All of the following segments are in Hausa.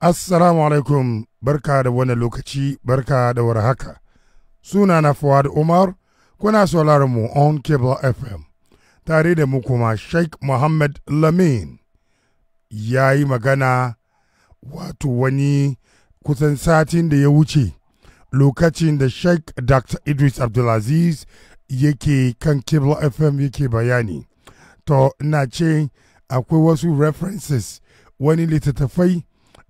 Assalamu alaikum barka da wani lokaci barka da warhaka. Suna na Fuad Umar kuna sauraron mu on Cable FM tare da mu kuma Sheikh Muhammad Lamin ya yi magana wato wani kusan satin da ya wuce lokacin da Sheikh Dr. Idris Abdulaziz yake kan Cable FM yake bayani. To ina ce akwai wasu references wani littattafai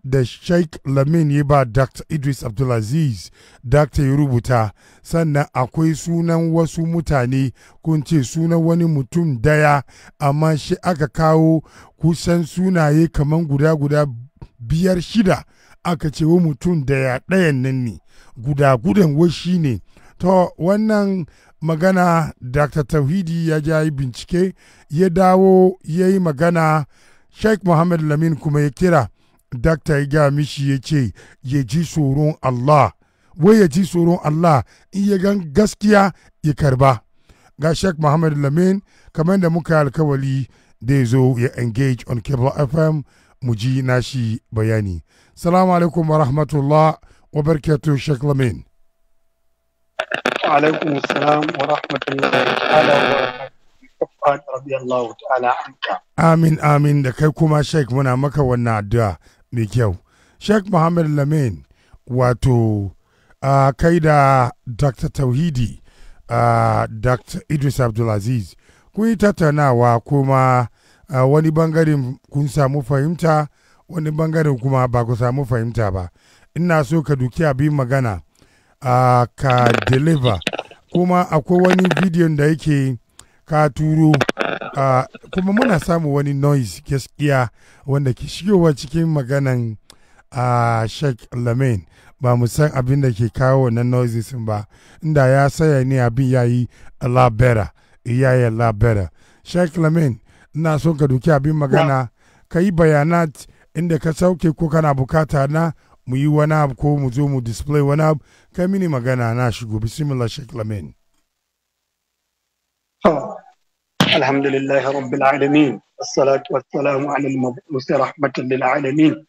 da sheikh lamin ya ba dr idris abdulaziz dr ya rubuta sannan akwai sunan wasu mutane kun ce sunan wani mutum daya amma shi aka kawo kusan sunaye kamar guda guda biyar shida aka cewa mutum daya ɗayan nan ne guda gudan washi ne to wannan magana dr tauhidi ya ja yi bincike ya dawo ya yi magana sheikh muhammad lamin kuma ya kira dakta ya ga mishi ya ce ya ji tsoron Allah wai ya ji tsoron Allah in ya gan gaskiya ya karba ga Sheikh Muhammad Lamin kamar da muka alkawali da ya zo ya engage on cable FM mu ji nashi bayani salamu alaikum wa rahmatullah wa barkatu Sheikh Lamin alaikum salam wa rahmatullah wa ta'ala anka amin amin da kai kuma Sheikh muna maka wannan addu'a mai kyau sheikh muhammad lamin wato uh, kai da dr tauhidi uh, dr idris abdulaziz kun yi tattaunawa kuma uh, wani bangaren kun samu fahimta wani bangaren kuma ba ku samu fahimta ba ina so ka duki abin magana uh, ka deliver kuma akwai wani bidiyon da yake ka turo kuma muna samu wani noise gaskiya wanda ke shigowa cikin maganan uh, sheikh lamin ba mu san abin da ke kawo wannan noises ba inda ya saya ne abin ya yi labera ya yi labera sheikh lamin ina so ka duki abin magana ka yi bayanat inda ka sauke ko kana bukata na mu yi wani abu ko mu zo mu display wani abu kai mini magana na shigo bismillah sheikh lamin الحمد لله رب العالمين الصلاة والسلام على المبعوث رحمة للعالمين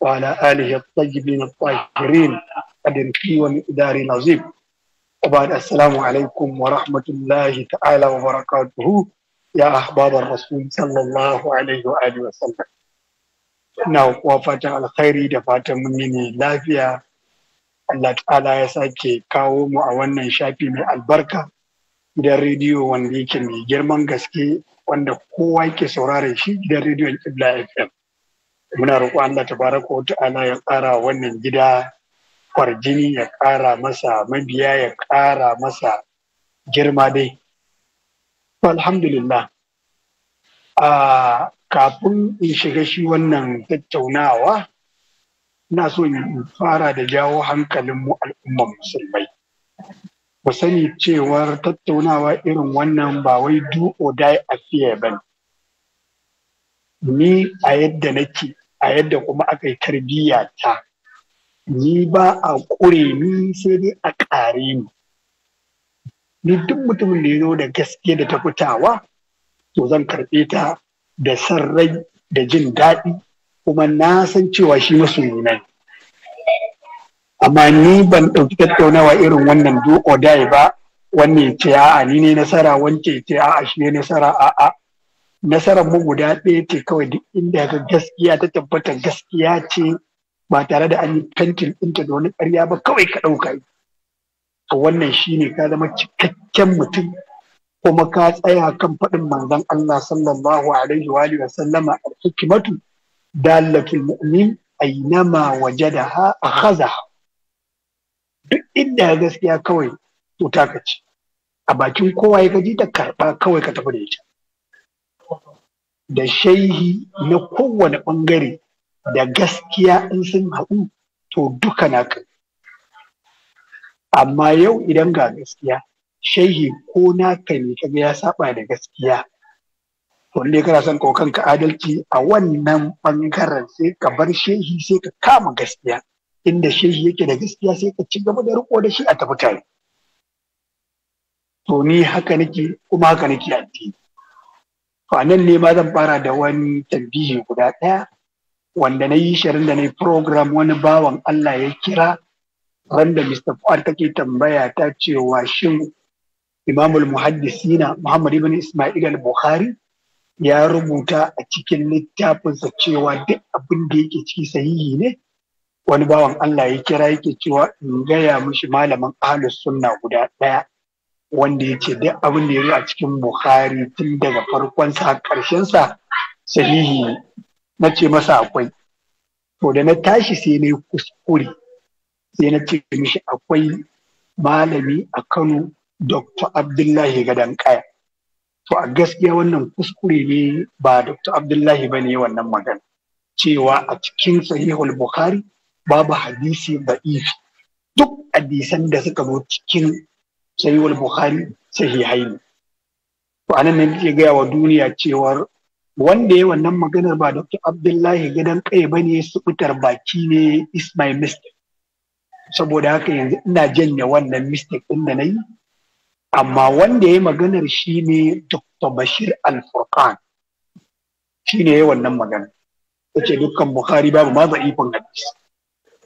وعلى آله الطيبين الطاهرين قدر في ومقدار عظيم وبعد السلام عليكم ورحمة الله تعالى وبركاته يا أحباب الرسول صلى الله عليه وآله وسلم Ina kuwa fatan alkhairi da fatan mun yi ne lafiya Allah ta'ala ya sake kawo mu a wannan shafi mai albarka gidan rediyo wanda yake mai girman gaske wanda kowa yake saurare shi gidan rediyon Kibla FM. Muna roƙo Allah baraka wa ta'ala ya ƙara wannan gida kwarjini ya ƙara masa mabiya ya ƙara masa girma dai. Alhamdulillah. Uh, kafin in shiga shi wannan tattaunawa, ina so in fara da jawo hankalin mu al'umman musulmai. ku sani cewar tattaunawa irin wannan ba wai do or a fiye ba ni a yadda nake a yadda kuma aka yi tarbiyya ta ni ba a ƙure ni sai dai a ƙare ni ni duk mutumin da ya zo da gaske da ta fitawa to zan karɓe ta da san rai da jin daɗi kuma na san cewa shi masoyi na ne amma ni ban ɗauki tattaunawa irin wannan do or die ba wanne ce a'a ni ne nasara wance ce a'a shi ne nasara a'a nasarar mu guda ɗaya ce kawai duk inda ga gaskiya ta tabbata gaskiya ce ba tare da an yi fentin ɗinta da wani ƙarya ba kawai ka ɗauka to wannan shi ne ka zama cikakken mutum kuma ka tsaya kan faɗin manzon Allah sallallahu alaihi wa alihi wa sallama al-hikmatu dalatul mu'min aynama wajadaha akhadha duk inda gaskiya kawai to ta ci, a bakin kowa ya gaji ta karɓa kawai ka tafi da ita da shaihi na kowane ɓangare da gaskiya in sun haɗu to duka na ka amma yau idan ga gaskiya shaihi ko na kai ne kaga ya saba da gaskiya wanda kana son ka kanka adalci a wannan ɓangaren sai ka bar shehi sai ka kama gaskiya inda shehi yake da gaskiya sai ka ci gaba da riko da shi a tafi tare to ni haka nake kuma haka nake addini to anan ne ma zan fara da wani tambihi guda ɗaya wanda na yi shirin da na yi program wani bawan Allah ya kira randa Mr. Fuad take tambaya ta cewa shin Imamul Muhaddisina Muhammad ibn Ismail al-Bukhari ya rubuta a cikin littafinsa cewa duk abin da yake ciki sahihi ne wani bawan Allah ya kira yake cewa in gaya mishi malamin ahlus sunna guda ɗaya wanda yake duk abin da ya zo a cikin Bukhari tun daga farkon sa karshen sa sahihi na ce masa akwai to da na tashi sai na kuskure sai na ce mishi akwai malami a Kano Dr. Abdullahi Gadan Kaya to a gaskiya wannan kuskure ne ba Dr. Abdullahi bane wannan magana cewa a cikin sahihul Bukhari babu hadisi ba'ifi duk hadisan da suka zo cikin sahihul bukhari sahihai ne to anan ne yake gaya wa duniya cewar wanda ya wannan maganar ba dr abdullahi gidan kai bane fitar baki ne is my mistake saboda haka yanzu ina janye wannan mistake din da nayi amma wanda ya maganar shi ne dr bashir al-furqan shi ne ya wannan magana ce dukkan bukhari babu ma za'ifin hadisi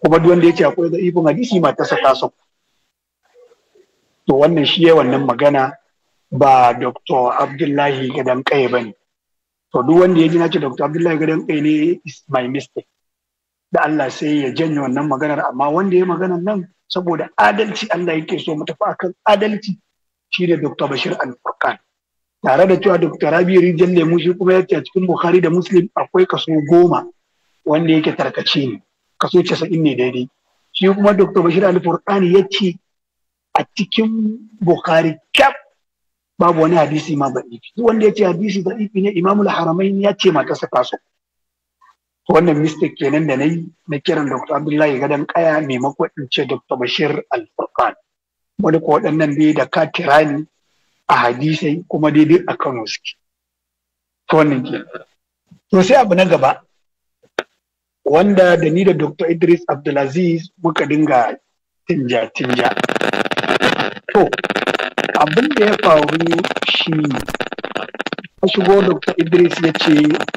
kuma duk wanda ya ce akwai da ifin hadisi matarsa ta sauka to wannan shi ya wannan magana ba dr abdullahi gadan kai ba ne to duk wanda ya ji na ce dr abdullahi gadan kai ne is my mistake da Allah sai ya janye wannan maganar amma wanda ya maganar nan saboda adalci Allah yake so mu tafi akan adalci shi ne Dr. Bashir Al-Furqan tare da cewa Dr. Rabi Rijal Lemu shi kuma yace a cikin Bukhari da Muslim akwai kaso goma wanda yake tarkace ni. kaso casa'in ne daidai shi kuma dr bashir ali furqani ya ce a cikin bukhari kyaf babu wani hadisi ma da'ifi wanda ya ce hadisi ifi ne imamul haramain ya ce su kaso wannan mistake kenan da na yi na kiran dr abdullahi gadon kaya maimakon in ce dr bashir al-furqan wani ko waɗannan dai da katirani a hadisai kuma daidai a kano suke Ta wannan ke to sai abu na gaba wanda da ni da Dr. Idris Abdulaziz muka dinga tinja-tinja. To, abin da ya faru shi ya shigo Dr. Idris ya ce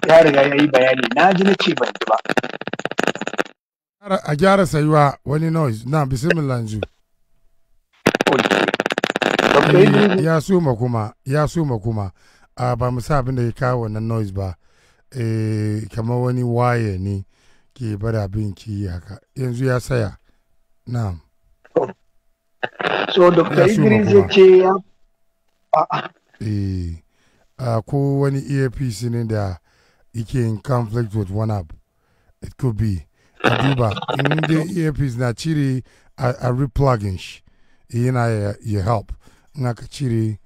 ya riga ya yi bayani, na ji na ce ban ba. A gyara sayuwa wani noise, na bismillah yanzu. Ya suma kuma, ya suma kuma, ba mu sa abin da ya kawo wannan noise ba, eh, kamar wani waye ne. ke bar abin ki yi haka yanzu ya saya na so dr idris ya ce ya eh, a ko wani earpiece ne da yake in conflict with one app it could be a duba inda dai earpiece na cire a replugging shi yana ya help in aka cire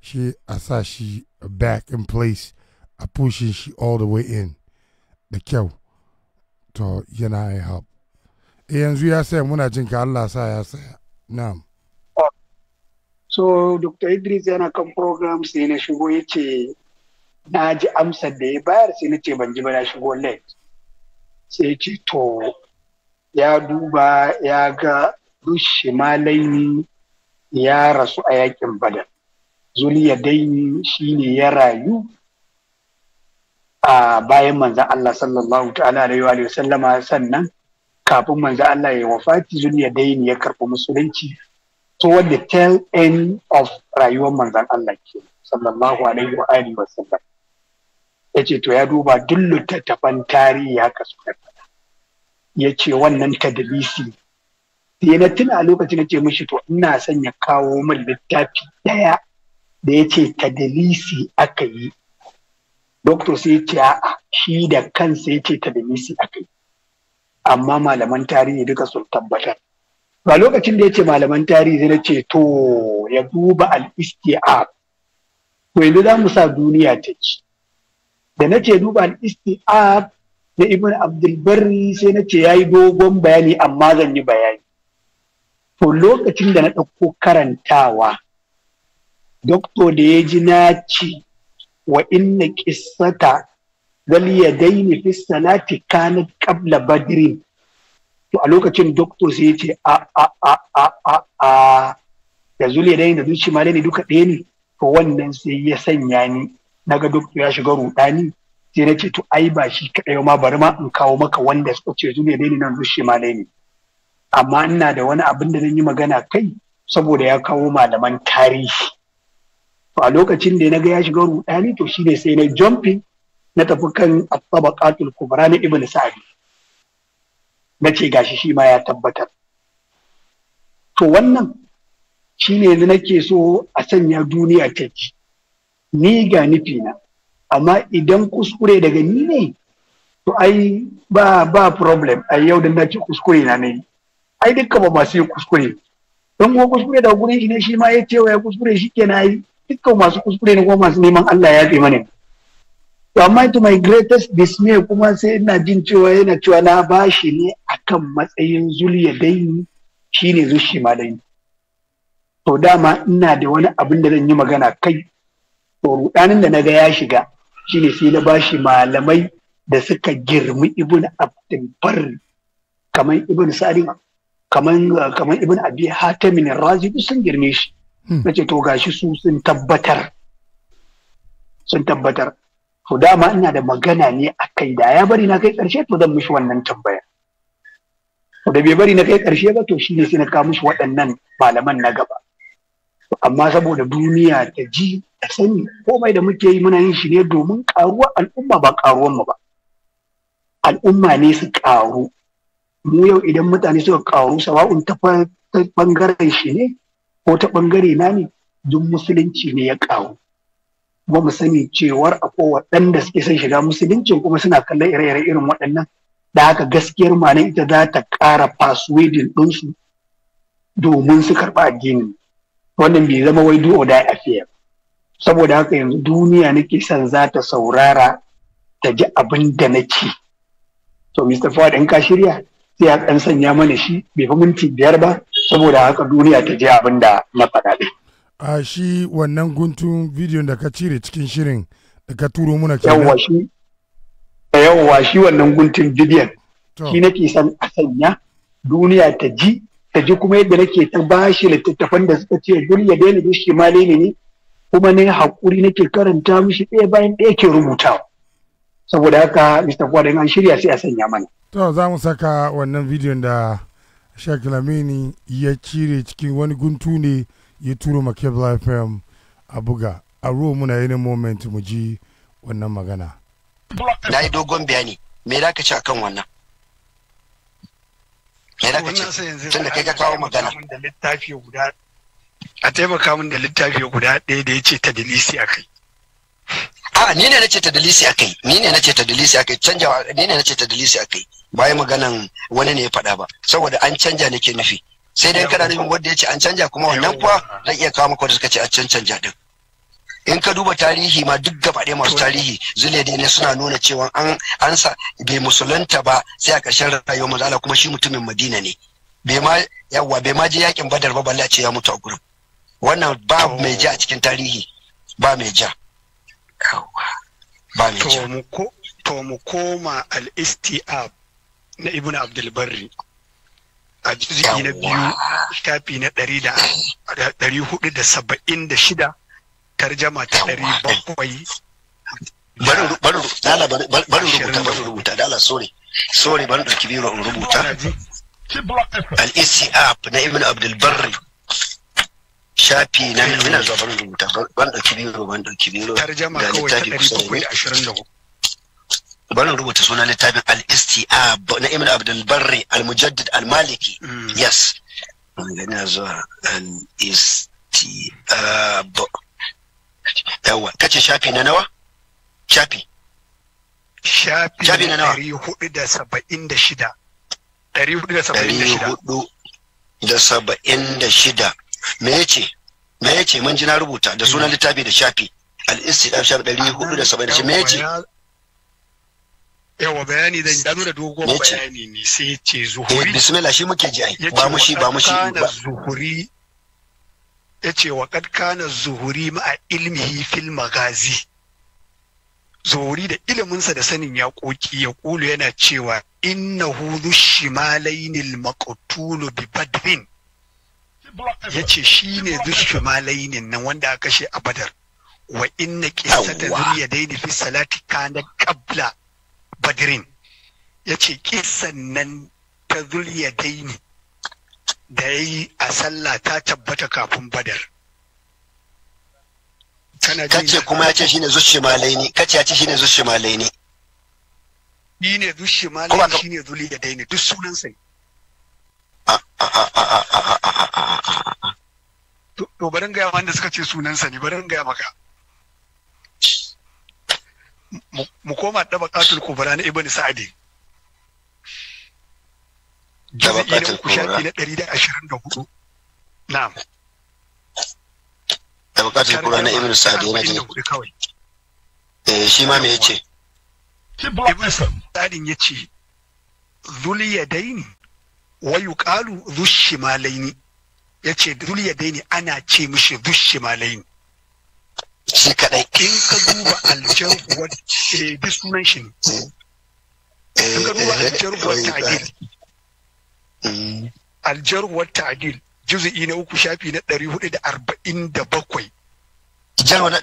shi a sa shi back in place a pushing shi all the way in da kyau to yana e yanzu ya saya muna jin ka Allah sa ya saya na'am so dr idris yana kan program sai na shigo ya ce na ji amsar da ya bayar sai na ce ban ji ba na shigo late sai ce to ya duba ya ga rushe malaini ya rasu a yakin badar zuliya daini ne ya rayu a bayan manzan Allah sallallahu ta'ala wa sallama sannan kafin manzan Allah ya wafati zuniya da ya karɓi musulunci what the tail end of rayuwar manzan Allah ke sallallahu alaihi wa wa sallam ya ce to ya duba duk littattafan tarihi haka kasu ya ce wannan tadlisi sai na tuna a lokacin ce mishi to ina son ya kawo min littafi ɗaya da ya ce tadlisi aka yi doktor sai ya ce a'a shi da kansa ya ce ta da nisi a kai amma malaman tarihi duka sun tabbatar ba lokacin da ya ce malaman tarihi zai ce to ya duba al-istiab to yanzu za mu sa duniya ta ci da na ce duba al-istiab na ibn abdulbari sai na ce ya yi dogon bayani amma zan yi bayani to lokacin da na ɗauko karantawa doktor da ya ji na ci wa inna qissata zal yadaini fi salati kanat qabla badrin to a lokacin doctor sai yace ce a a a a a a da zuli yadaini da zuci ma ne duka ɗaya ne to wannan sai ya sanya ni naga doctor ya shiga rudani sai na ce to ai ba shi kaɗai ma bari ma in kawo maka wanda suka ce zul yadaini nan zuci ma ne amma ina da wani abin da zan yi magana kai saboda ya kawo malaman tarihi to a lokacin da na ga ya shiga rudani to shine sai na jumping na tafi kan at-tabaqatul kubra na ibn sa'di na ce gashi shi ma ya tabbatar to wannan shine ne nake so a sanya duniya ta ji ni ga nufina amma idan kuskure daga ni ne to ai ba ba problem ai yau da na kuskure na ne ai dukkan ba masu yin kuskure dan ko kuskure da gurin shi ne shi ma ya ce wa ya kuskure shi kenan ai dukkan masu kuskure ni kuma masu neman Allah ya fi mana to amma to my greatest dismay kuma sai ina jin cewa yana cewa na bashi ne akan matsayin zuliya daini shine zushi ma daini to dama ina da wani abin da zan yi magana kai to rudanin da naga ya shiga shine sai na bashi malamai da suka girmi ibn abdul bar kamar ibn salim kamar kamar ibn abi hatamin razi sun girme shi Hmm. na ce to gashi su sun tabbatar sun tabbatar to dama ina da magana ne a kai da ya bari na kai karshe to zan mishi wannan tambaya to da bai bari na kai karshe ba to shine sai na kawo mishi waɗannan malaman na gaba amma saboda duniya ta ji ta sani komai da muke yi muna yin shi ne domin karuwa al'umma ba karuwan mu ba al'umma ne su karu mu yau idan mutane suka karu sawa'un ta bangaren shi ne ko ta bangare na ne duk musulunci ne ya kawo kuma mu sani cewar akwai waɗanda suke son shiga musulunci kuma suna kallon ire-ire irin waɗannan da haka gaskiyar mana ita za ta ƙara fasuwedin ɗinsu domin su karɓa addini wannan bai zama wai do da fiye saboda haka yanzu duniya nake son za ta saurara ta ji abin da na ci to mr fawad in ka shirya sai a ɗan sanya mana shi bai fi minti biyar ba saboda haka duniya ta je abin da na faɗa a shi wannan guntun bidiyon da ka cire cikin shirin da ka turo muna kenan yawwa shi yawwa shi wannan guntun bidiyon shi nake son a sanya duniya ta ji ta ji kuma yadda nake ta bashi littattafan da suka ce duk ya daina bishiyar ma ne kuma ne hakuri nake karanta mishi ɗaya bayan ɗaya ke rubutawa saboda haka Mr. Gwadon an shirya sai a sanya mana to za mu saka wannan bidiyon da Sheikh Lamini ya cire cikin wani guntu ne ya turo makabla FM a buga a ruwa muna yanin moment mu ji wannan magana. Na yi dogon bayani me da ka ce akan wannan? Me da ka ci tun da kai ka kawo magana? A taimaka min da littafi guda ɗaya da ya ce ta dalisi a kai. A ni ne na ce ta dalisi a kai, ni ne na ce ta dalisi a kai, canjawa ni ne na ce ta dalisi a kai. ba maganan wani ne ya faɗa ba saboda an canja nake nufi sai dai kana nufin wanda ya ce an canja kuma wannan kuwa zan iya kawo maka da suka ce an canja din in ka duba tarihi ma duk gabaɗe masu tarihi ne suna nuna cewa an an sa bai musulunta ba sai a ƙarshen rayuwar manzala kuma shi mutumin madina ne bai ma yawa bai ma je yakin badar ba balla ce ya mutu a gurin wannan ba mai ja a cikin tarihi ba mai ja ba mai ja to mu koma al-istiab نائبنا عبد البري أجزي نبيو كتابي نتري دا داري هوك دا سبعين دا شدا ترجمة تري بقوي بلو بلو لا لا بلو ربوتا بلو ربوتا لا لا سوري سوري بلو كبير ربوتا الاسي اب نائبنا عبد البري شابي نائبنا بلو ربوتا بلو كبير بلو كبير ترجمة كوي تري بقوي عشرين لغو bari rubuta sunan littafin al-isti'a na Imin abdul barri al-mujaddid al-maliki mm. yes yana zuwa al-isti'a yawa kace shafi na nawa shafi shafi na nawa ɗari hudu da saba'in da shida ɗari hudu da saba'in da shida da saba'in da shida me yace me mun ji na rubuta da sunan mm. littafi da shafi al-isti'a shafi ɗari hudu da saba'in da shida me ce? yawa bayani zan ya nuna dogo bayani ne sai ce zuhuri eh, bismillah shi muke ji ba mu ba mu zuhuri yace wa kad kana zuhuri ma'a ilmihi fil magazi zuhuri da iliminsa da sanin ya koki ya kulu yana cewa innahu dhushimalainil maqtul bi badrin yace shine shi nan wanda aka kashe a badar wa inna qissata daidi fi salati kana qabla badrin ya ce kisan nan ta zulya daini da ya yi a sallah ta tabbata kafin badar kace kuma ya ce shi ne zuci ne kace ya ce shi ne zuci ne shi ne zuci malaini shi ne zulya daini duk sunansa ne to barin gaya wanda suka ce sunansa ne barin gaya maka mu koma tabaqatul kubra na ibn sa'di juz'i na uku sa'adi. na ɗari da ashirin da hudu na'am kubra na ibn sa'di yana jini eh shi ma me yace ibn sa'di yace zul yadaini wa yuqalu dhush yace zul yadaini ana ce mishi dhush shimalaini shi kadai in ka duba aljar wacce eh, duk sunan shi ne in ka duba eh, eh, na uku shafi na ɗari hudu da arba'in da bakwai nawa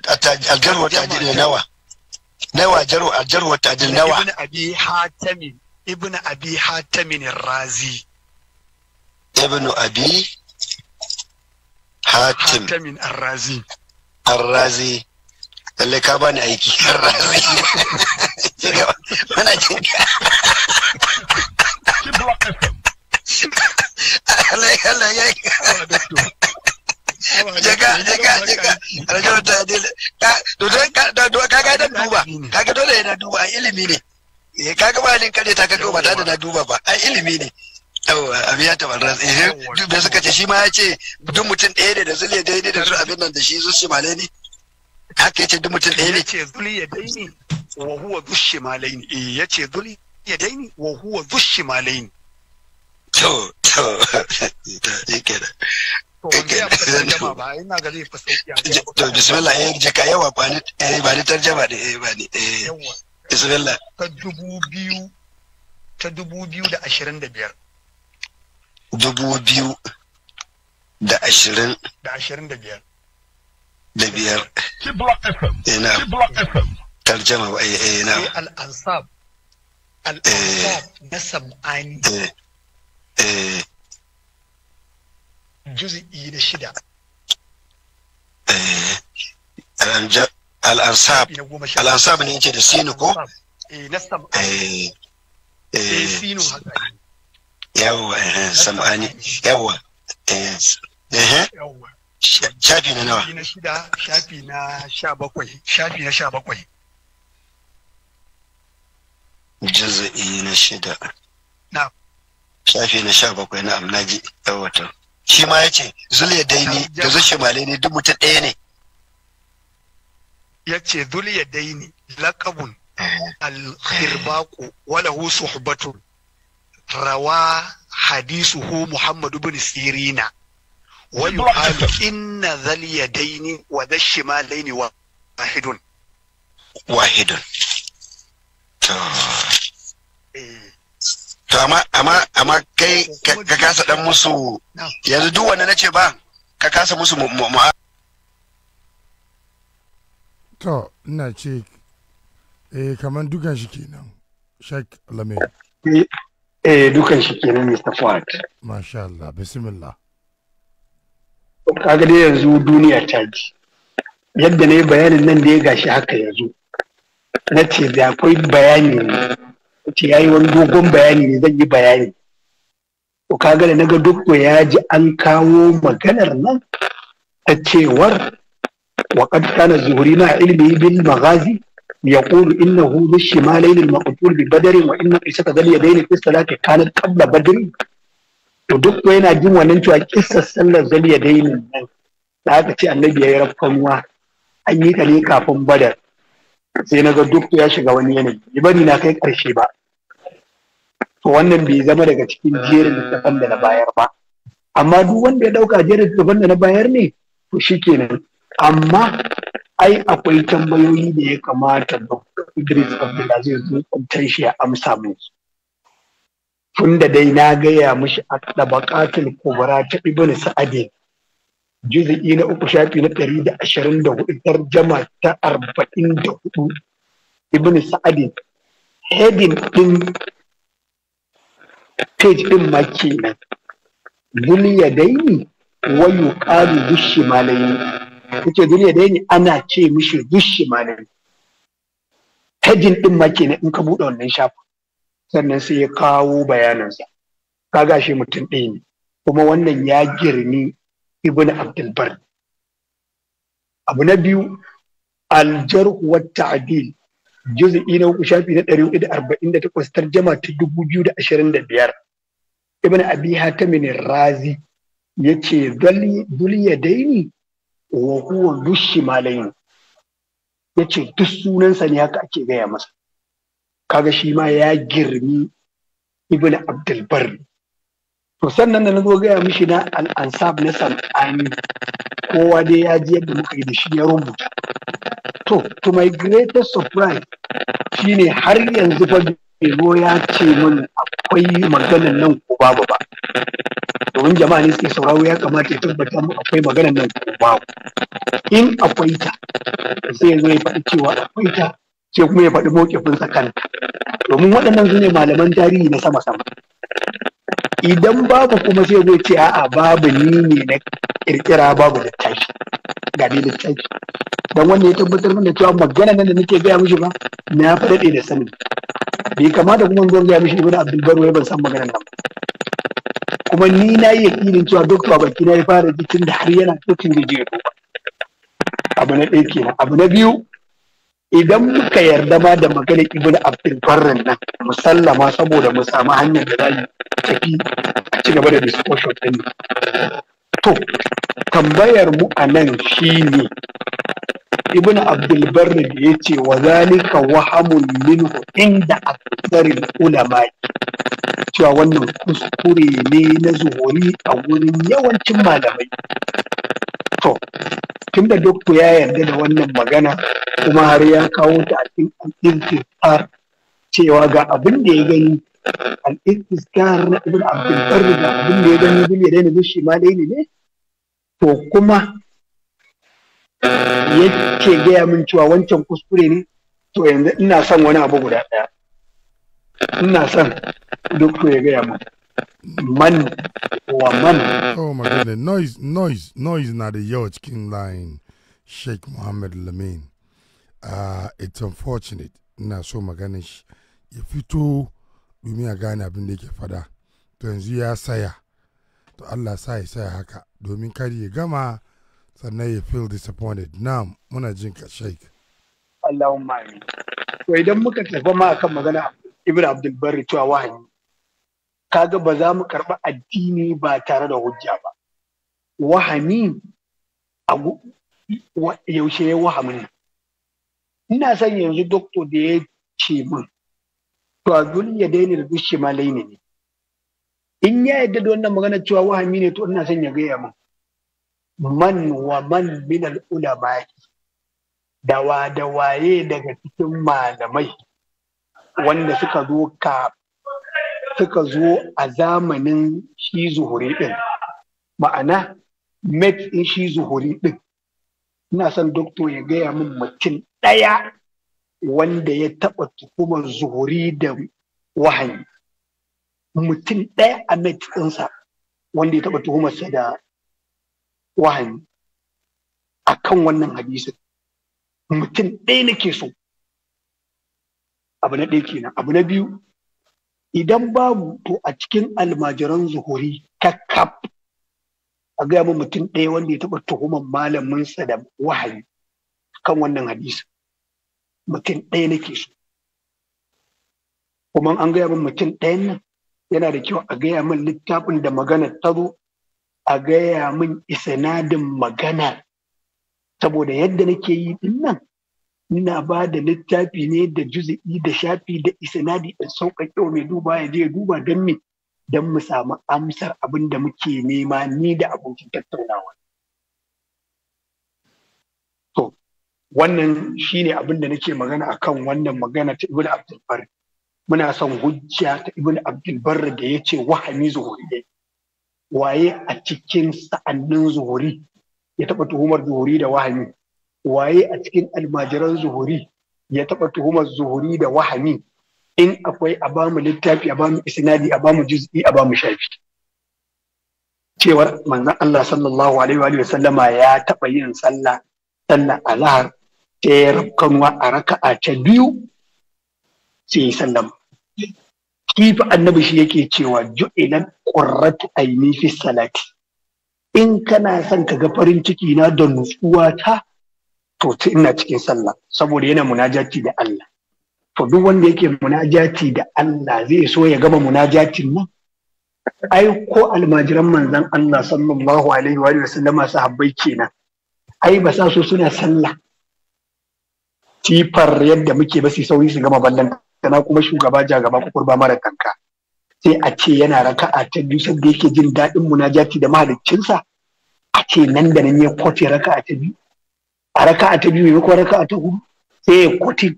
nawa aljar wata nawa ibn abi hatamin ibn abi hatamin razi ibn abi hatim hatamin razi harrazi lalle ka bani aiki harrazi mana jin ka jaga jaga jaga rajo ta to ka ga da duba kaga dole yana duba ilimi ne eh, kaga ba ni kare ta ka duba ta da duba ba ai ilimi ne yawa ya biya ta barras eh da suka ce shi ma ya ce duk mutum ɗaya ne da zuliya daidai da su abin nan da shi zuci male ne haka ya ce duk mutum ɗaya ne ya ce zuliya daini wa huwa zushi malai ne eh, ya ce zuliya daini wa huwa zushi malai ne to to shi kenan to bismillah eh jaka yawa ba ni eh ba ni tarjama da eh ba ni eh bismillah ta dubu biyu ta dubu biyu da ashirin da biyar dubu biyu da ashirin da ashirin da biyar da biyar ina tarjama ba eh ina al-ansab al-ansab na sam'ani eh juz'i na shida eh al-ansab al-ansab ne yake da sinu ko eh na sam'ani eh sinu haka yawwa eh, eh, sam'ani eh, yawwa shafi na nawa shafi na sha bakwai shafi na sha bakwai juzu'i na shida na shafi na sha bakwai na amnaji yawatan shi ma ya ce zuliya daini da zushi male ne duk mutum ɗaya ne ya ce zuliya daini laƙabun al-khirbaku wala husu suhbatun rawa hadisuhu Muhammadu bin Sirina wa yuqalu inna dhal yadaini wa dhash wa wahidun wahidun eh. to amma amma amma kai ka kasa dan musu yanzu duk wanda na ce ba ka kasa musu mu'a to ina ce eh kamar dukan shi kenan shek Lamir. Eh, eh dukan shi kenan Mr. Fuad masha Allah bismillah kaga dai yanzu duniya ta ji yadda na yi bayanin nan da ya gashi haka yanzu na ce da akwai bayani ne ce ya yi wani dogon bayani ne zan yi bayani to kaga da ga duk ya ji an kawo maganar nan ta cewar wa kad kana zuhuri na ilmi bin magazi Ya يقول إنه ذو الشمالين المقتول ببدر وإن قصة ذا اليدين في الصلاة كانت قبل بدر to duk yana jin wannan cewa ƙisas sallar zaliya dai nan da aka ce annabi ya yi rafkanuwa an yi ta ne kafin badar sai na ga duk ya shiga wani yanayi bari na kai karshe ba to wannan bai zama daga cikin jerin da na bayar ba amma duk wanda ya ɗauka jerin littafan da na bayar ne to shikenan amma ai akwai tambayoyi da ya kamata da Idris Abdulaziz kwantar shi ya amsa musu. Tunda dai na gaya mashi a ɗabaƙatul kubra ta Ibn Sa'adin. Juzi'i na uku shafi na ɗari da ashirin da hudu tarjama ta arba'in da hudu Ibn Sa'adin. Hedin ɗin page ɗin ma kenan. Zul wayo ƙari dushi malayi. yace duniya da ne ana ce mishi dushi malami hajjin din ma kenan in ka buɗe wannan shafa sannan sai ya kawo sa. Ka shi mutum ɗaya ne kuma wannan ya girni ibn abdulbar abu na biyu aljarhu wa ta'dil juz'i na uku shafi na 148 tarjama ta 2025 ibn abi hatim razi yace dul yadaini wa huwa dushi malayin ce duk sunansa ne haka ake gaya masa kaga shi ma ya girmi ibn abdul to sannan da na zo gaya mishi na al'ansab na sam'ani kowa dai ya ji yadda muka yi da shi ya rubuta to to my greatest surprise shine har yanzu fa Ego ya ce min akwai maganan nan ko babu ba. Domin jama'a ne suke sauraro ya kamata ya tabbata mu akwai maganan nan ko babu. In akwai ta sai ya ya faɗi cewa akwai ta sai kuma ya faɗi mokifin kanta. Domin waɗannan su ne malaman tarihi na sama-sama. Idan babu kuma sai zai ce a'a babu ni ne na kirkira babu littafi. Ga ni littafi. Don wanda ya tabbatar mana cewa magana nan da nake gaya mishi ba na faɗaɗe da sani bai kamata kuma zuwa ya mishi wani abdul baro ban san maganar nan kuma ni na yi yakinin cewa duk baki na ya fara jikin da har yana tokin gajiyar abu na ɗaya kenan abu na biyu idan muka yarda ma da maganar ibn abdul farran nan musallama saboda mu samu hanyar da za mu tafi ci gaba da discussion din to tambayar mu anan nan shine ibn abdul da ya ce wa zalika wahamun minhu inda aksarin ulama cewa wannan kuskure ne na zuhuri a wurin yawancin malamai to tun da duk ya yarda da wannan magana kuma har ya kawo ta a cikin al cewa ga abin da ya gani al-istiskar na ibn abdul da abin da ya gani bin ya daina shi ma daini ne to kuma yake gaya min cewa wancan kuskure ne to yanzu ina son wani abu guda ɗaya ina son dokto ya gaya min man wa man oh my noise noise noise na da yawa cikin line sheikh muhammad lamin uh, it's unfortunate ina so magana shi ya fito domin a gane abin da yake fada to yanzu ya saya to allah sa ya saya haka domin kar ya gama sannan ya feel disappointed na muna jin ka shaik Allahun ma'ami to idan muka tafi ma kan magana Ibn Abdul Barri cewa wahayi kaga ba za mu karɓi addini ba tare da hujja ba wahami yaushe ya wahamin ina son yanzu doktor da ya ce min to a ya daina da dushe ma laini ne in ya yadda da wannan magana cewa wahami ne to ina son ya gaya min man wa man minal ulama'i dawa da waye daga cikin malamai wanda suka zo ka suka zo a zamanin shi zuhuri din ma'ana met in shi zuhuri din ina son doktor ya gaya min mutum ɗaya wanda ya taɓa tuhumar zuhuri da wahayi mutum ɗaya a met ɗinsa wanda ya taɓa tuhumarsa da wahani a kan wannan hadisin mutum ɗaya nake so abu na ɗaya kenan abu na biyu idan babu to a cikin almajiran zuhuri kakkaf a gaya min mutum ɗaya wanda ya taɓa tuhuman malaminsa da wahayi kan wannan hadisi mutum ɗaya nake so kuma an gaya min mutum ɗayan nan yana da kyau a gaya min littafin da magana ta zo a gaya min isanadin magana, saboda yadda nake yi dinnan ina ba da littafi ne da juzi'i da shafi da isanadi da sauƙaƙe wa mai duba ya je duba don me don mu samu amsar abin da muke nema ni da abokin tattaunawa to wannan shine abin da nake magana akan wannan magana ta ibn abdul muna son hujja ta ibn abdul da ya ce wahami zuhuriyya waye a cikin sa'annin zuhuri ya taɓa tuhumar zuhuri da wahami waye a cikin almajiran zuhuri ya taɓa tuhumar zuhuri da wahami in akwai a bamu littafi a bamu isnadi a bamu juz'i a bamu shafi cewar manzon Allah sallallahu alaihi wa sallama ya taɓa yin sallah sallah alahar ta ya rabkanwa a raka'a ta biyu sai sallama kifa annabi shi yake cewa ju'ilan qurratu aini fi salati in kana son ka ga farin ciki na da nutsuwa ta to ina cikin sallah saboda yana munajati da Allah to duk wanda yake munajati da Allah zai so ya gama munajatin nan ai ko almajiran manzon Allah sallallahu alaihi wa masu sahabbai kenan ai ba sa so suna sallah tifar yadda muke ba su sauri su gama ballan Kana kuma shugaba jagaba kukurba mara kanka sai a ce yana raka a ta biyu sanda yake jin daɗin munajati da mahaliccinsa a ce nan da nan ya kwace raka a ta biyu a raka a ta biyu maimakon raka a ta hudu sai ya kwace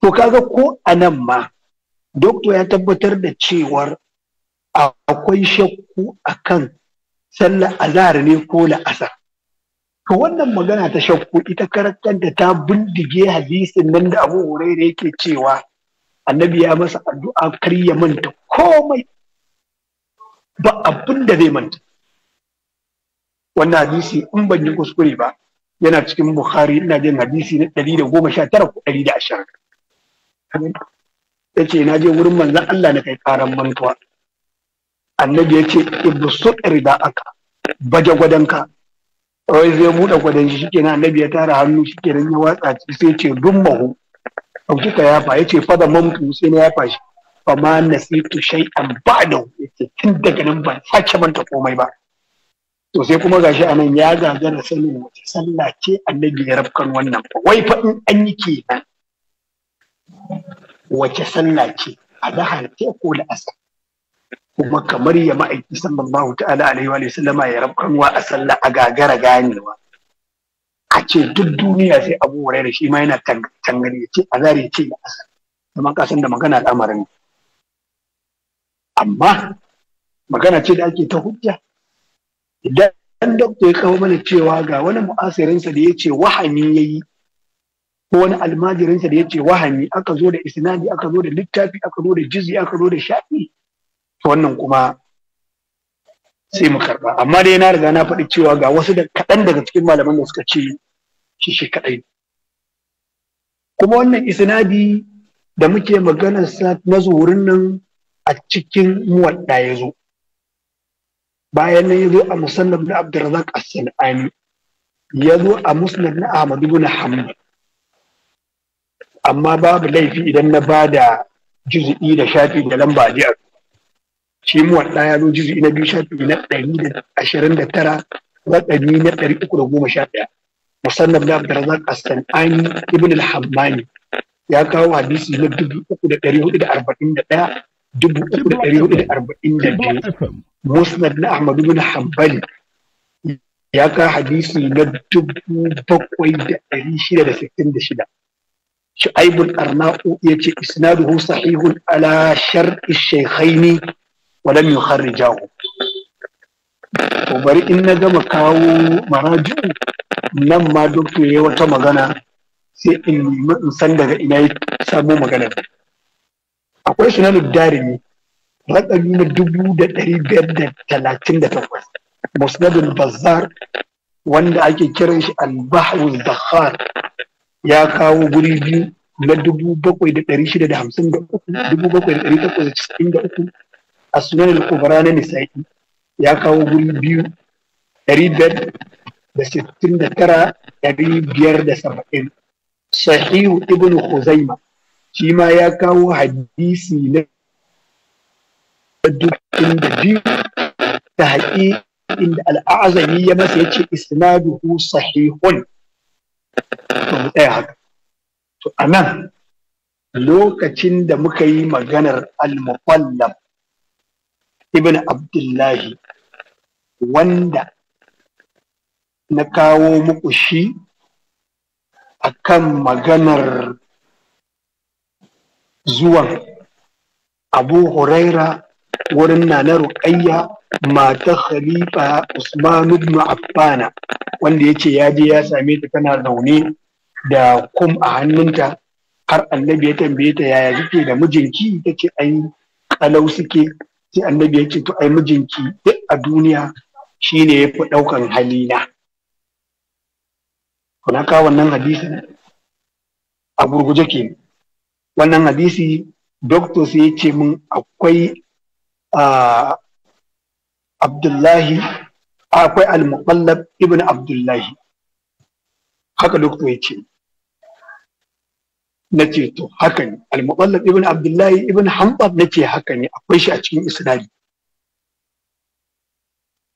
to kaga ko a nan ma dokto ya tabbatar da cewar akwai shakku akan sallar azhar ne ko la'asar To wannan magana ta shakku ita da ta bindige hadisin nan da Abu Hurairah yake cewa annabi ya masa addu'a kar ya manta komai ba abin da zai manta. Wannan hadisi in ban yi kuskure ba yana cikin Bukhari ina jin hadisi na ɗari da goma sha tara ko ɗari da ashirin. na je wurin manzan Allah na kai karan mantuwa. Annabi ya ce ibsu rida aka baje gwadonka kawai zai buɗe kwadon shi shike annabi ya tara hannu shike nan ya watsa ci sai ce dun mahu ɗauki ka yafa ya ce fada mamtu sai na yafa shi fa ma nasitu shay'an ba'da ya ce tun daga nan ban sake manta komai ba to sai kuma gashi anan ya gagara sanin wace sallah ce annabi ya rafkan wannan fa wai fa in an yi kenan wace sallah ce a dahar ce ko la'asar kuma kamar ya ma'aiki sallallahu ta'ala alaihi wa sallama ya wa a sallah a gagara ganewa a ce duk duniya sai abu da shi ma yana tangare ya ce a zari ce da asar kuma kasan da magana al'amarin amma magana ce da ake ta hujja idan dokta ya kawo mana cewa ga wani mu'asirinsa da ya ce wahani ya yi ko wani almajirinsa da ya ce wahani aka zo da isnadi aka zo da littafi aka zo da jizi aka zo da shafi wannan kuma sai mu karba amma dai na riga na faɗi cewa ga wasu da kaɗan daga cikin malaman da suka ce shi shi kaɗai kuma wannan isnadi da muke maganar sa na zuhurin nan a cikin muwadda ya zo bayan nan ya zo a musannad na abdurrazak as-sanani ya zo a musnad na ahmad ibn amma babu laifi idan na ba da juz'i da shafi da lamba biyar shi mu wadda ya zo jizu na biyu shafi na ɗari da ashirin da tara waɗani na ɗari uku da goma sha ɗaya musannaf na abdurrazak astanani ibn al-hammani ya kawo hadisi na dubu uku da ɗari hudu da arba'in da ɗaya dubu uku da ɗari hudu da arba'in da biyu musnad na ahmad ibn hanbali ya kawo hadisi na dubu bakwai da ɗari shida da sittin da shida shu'aibul arna'u ya ce isnaduhu sahihun ala shar'i shaykhaini walam yukharrijahu to bari in na gama kawo maraju nan ma doctor yayi wata magana sai in nemi in san daga ina ya samo magana akwai sunan darimi rakami na dubu da ɗari biyar da talatin da takwas musnadul bazzar wanda ake kiran shi albahru zakhar ya kawo guri biyu na dubu bakwai da ɗari shida da hamsin da uku dubu bakwai da ɗari takwas da cikin da uku a sunan na nisa'i ya kawo guri biyu ɗari biyar da sittin da tara ɗari biyar da saba'in sahihu ibn huzaima shi ma ya kawo hadisi na dukkan da biyu ta haƙi inda al'azami ya masa ya ce isnaduhu sahihun to mu haka to nan, lokacin da muka yi maganar al-muqallab ibn abdullahi wanda na kawo muku shi a kan maganar zuwan abu huraira wurin nana ruƙayya matar khalifa usman ibn affana wanda ya ce ya je ya same ta tana zaune da kum a hannunta har annabi ya tambaye ta yaya kike da mijinki ta ce ai kalau suke sai annabi ya ce to ai mijinki duk a duniya shine ya fi ɗaukan halina kuna ka wannan hadisi a gurguje ke wannan hadisi doctor sai ya ce min akwai abdullahi akwai al-muqallab ibn abdullahi haka doctor ya ce na ce to haka ne al ibn abdullahi ibn hanbal na ce haka ne akwai shi a cikin isnadi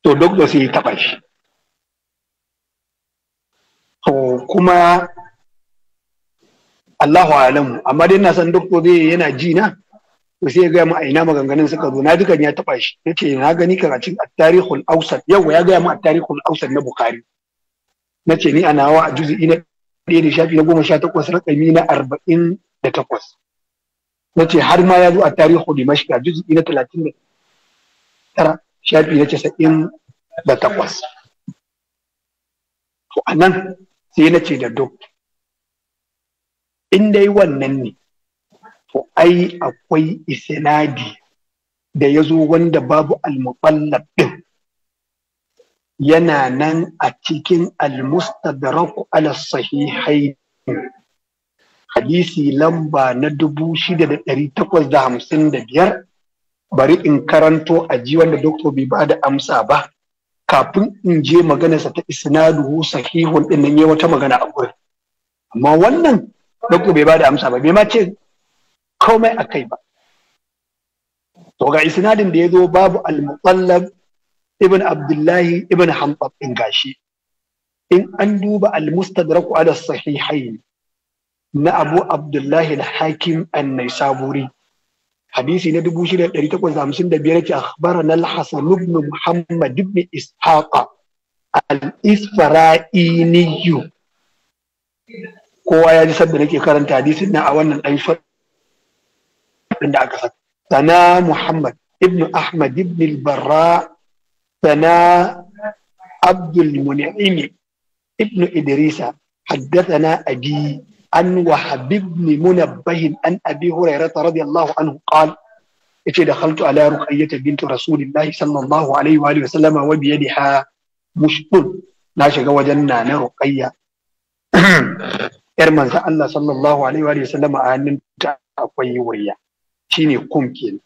to doctor sai ya taba shi to kuma Allahu alamu amma dai na san doctor zai yana ji na to sai ya ga mu a ina maganganun suka zo na dukan ya taba shi yace na gani karatun at-tarikhul awsat yau ya ga mu at-tarikhul awsat na bukhari nace ni ana wa a juz'i na ɗaya da shafi na goma sha takwas rakami na arba'in da takwas na ce har ma ya zo a tarihu mashiga juzu'i na talatin da tara shafi na casa'in da takwas to a nan sai na ce da duk in dai wannan ne to ai akwai isinadi da ya zo wanda babu almuballab yana nan a cikin al-mustadrak ala sahihai hadisi lamba na dubu shida da takwas da hamsin da biyar bari in karanto a ji wanda doktor bai ba da amsa ba kafin in je magana sa ta isnadu sahihun din nan wata magana a gurin amma wannan doktor bai ba da amsa ba bai ma ce komai akai ba to ga isnadin da ya zo babu al-muqallab ibn abdullahi ibn hamdab in gashi in an duba al-mustadraku ala sahihain na abu abdullahi al-hakim an-naisaburi hadisi na 6855 yake akhbarana al-hasan ibn muhammad ibn ishaqa al-isfara'iniyu kowa ya ji sabbin nake karanta hadisin na a wannan dan da aka saka sana muhammad ibn ahmad ibn al-bara حدثنا عبد المنعم ابن إدريس حدثنا أبي عن وهب بن منبه عن أبي هريرة رضي الله عنه قال إذا دخلت على رقية بنت رسول الله صلى الله عليه وآله وسلم وبيدها مشط لا شك وجنا رقية إرمان الله صلى الله عليه وآله وسلم أن أقوي وريا شيني قم كين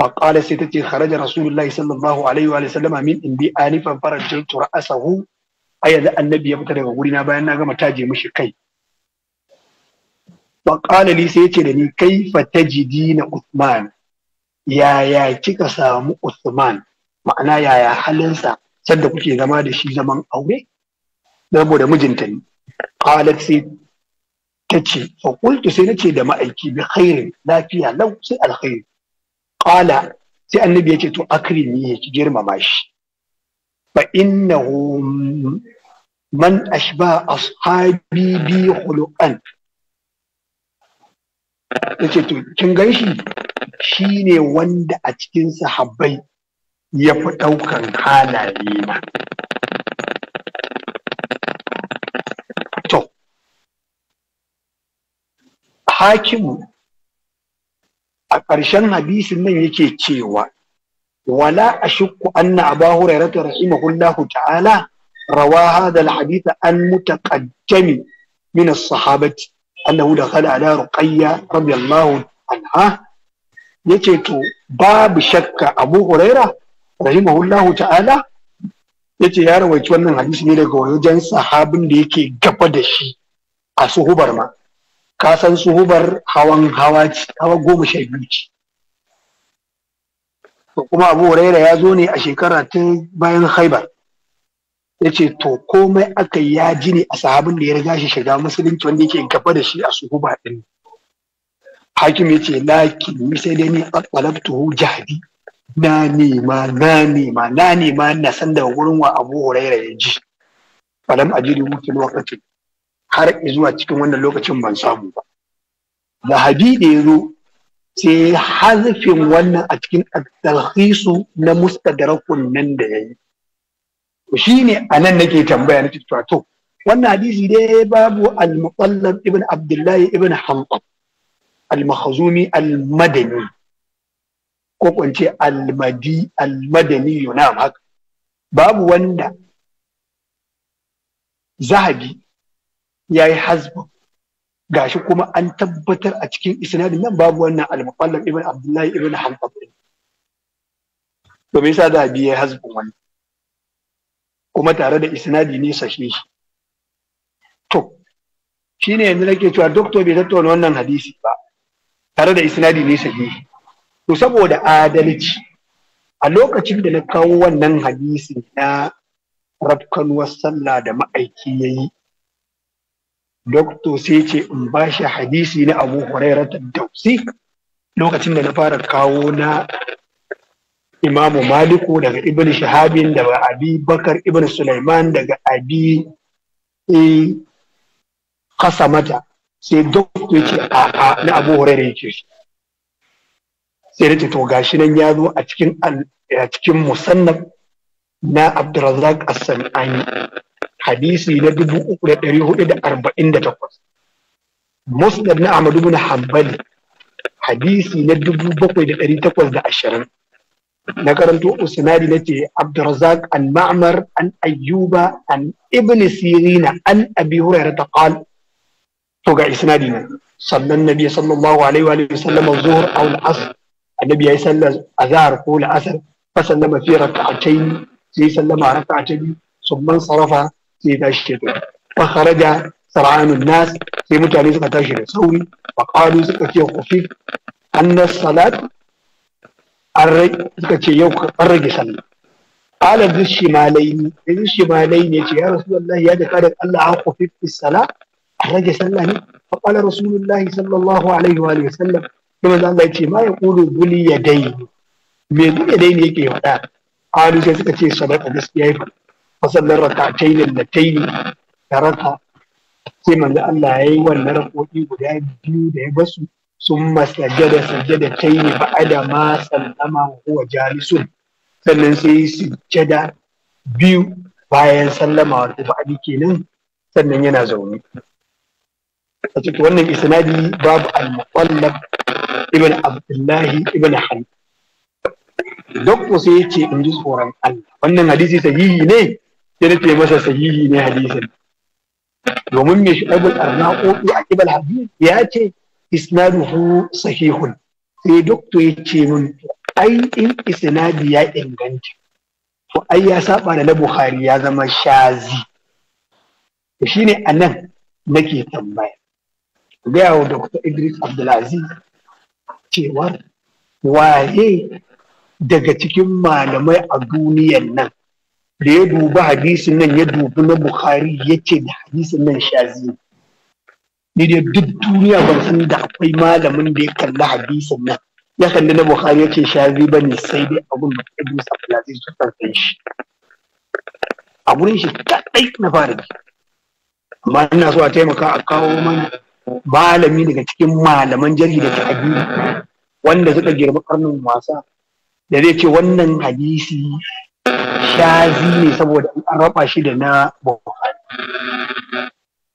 فقال سيتتي خرج رسول الله صلى الله عليه وآله وسلم من إندي آنفا فرجلت رأسه أي ذا النبي يبتدى غورنا بأننا كما تاجي مش كي فقال لي سيتي لني كيف تجدين عثمان يا يا كيكا سامو عثمان ma'ana yaya halinsa sadda kuke zama da shi zaman aure zamo da mijinta ne qalat sai ta ce fa qultu sai nace da ma'aiki bi khairin lafiya lau sai alkhairi qala sai annabi yake to akrimi ki girmama shi fa innahu man ashba ashabi bi khuluqan yace to kin ganshi shine wanda a cikin sahabbai ya fi ɗaukan halaye na to hakimu a ƙarshen hadisin nan yake cewa wala ashukku anna abu ta rahimahullahu ta'ala rawa hadha alhadith an mutaqaddami min as-sahabati annahu dakhala ala ruqayya radiyallahu anha yace to babu shakka abu huraira rahimahullahu ta'ala yace ya rawaici wannan hadisi ne daga wajen sahabin da yake gaba da shi a suhubar ma kasan san su hawan hawa hawa goma sha biyu ce to kuma abu huraira ya zo ne a shekara ta bayan haibar ya ce to komai aka ya ji ne a sahabin da ya riga shi shiga musulunci wanda yake gaba da shi a su huba hakim ya ce lakin sai dai ni aqalabtuhu jahdi na nema na nema na nema na san daga gurin wa abu huraira ya ji falam ajiri fil waqti har zuwa cikin wannan lokacin ban samu ba zahabi da ya zo sai wannan a cikin talhisu na mustadrakun nan da ya yi shi ne a nan nake tambaya na cewa to wannan hadisi dai babu al-muqallab ibn abdullahi ibn hanqab al-mahzumi al-madani ko kwance al-madi al-madani yunam haka babu wanda zahabi ya yi hasbun gashi kuma an tabbatar a cikin isnadin nan babu wannan al ibn abdullahi ibn hanbal domin sa da biya hasbun wannan kuma tare da isnadi ne sashe shi. to ne yanzu nake cewa doktor bai tattauna wannan hadisi ba tare da isnadi ne sashe shi. to saboda adalci a lokacin da na kawo wannan hadisi na rabkan wasalla da ma'aiki ya yi dokto sai ce in ba shi hadisi na abu huraira ta dausi lokacin da na fara kawo na imamu maliku daga ibn shahabin daga abi bakar ibn sulaiman daga abi kasamata e, sai dokto ya ce a na abu huraira ya ce shi sai da to gashi nan ya zo a cikin musannaf na abdurrazzaq as hadisi na dubu uku da ɗari hudu da arba'in da takwas musnad na Ahmadu ibn hanbali hadisi na dubu bakwai da ɗari takwas da ashirin na karanto usnadi na ce abdurrazak an ma'mar an ayyuba an ibn sirina an abi hurairah ta qal to ga isnadi ne sannan nabi sallallahu alaihi wa sallam zuhur aw al-asr annabi yayi sallar azhar ko al-asr fa sallama fi rak'atayn sai sallama rak'atayn summan sarafa في ذا الشتاء فخرج سرعان الناس في متعني سكتاشر سوي فقالوا سكتشي خفيف أن الصلاة سكتشي يو الرجل صلى قال ذو الشمالين ذو الشمالين يا رسول الله يا ذكر الله عن خفيف في الصلاة الرجل صلى فقال رسول الله صلى الله عليه وآله وسلم كما za الله ce ma ya ƙulu buli ya dai me zuke dai ne yake faɗa fasallin rakatai ne da ta yi da raka sai manzo Allah ya yi wannan rakoki guda biyu da ya basu sun masajada da ta yi ba'ada ma sallama wa jalisun sannan sai yi sujjada biyu bayan sallama wato kenan sannan yana zaune a cikin wannan isnadi babu al-muqallab ibn abdullahi ibn hal dokko sai yace in ji tsoron Allah wannan hadisi sahihi ne sai masa sahihi ne hadisin domin mai shu'aibul arnaoi a kibal hadis ya ce isnaduhu sahihun sai doktor ya ce min ai in isnadi ya inganta to ai ya saba da na Buhari ya zama shazi to shine anan nake tambaya gaya wa dr idris abdulaziz cewar waye daga cikin malamai a duniyan nan da ya dubi hadisin nan ya dubi na bukhari ya ce da hadisin nan shazi ni dai duk duniya ban san da akwai malamin da ya kalli hadisin nan ya kalli na bukhari ya ce shazi ba ne sai dai abun da dusa safalazi su san shi a gurin shi kadai na fara bi amma ina so a taimaka a kawo mana malami daga cikin malaman jari da ta'adili wanda suka girma karnin wasa da zai ce wannan hadisi shazi ne saboda an raba shi da na Buhari,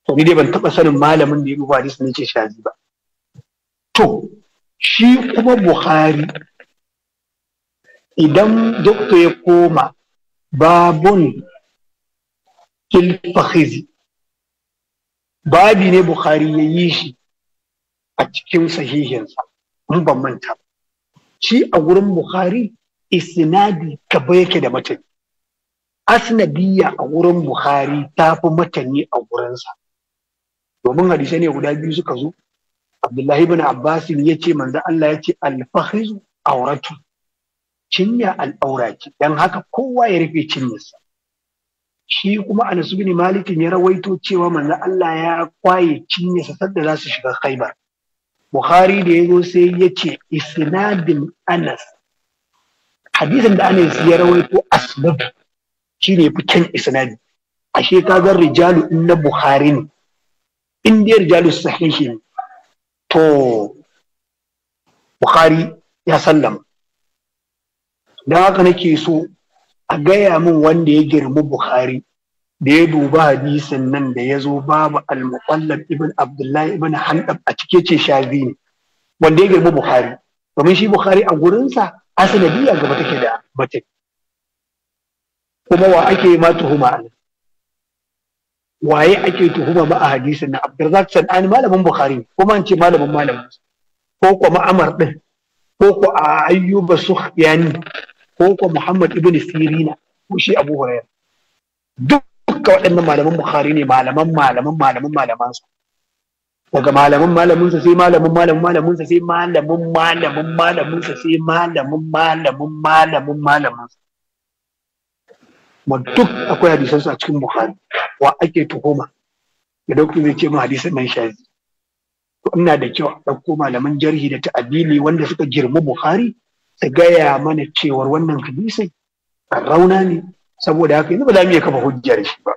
to ni dai ban taba sanin malamin da ya duba hadisi ne ce shazi ba to shi kuma Buhari idan doktor ya koma babun kilfahizi babi ne Buhari ya yi shi a cikin sahihinsa in ban manta shi a wurin Buhari? isnadi gaba yake da matani asnadiya a wurin buhari ta fi matani a wurinsa domin hadisai ne guda biyu suka zo abdullahi ibn abbas ya ce manzo Allah ya ce alfahizu auratu cinya al'aura ce dan haka kowa ya rufe cinyarsa shi kuma Anas ibn Malik ya rawaito cewa manzo Allah ya kwaye cinyarsa sadda za su shiga Khaibar Buhari da ya zo sai yace ce isnadin Anas hadisin da Anas ya rawaito asnad shine fikin isnadi ashe ka ga rijalu in na Buhari ne in dai rijalu sahihi ne to Buhari ya sallama don haka nake so a gaya min wanda ya girmi Bukhari da ya duba hadisin nan da ya zo babu al-muqallab ibn Abdullahi ibn Handab a cike ce shazi ne wanda ya girmi Bukhari domin shi Bukhari a gurinsa asanadiya gaba take da batin kuma wa ake ma tuhuma a waye ake tuhuma ba a hadisin na abdurrazak sanani malamin bukhari kuma an ce malamin malamin ko ko ma'amar din ko ko a ayyuba suhyani ko ko muhammad ibn sirina ko shi abu hurairah ka waɗannan malaman bukhari ne malaman malaman malaman malaman su daga malamin malaminsa sai malamin malamin malaminsa sai malamin malamin malaminsa sai malamin malamin malamin malaminsa ma duk akwai hadisansu a cikin bukhari wa ake tuhuma da dokta zai ce mu hadisan nan shazi to ina da kyau a ɗauko malaman jarhi da ta'adili wanda suka girma bukhari su gaya mana cewar wannan a rauna ne saboda haka yanzu ba za mu iya kafa hujjar shi ba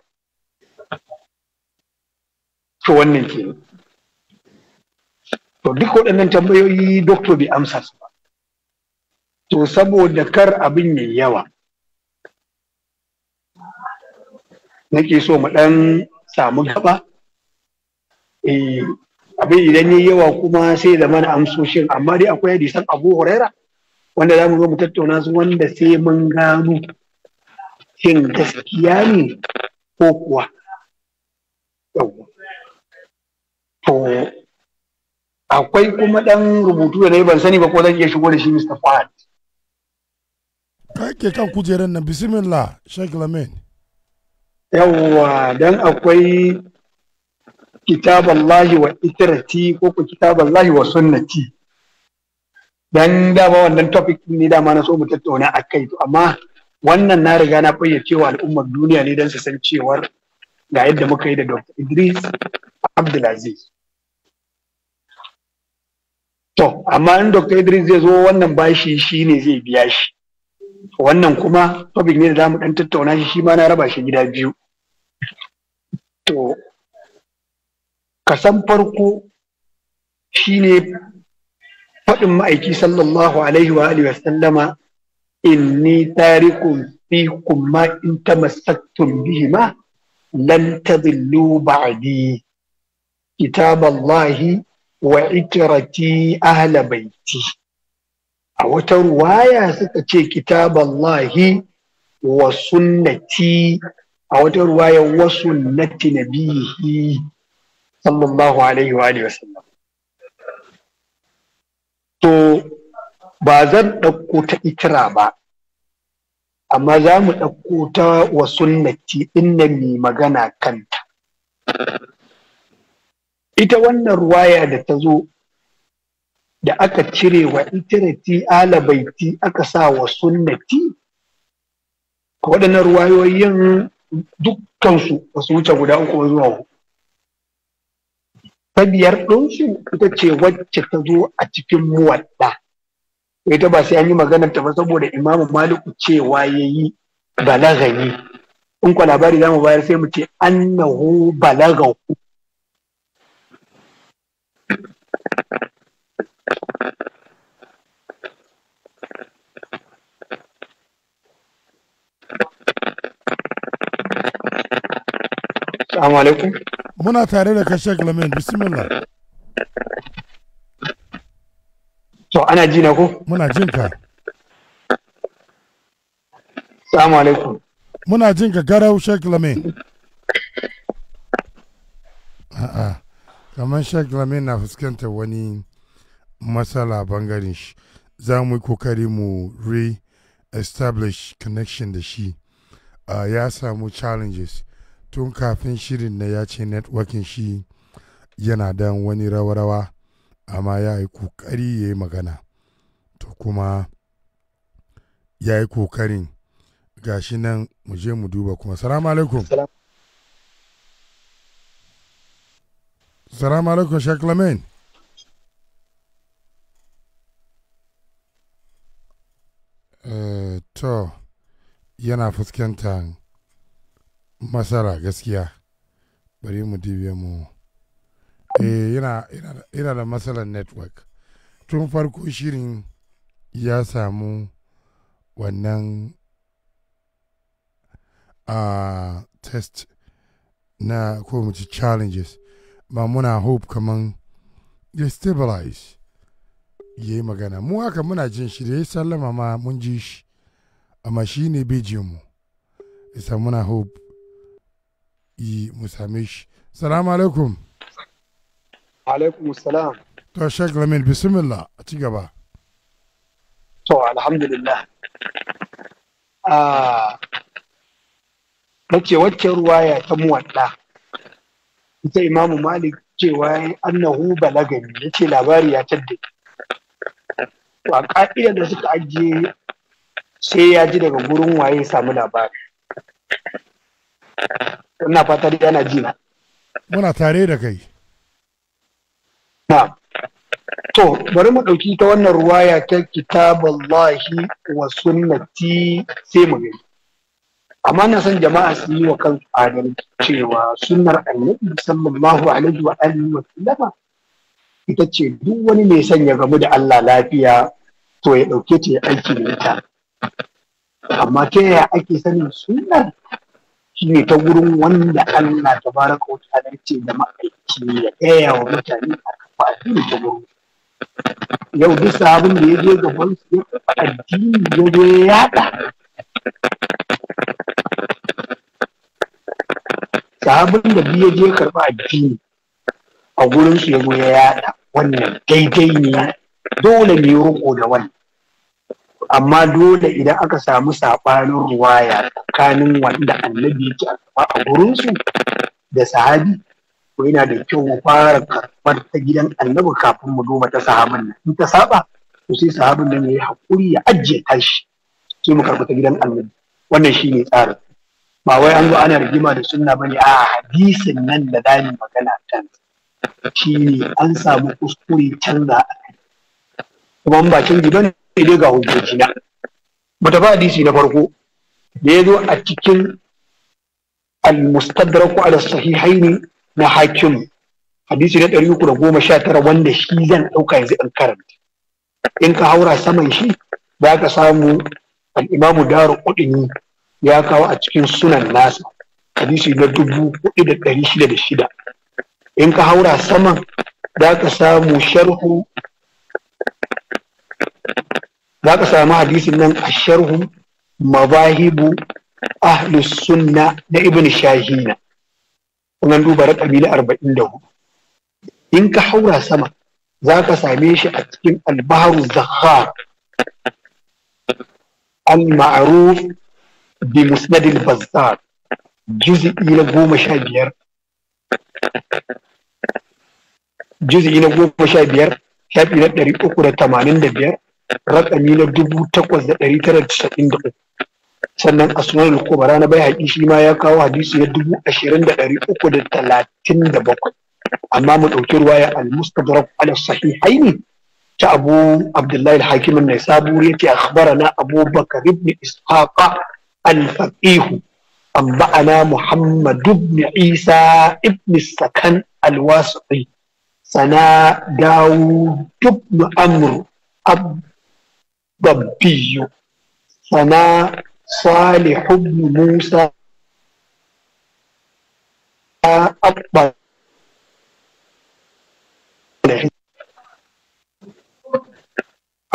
to wannan kenan to duk waɗannan tambayoyi doktor bai amsa su ba to saboda kar abin yayi yawa nake so mu ɗan samu gaba eh, abin idan yayi yawa kuma sai da mana amsoshin amma dai akwai hadisan abu huraira wanda za mu zo mu tattauna su wanda sai mun gano shin gaskiya ne ko kuwa to akwai kuma ɗan rubutu da na yi ban sani ba ko zan iya shigo da shi Mr. ka ke kan kujerar nan bismillah Sheikh Lamin. Yawwa dan akwai kitab Allah wa itirati ko ku kitab wa sunnati. Dan dama wannan topic ne dama na so mu tattauna a kai to amma wannan na riga na fayyace al'ummar duniya ne dan su san cewar ga yadda muka yi da Dr. Idris Abdulaziz. to amma in dr idris zai zo wannan bashi shi ne zai biya shi wannan kuma topic ne da za mu dan tattauna shi shi ma na raba shi gida biyu to kasan farko shi ne faɗin ma'aiki sallallahu alaihi wa alihi wasallama inni tarikun fi ma in bihi ma lan tadillu Kitab kitaballahi wa ikirati ahla baiti a wata ruwaya suka ce kitaballahi wa sunnati a wata ruwaya wa sunnati nabihi sallallahu alaihi wa alihi wasallam to ba zan ɗauko ta ikira ba amma za mu ɗauko ta wa sunnati inna mai magana kanta ita wannan ruwaya da ta zo da aka cire wa itirati alabaiti aka sa wa sunnati waɗannan ruwayoyin dukkansu ba su wuce guda uku zuwa uku ta biyar ɗinsu ita ce wacce ta zo a cikin muwadda ita ba sai an yi maganar ta ba saboda imamu maliku cewa ya yi balagani in kwalabari labari za mu bayar sai mu ce annahu balagahu Assalamu alaikum. Muna tare da kashe Glamin, bismillah. To, ana ji Muna jin ka. Assalamu Muna jin ka garau Sheikh A'a. kamar shek lamin na fuskantar wani matsala bangaren shi za mu yi kokari mu re-establish connection da shi uh, ya samu challenges tun kafin shirin na ya ce networking shi yana dan wani rawa-rawa amma ya yi kokari ya yi magana to kuma ya yi kokarin gashi nan mu je mu duba kuma salamu alaikum Salamu alaikum Sheikh Lamin. Eh, to yana fuskantar masara gaskiya bari mu dibe mu eh yana da matsalar network tun farko shirin ya samu wannan a ah, test na ko mu ci challenges ba muna hope kaman ya stabilize ya yi magana mu haka muna jin shi da ya sallama ma mun ji shi amma shi ne bai mu isa muna hope yi mu same shi salamu alaikum alaikum salam to shek lamin bismillah a ci gaba to alhamdulillah ah, muke wacce ruwaya ta muwadda ita imamu malik cewa annahu balagani ya ce labari ya tadda a ka'idar da suka ajiye sai ya ji daga gurin waye samu labari ina fatar yana ji na muna tare da kai to bari mu ɗauki ta wannan ruwaya ta kitaballahi wa sunnati sai mu gani amma na san jama'a su yi wa kansu adalci cewa sunnar annabi sallallahu alaihi wa alihi wa sallama ita ce duk wani mai sanya ya gamu da Allah lafiya to ya dauke ta ya aiki da ita amma ta yaya ake sanin sunnar shine ta gurin wanda Allah ta baraka wata ta'ala ce da ma'aiki ya ɗaya wa mutane a kafa addini ta yau duk sabon da ya je gaban su ya kafa addini ya je yaɗa sahabin da biya je karɓa addini a gurin su ya ya yada wannan daidai ne dole ne roƙo da wannan amma dole idan aka samu saɓanin ruwaya tsakanin wanda annabi yake a a gurin su da sahabi ko yana da kyau mu fara karɓar ta gidan annabi kafin mu duba ta sahabin nan in ta saba to sai sahabin nan ya yi hakuri, ya ajiye tashi sai mu karɓi ta gidan annabi wannan shine tsarin ba wai an zo ana rigima da sunna bane a hadisin nan da dani magana kan shi ne an samu kuskure canza a kuma bakin gidan ne dai ga hujjoji na mu tafi hadisi na farko da ya zo a cikin al-mustadraku ala sahihaini na hakim hadisi na ɗari da goma sha tara wanda shi zan ɗauka yanzu in karanta in ka haura saman shi za ka samu al'imamu daru kuɗin ya kawo a cikin sunan nasa hadisi na dubu hudu da ɗari shida da shida in ka haura saman za ka samu sharhu za ka samu hadisin nan a sharhu mabahibu ahlus sunna na ibn shahina kuma duba raƙami na arba'in da hudu in ka haura sama za ka same shi a cikin albaharu zahar al-ma'ruf bi musnadil bazzar juz'i na goma sha biyar juz'i na na ɗari sannan a sunan na bai haƙi shi ma ya kawo hadisi na dubu ashirin da ɗari uku da talatin da mu ɗauki al sahihaini ta abu abdullahi hakim an-naisaburi yace abubakar ibn ishaqa الفقيه أنبأنا محمد بن عيسى ابن السكن الواسطي سنا داود بن عمرو الضبي سنا صالح بن موسى الضبي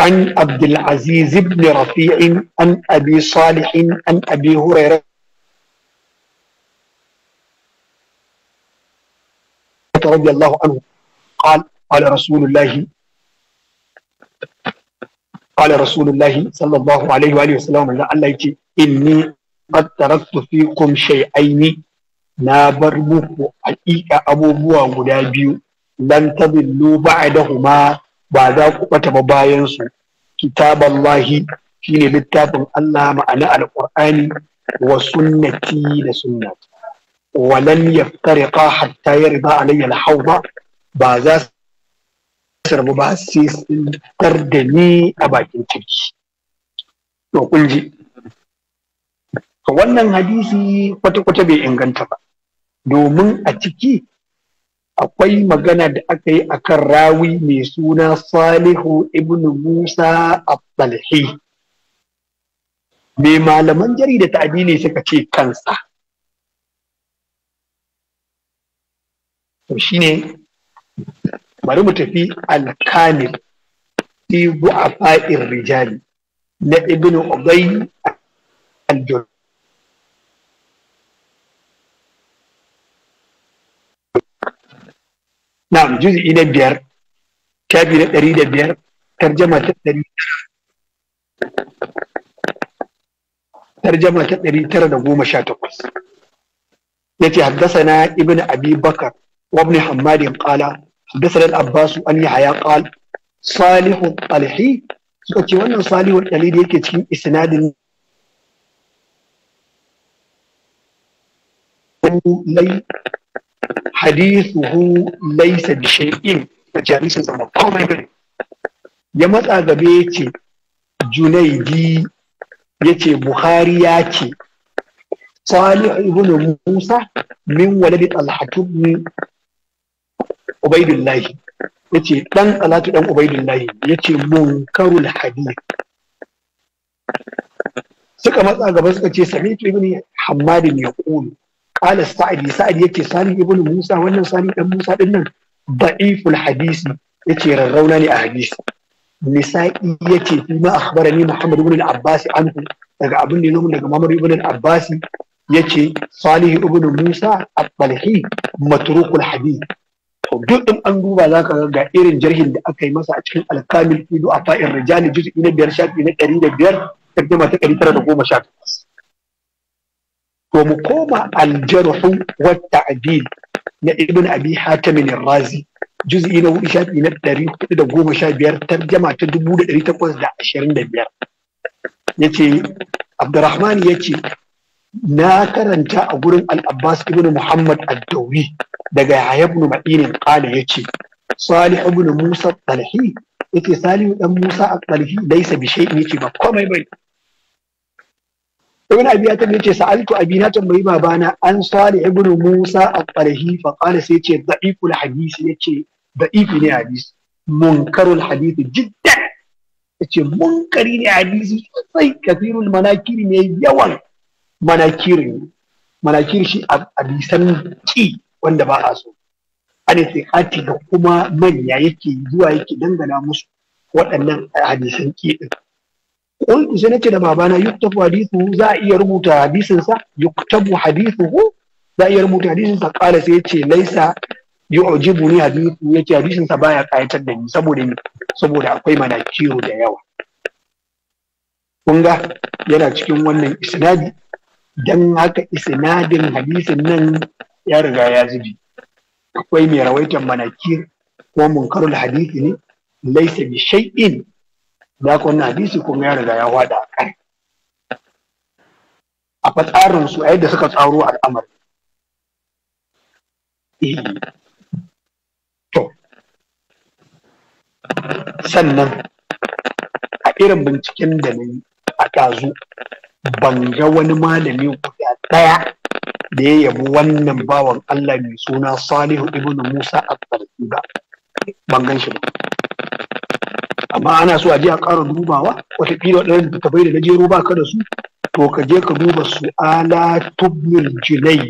عن عبد العزيز بن رفيع عن أبي صالح عن أبي هريرة رضي الله عنه قال قال رسول الله قال رسول الله صلى الله عليه وآله وسلم الله يجي إني قد تركت فيكم شيئين na bar muku hakika abubuwa guda biyu lan tadillu ba'dahuma ba za ku ɓata ba bayan su kitaballahi shine littafin Allah ma'ana alqur'ani wa sunnati da sunnati walan yaftariqa hatta yarda alayya hau ba za su rabu ba sai sun da ni a bakin kirki to kun ji wannan hadisi kwata-kwata bai inganta ba domin a ciki akwai magana da aka yi a kan rawi mai suna salihu ibn musa abdalhi mai malaman jarida ta addini suka ce kansa to shine bari mu tafi alkamil fi bu'afa'ir rijali na ibn ubay al na juzi na biyar shafi na ɗari da biyar tarjama ta ɗari tarjama ta ɗari tara da goma sha takwas yace haddasana ibn abi bakar wa ibn hammad qala haddasana al-abbas an yahya qala salih al-talhi suka ce wannan Salihu al da yake cikin isnadin lai Hadisu laysa bi shay'in majalisin sa komai ya matsa gabe ce Junaidi yace Buhari ya ce Salih ibn Musa min waladi Talhatu ibn Ubaidillah yace dan Talhatu dan Ubaidillah yace munkarul hadith suka matsa gaba suka ce sami ibn Hammad ya qala sa'id sa'id yake sani ibn musa wannan sani dan musa din nan da'iful hadisi yace rarrauna ne a hadisi nisa'i yace fi ma akhbarani muhammad ibn al-abbas anhu daga abin da ya daga muhammad ibn al-abbas yace salih ibn musa at-talhi matrukul hadith to duk din an duba zaka ga irin jarhin da aka yi masa a cikin al-kamil fi du'a fa'ir rijali juz'i na biyar shafi na 105 tarjuma ta 918 to mu koma aljarhu wa ta'dil na ibn abi hatim razi juz'i na hudu shafi na ɗari da goma sha biyar tarjama ta dubu da ɗari takwas da ashirin da biyar ya ce abdurrahman ya ce na karanta a gurin al-abbas ibn muhammad ad-dawi daga yahya ibn ma'inin qala ya ce salih ibn musa talhi ya ce salihu dan musa a talhi laisa bi shay'in ya ce ba komai bai ibn abi ya tabi yace sa'altu abi na tambayi babana an salih ibn musa al-qarhi fa qala sai yace da'iful hadisi yace da'ifi ne hadisi munkarul hadisi jiddan yace munkari ne hadisi sosai kafirul manakiri ne yawan manakirin manakiri shi hadisan ki wanda ba'a so ana sai da kuma manya yake zuwa yake dangana musu waɗannan hadisan ki qultu sai nace da babana yuktabu hadithu za a iya rubuta hadisin sa yuktabu hadithu za a iya rubuta hadisin sa qala sai yace laisa yu'jibuni hadithu yace hadisin sa baya kayatar da ni saboda ni saboda akwai manakiru da yawa Kunga yana cikin wannan isnadi dan haka isnadin hadisin nan ya riga ya zubi akwai mai rawaitan manakir ko munkarul hadisi ne laisa bi shay'in da ku hadisi kuma ya riga ya wada a a fatsarin su a yadda suka tsaro al'amari eh. to sannan a irin binciken da na a tazu ban ga wani malami guda ɗaya da ya yabi wannan bawan Allah mai suna Salihu ibn Musa a ba ban gan shi ba amma ana so a je a ƙara dubawa watakila waɗannan littattafai da na jero ba ka da su to ka je ka duba su'ala tubnul junai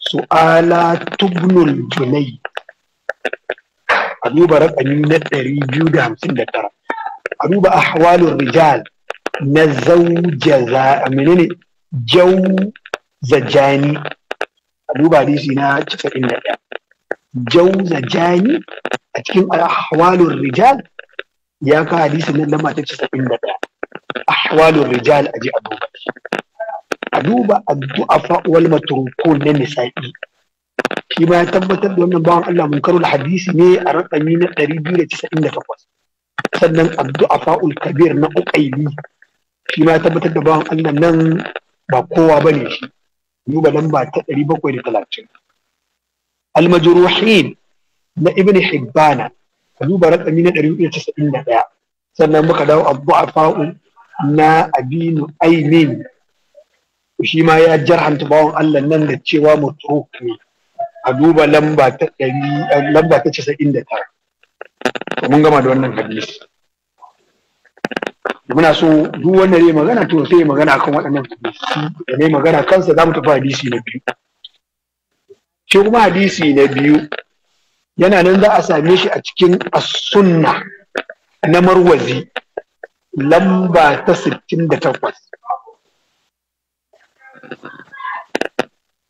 su'ala tubnul junai a duba rakami na ɗari biyu da hamsin da tara a duba ahwalun rijal na za, a menene jau zajani a duba hadisi na casa'in da ɗaya jau zajani a cikin ahwalur rijal ya ka hadisi nan ta na matar 91 ahwalur rijal aje a duba a duba addu'afa wal matrukun na nisa'i shi ma ya tabbatar da wannan bawan Allah mun munkarul hadisi ne a rakami na 298 sannan addu'afa ul kabir na uqaili shi ma ya tabbatar da bawan Allah nan ba kowa bane shi duba lamba ta 730 al majruhin na ibn hibbana ka duba rakami na 491 sannan muka dawo abu a fa'u na abinu aimin shi ma ya jarhanta bawon Allah nan da cewa mutruk ne a duba eh, lamba ta casa'in da ta 99 mun gama da wannan Da muna so duk wanda zai magana to sai magana akan waɗannan hadisi da ne magana kansa za mu tafi hadisi na biyu shi kuma hadisi na biyu yana nan za a same shi a cikin as-sunna na marwazi lamba ta 68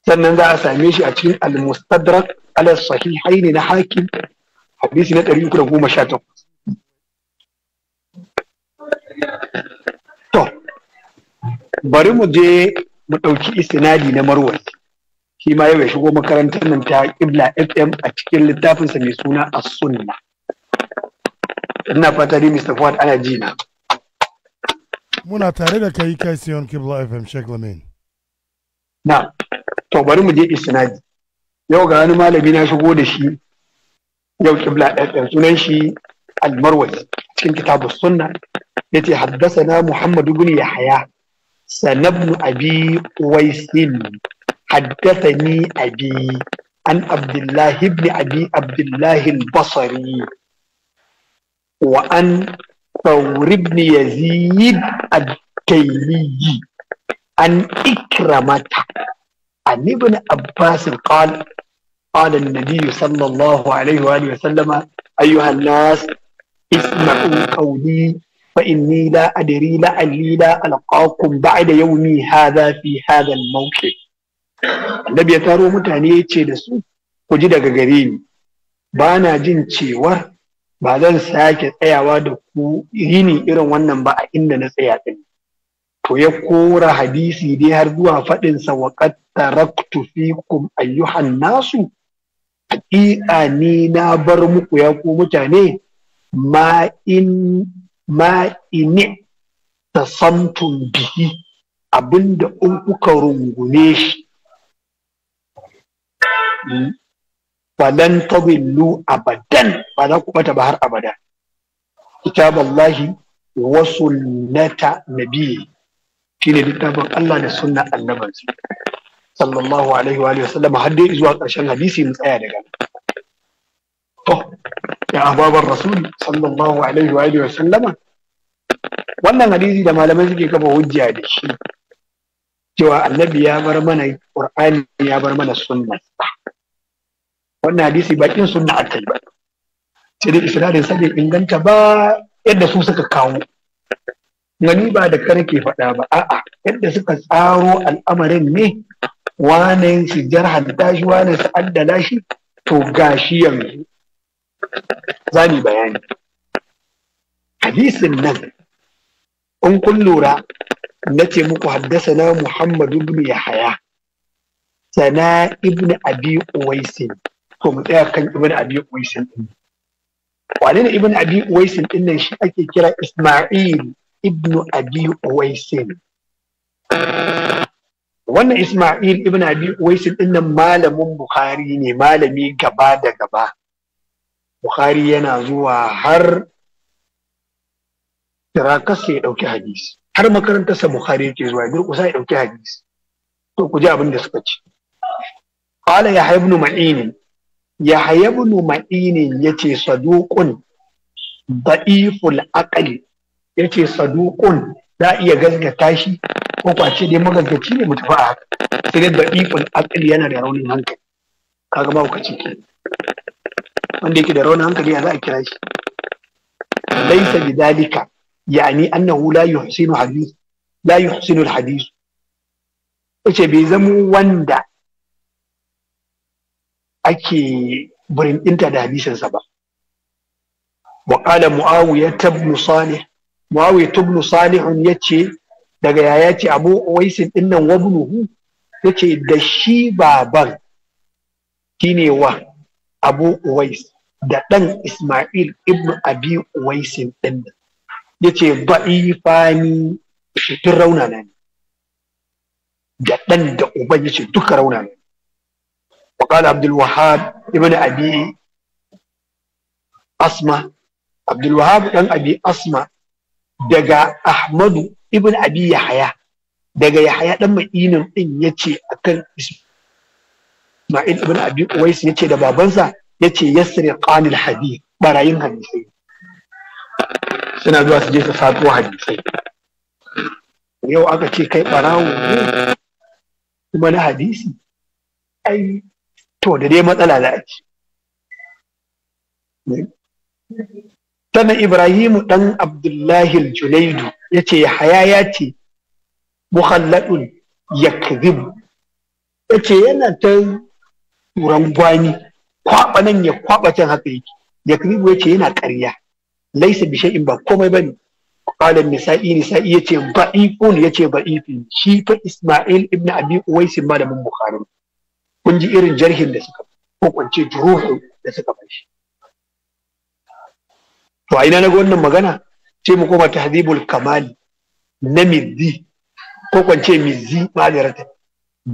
sannan za a same shi a cikin al-mustadrak ala sahihaini na hakim hadisi na 318 to bari mu je mu ɗauki istinadi na marwazi shi ma yau ya shigo makarantar nan ta kibla FM a cikin littafinsa mai suna As-Sunna. Ina fata ni Mr. Fuad ana ji na. Muna tare da kai kai siyon kibla FM Sheikh Lamin. Na, to bari mu je isnadi. Yau ga wani malami na shigo da shi yau kibla FM sunan shi al cikin kitabu Sunna yace na muhammadu bin yahaya sanabnu abi waisin حدثني أبي عن عبد الله بن أبي عبد الله البصري وأن ثور بن يزيد التيمي عن إكرمة عن ابن عباس قال قال النبي صلى الله عليه وآله وسلم أيها الناس اسمعوا قولي فإني لا أدري لعلي لا ألقاكم بعد يومي هذا في هذا الموقف annabi ya taro mutane ya ce da su ku ji daga gare ni ba na jin cewar ba zan sake tsayawa da ku yini irin wannan ba a inda na tsaya din to ya kora hadisi dai har zuwa faɗin sa wa qad fikum ayyuhan nasu haƙiƙa ni na bar muku ya ku mutane ma in ma ini bihi abinda in kuka rungume shi Hmm. falan tadillu abadan ba za ku bata ba har abada kitaballahi wa sunnata nabiyyi shine littafin Allah da sunna annabansa sallallahu alaihi wa sallam har dai zuwa ƙarshen hadisi mu tsaya daga to ya ababar rasul sallallahu alaihi wa sallam wannan hadisi da malamai suke kafa hujja da shi cewa annabi ya bar mana qur'ani ya bar mana sunna wannan hadisi bakin sunna aka yi ba sai dai isnadin inganta ba yadda su suka kawo gani ba da kare ke faɗa ba a'a yadda suka tsaro al'amarin ne wane su jarhanta shi wane su addala shi to gashi yanzu za bayani hadisin nan in kun lura na ce muku haddasa na muhammadu ibn yahaya sana ibn abi uwaisin to mu tsaya kan ibn abi Waisin din wane ne ibn abi waisin din nan shi ake kira isma'il ibn abi Waisin? wannan isma'il ibn abi Waisin din nan malamin bukhari ne malami gaba da gaba bukhari yana zuwa har tirakarsa ya ɗauki hadisi har makarantarsa bukhari yake zuwa ya kusa ya ɗauki hadisi to ku ji abin da suka ce قال يحيى بن معين Yahaya ya ce saduƙun ba'iful da'iful Ya ce saduƙun za iya gaskata shi ko kwace dai magaskaci ne mutu a haka sai dai da'iful aqli yana da raunin hankali kaga ba ku ciki wanda yake da raunin hankali ya za a kira shi laysa bidalika yani annahu la yuhsinu hadith la yuhsinu al yace bai zamo wanda ake burin ɗinta da hadisinsa ba wa qala muawiya tabnu salih muawiya tabnu salih yace daga yaya ce abu waisin ɗinnan wabnuhu yace da shi baban ne wa abu wais da ɗan isma'il ibn abi waisin din nan yace ba'ifani shi raunana ne da ɗan da uban yace duka raunana ne وقال عبد الوهاب ابن أبي أسمى عبد الوهاب ابن أبي أسمى دجا أحمد ابن أبي يحيى دجا يحيى لما إينم إن يتي أكل إسماعيل ابن أبي ويس يتي دبابنسا يتي يسري يسرقان الحديث براين حديثين suna zuwa su je su sato hadisai yau براو ce kai ɓarawo to da dai matsala da ake. Tana ibrahimu ɗan abdullahi junaidu ya ce haya ya ce muhalladun ya kazibu ya ce yana ta turan gwani kwaɓa nan ya kwaɓa can haka yake ya kazibu ya ce yana ƙarya laisa bi shay'in ba komai bane qala nisa'i nisa'i ya ce yace ba'ifun yace ba'ifin shi fa isma'il ibn abi uwais mun bukhari kun ji irin jarhin da suka ko kwance juruhin da suka bashi to a ina na ga wannan magana ce mu koma hadibul kamali na Mizi ko kwance mizi malirata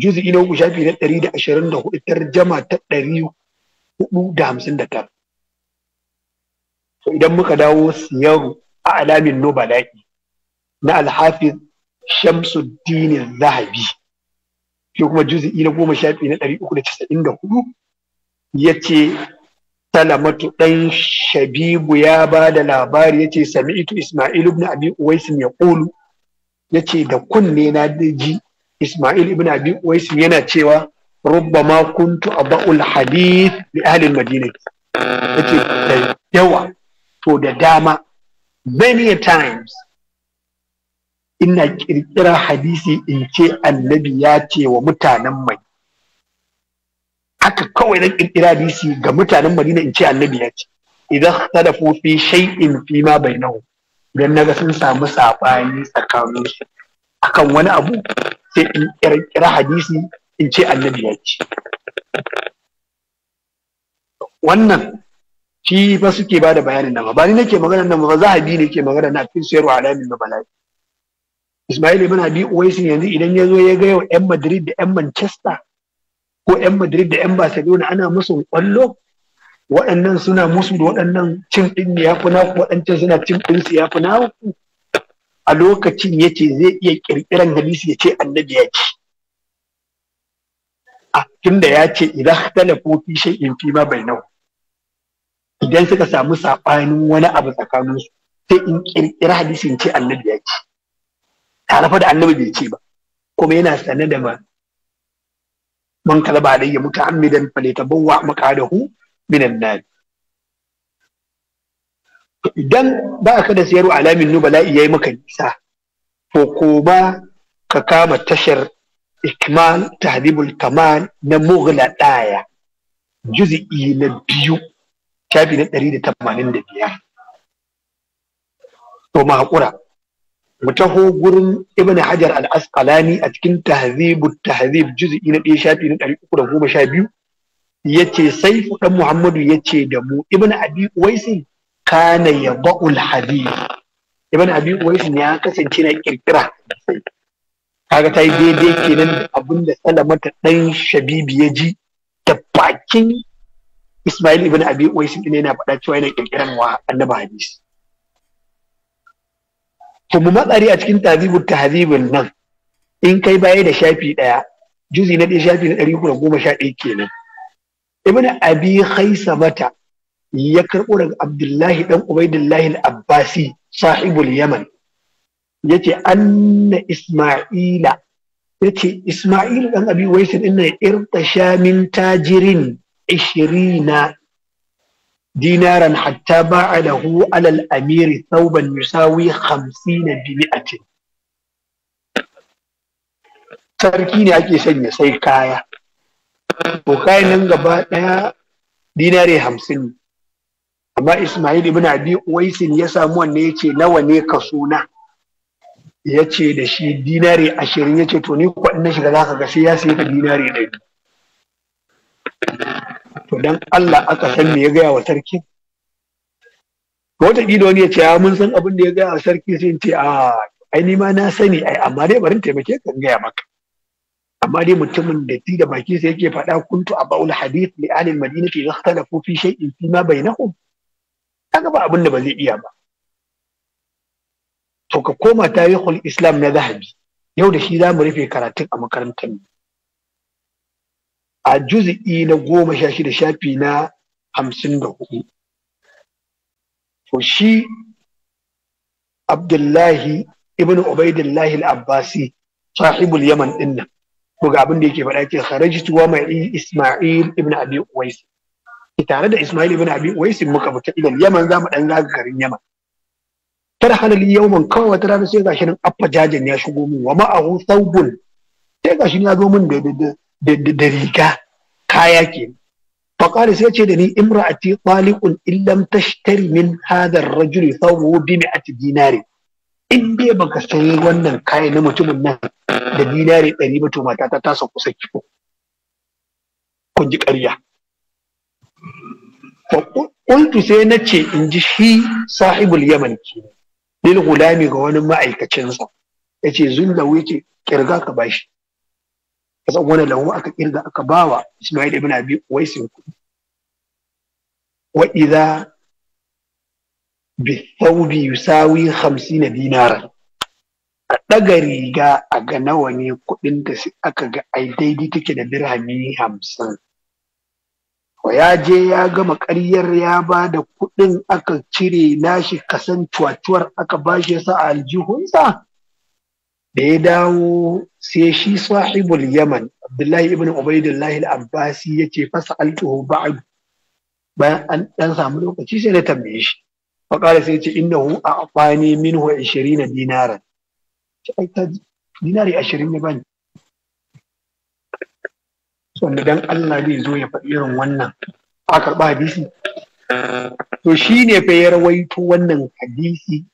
juz'i ina uku shafi na 124 tarjama ta 459 to idan muka dawo siyaru a alamin nobalaki na alhafiz shamsuddin zahabi shi kuma juz'i na goma sha biyu na ɗari uku da casa'in da hudu ya ce salamatu ɗan shabibu ya ba da labari ya ce sami'itu isma'il ibn abi uwaisim ya ƙulu ya ce da kunne na ji isma'il ibn abi uwaisim yana cewa rubbama kuntu ba'ul hadith bi ahlil madinati ya ce da yawa to da dama many times ina kirkira hadisi in ce annabi ya ce wa mutanen mai haka kawai na kirkira hadisi ga mutanen madina in ce annabi ya ce idan sadafu fi shay'in fi ma bai nahu, idan naga sun samu sabani tsakanin su akan wani abu sai in kirkira hadisi in ce annabi ya ce wannan shi ba suke ba da bayanin nan ba ni nake magana nan ba zahabi ne ke magana na fi sayarwa alamin mabala'i Ismail mana bi Uwaisin yanzu idan ya zo ya ga yau 'yan Madrid da 'yan Manchester ko 'yan Madrid da 'yan Barcelona ana musu kwallo waɗannan suna musu da waɗannan cin ɗin ne ya fi naku waɗancan suna cin ɗin su ya fi naku a lokacin ya ce zai iya ƙirƙiran hadisi ya ce annabi ya ce a tunda ya ce idan kala kofi fi in fi ma nau, idan suka samu saɓanin wani abu tsakaninsu sai in ƙirƙira ya ce annabi ya ce tare fa da annabi bai ce ba kuma yana sane da ba man kalba da ya muta amidan falitabawa makadahu minan nar idan ba ka da sayarwa alamin nu nubala yayi maka nisa to ko ba ka kama tashar ikmal tahdibul kamal na mughla daya juz'i na biyu shafi na 185 to ma hakura mu taho gurin ibn hajar al-asqalani a cikin tahzibu tahzib juz'i na 1 shafi na 312 yace saifu dan muhammadu yace da mu ibn abi uwaisin kana yabul hadith ibn abi Waisin ya kasance na kirkira kaga ta yi daidai kenan abinda salamata dan shabibi ya ji da bakin ismail ibn abi Waisin ne yana faɗa cewa yana kirkiran wa annabi hadisi to mu matsari a cikin tazibul tahzibul nan in kai baya da shafi ɗaya juzi na ɗaya shafi na ɗari goma sha kenan ibn abi mata, ya karɓo daga abdullahi dan ubaidillahi al-abbasi sahibul yaman yace anna isma'ila yace isma'ila dan abi waisin inna irtasha min tajirin ashirina. dinaran hatta ba a da lahu alal amiri sauban yusawi hamsina bi mi'atin sarki ne ake sanya sai kaya to kayan nan gaba ɗaya dinare hamsin amma Ismail ibn Abi Uwaisin ya samu wanne ya nawa ne ka suna ya ce da shi dinari ashirin ya ce to ni kwaɗin na shiga za ka ga sai ya sayi da dinari ɗari to dan Allah aka san me ya gaya wa sarki wata ƙila wani ya ce ya ah, mun san abin da ya gaya wa sarki sai in ce a ah, ai ni ma na sani ai amma dai barin taimake kan gaya maka amma dai mutumin da ti da baki sai yake faɗa kuntu a ba'ul hadith li alil madinati ikhtalafu fi shay'in fi ma bainahum kaga ba abin da ba zai iya ba to ka koma tarihul islam na zahabi yau da shi za mu rufe karatun a makarantar mu a juzi'i na goma sha shida shafi na hamsin da hudu to shi abdullahi ibn ubaidillahi al-abbasi sahibul yaman dinnan, nan ga abin da yake faɗa ke kharajtu wa ma'i isma'il ibn abi uwais tare da isma'il ibn abi uwais muka fita idan yaman zamu dan zaga garin yaman tarhana li yawman kawai wata rana sai gashi nan affa jajan ya shigo min wa ma'ahu thawbun sai gashi ya zo min da da riga kaya ke faƙari sai ce da ni imra'ati Ati, illam tashtari min hadar rajuri sauro a mi'ati dinari in dai baka sayi wannan kaya na mutumin nan da dinari ɗari ba to mata ta tasa kusa kiko kun ji ƙarya Ƙuntu sai na ce in ji shi sahibul yaman ke lil gulami ga wani ma'aikacinsa ya ce zullawi ce kirga ka bashi kasan wani lahu aka kirga aka bawa Ismail ibn Abi Waisi kuɗi wa idza bi thawbi yusawi 50 dinara a ɗaga riga a ga nawa ne kuɗin da aka ga ai daidai take da dirhami hamsin Ko ya je ya gama ƙaryar ya ba da kuɗin aka cire nashi kasan cuwacuwar aka bashi yasa a aljihunsa da ya dawo sai shi sahibul yaman abdullahi ibn ubaidullahi al-abbasi ya ce fasa altuhu ba'du bayan an dan samu lokaci sai na tambaye shi faƙara sai ce innahu a afani minhu 20 dinaran dinari ashirin ne bani wanda dan Allah zai zo ya faɗi irin wannan a karɓa hadisi to shi ne fa ya rawaito wannan hadisi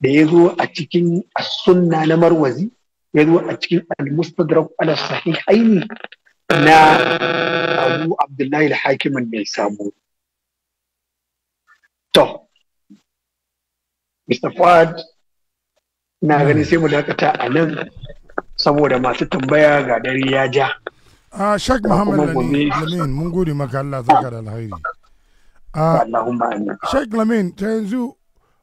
da ya zo a cikin sunna na marwazi ya zo a cikin al-mustadrak al-sahih aini na abu abdullahi al-hakimin mai samu to mr fad na gani sai mu dakata a nan saboda masu tambaya ga dare ya ja a shak muhammad lamin mun gode maka allah zaka da alhairi ah, shak Lamin ta yanzu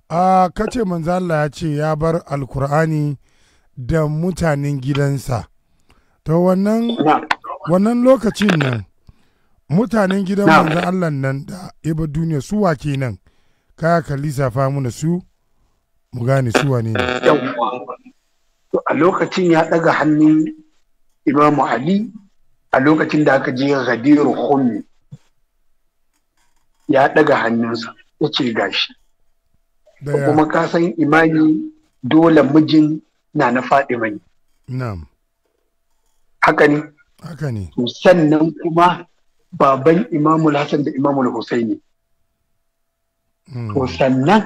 a kace manzo Allah ya ce ya bar alkur'ani da mutanen gidansa to wannan wannan lokacin nan mutanen gidan manzan Allah nan da iba duniya su wake nan kaya ka lissafa muna su mu gane su wane ne a lokacin ya daga hannun imamu ali a lokacin da aka je gadiru khummi ya daga hannunsa ya ce gashi kuma ka san imani dole mijin na na faɗi mani? haka ne haka ne sannan kuma baban imamul Hassan da imamul husaini hmm. to sannan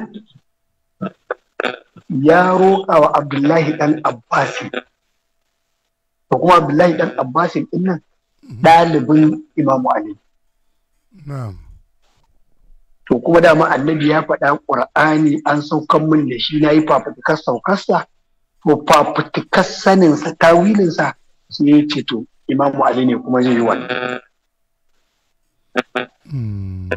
ya roƙa wa abdullahi Ɗan abbasi da kuma abdullahi Ɗan abbasi ɗin nan hmm. ɗalibin imamu ali na'am to kuma dama annabi ya faɗa ƙur'ani an saukan min da shi na yi fafutukar saukarsa to fafutukar saninsa tawilinsa sai ya ce to imamu ali ne kuma zai yi wannan. Hmm.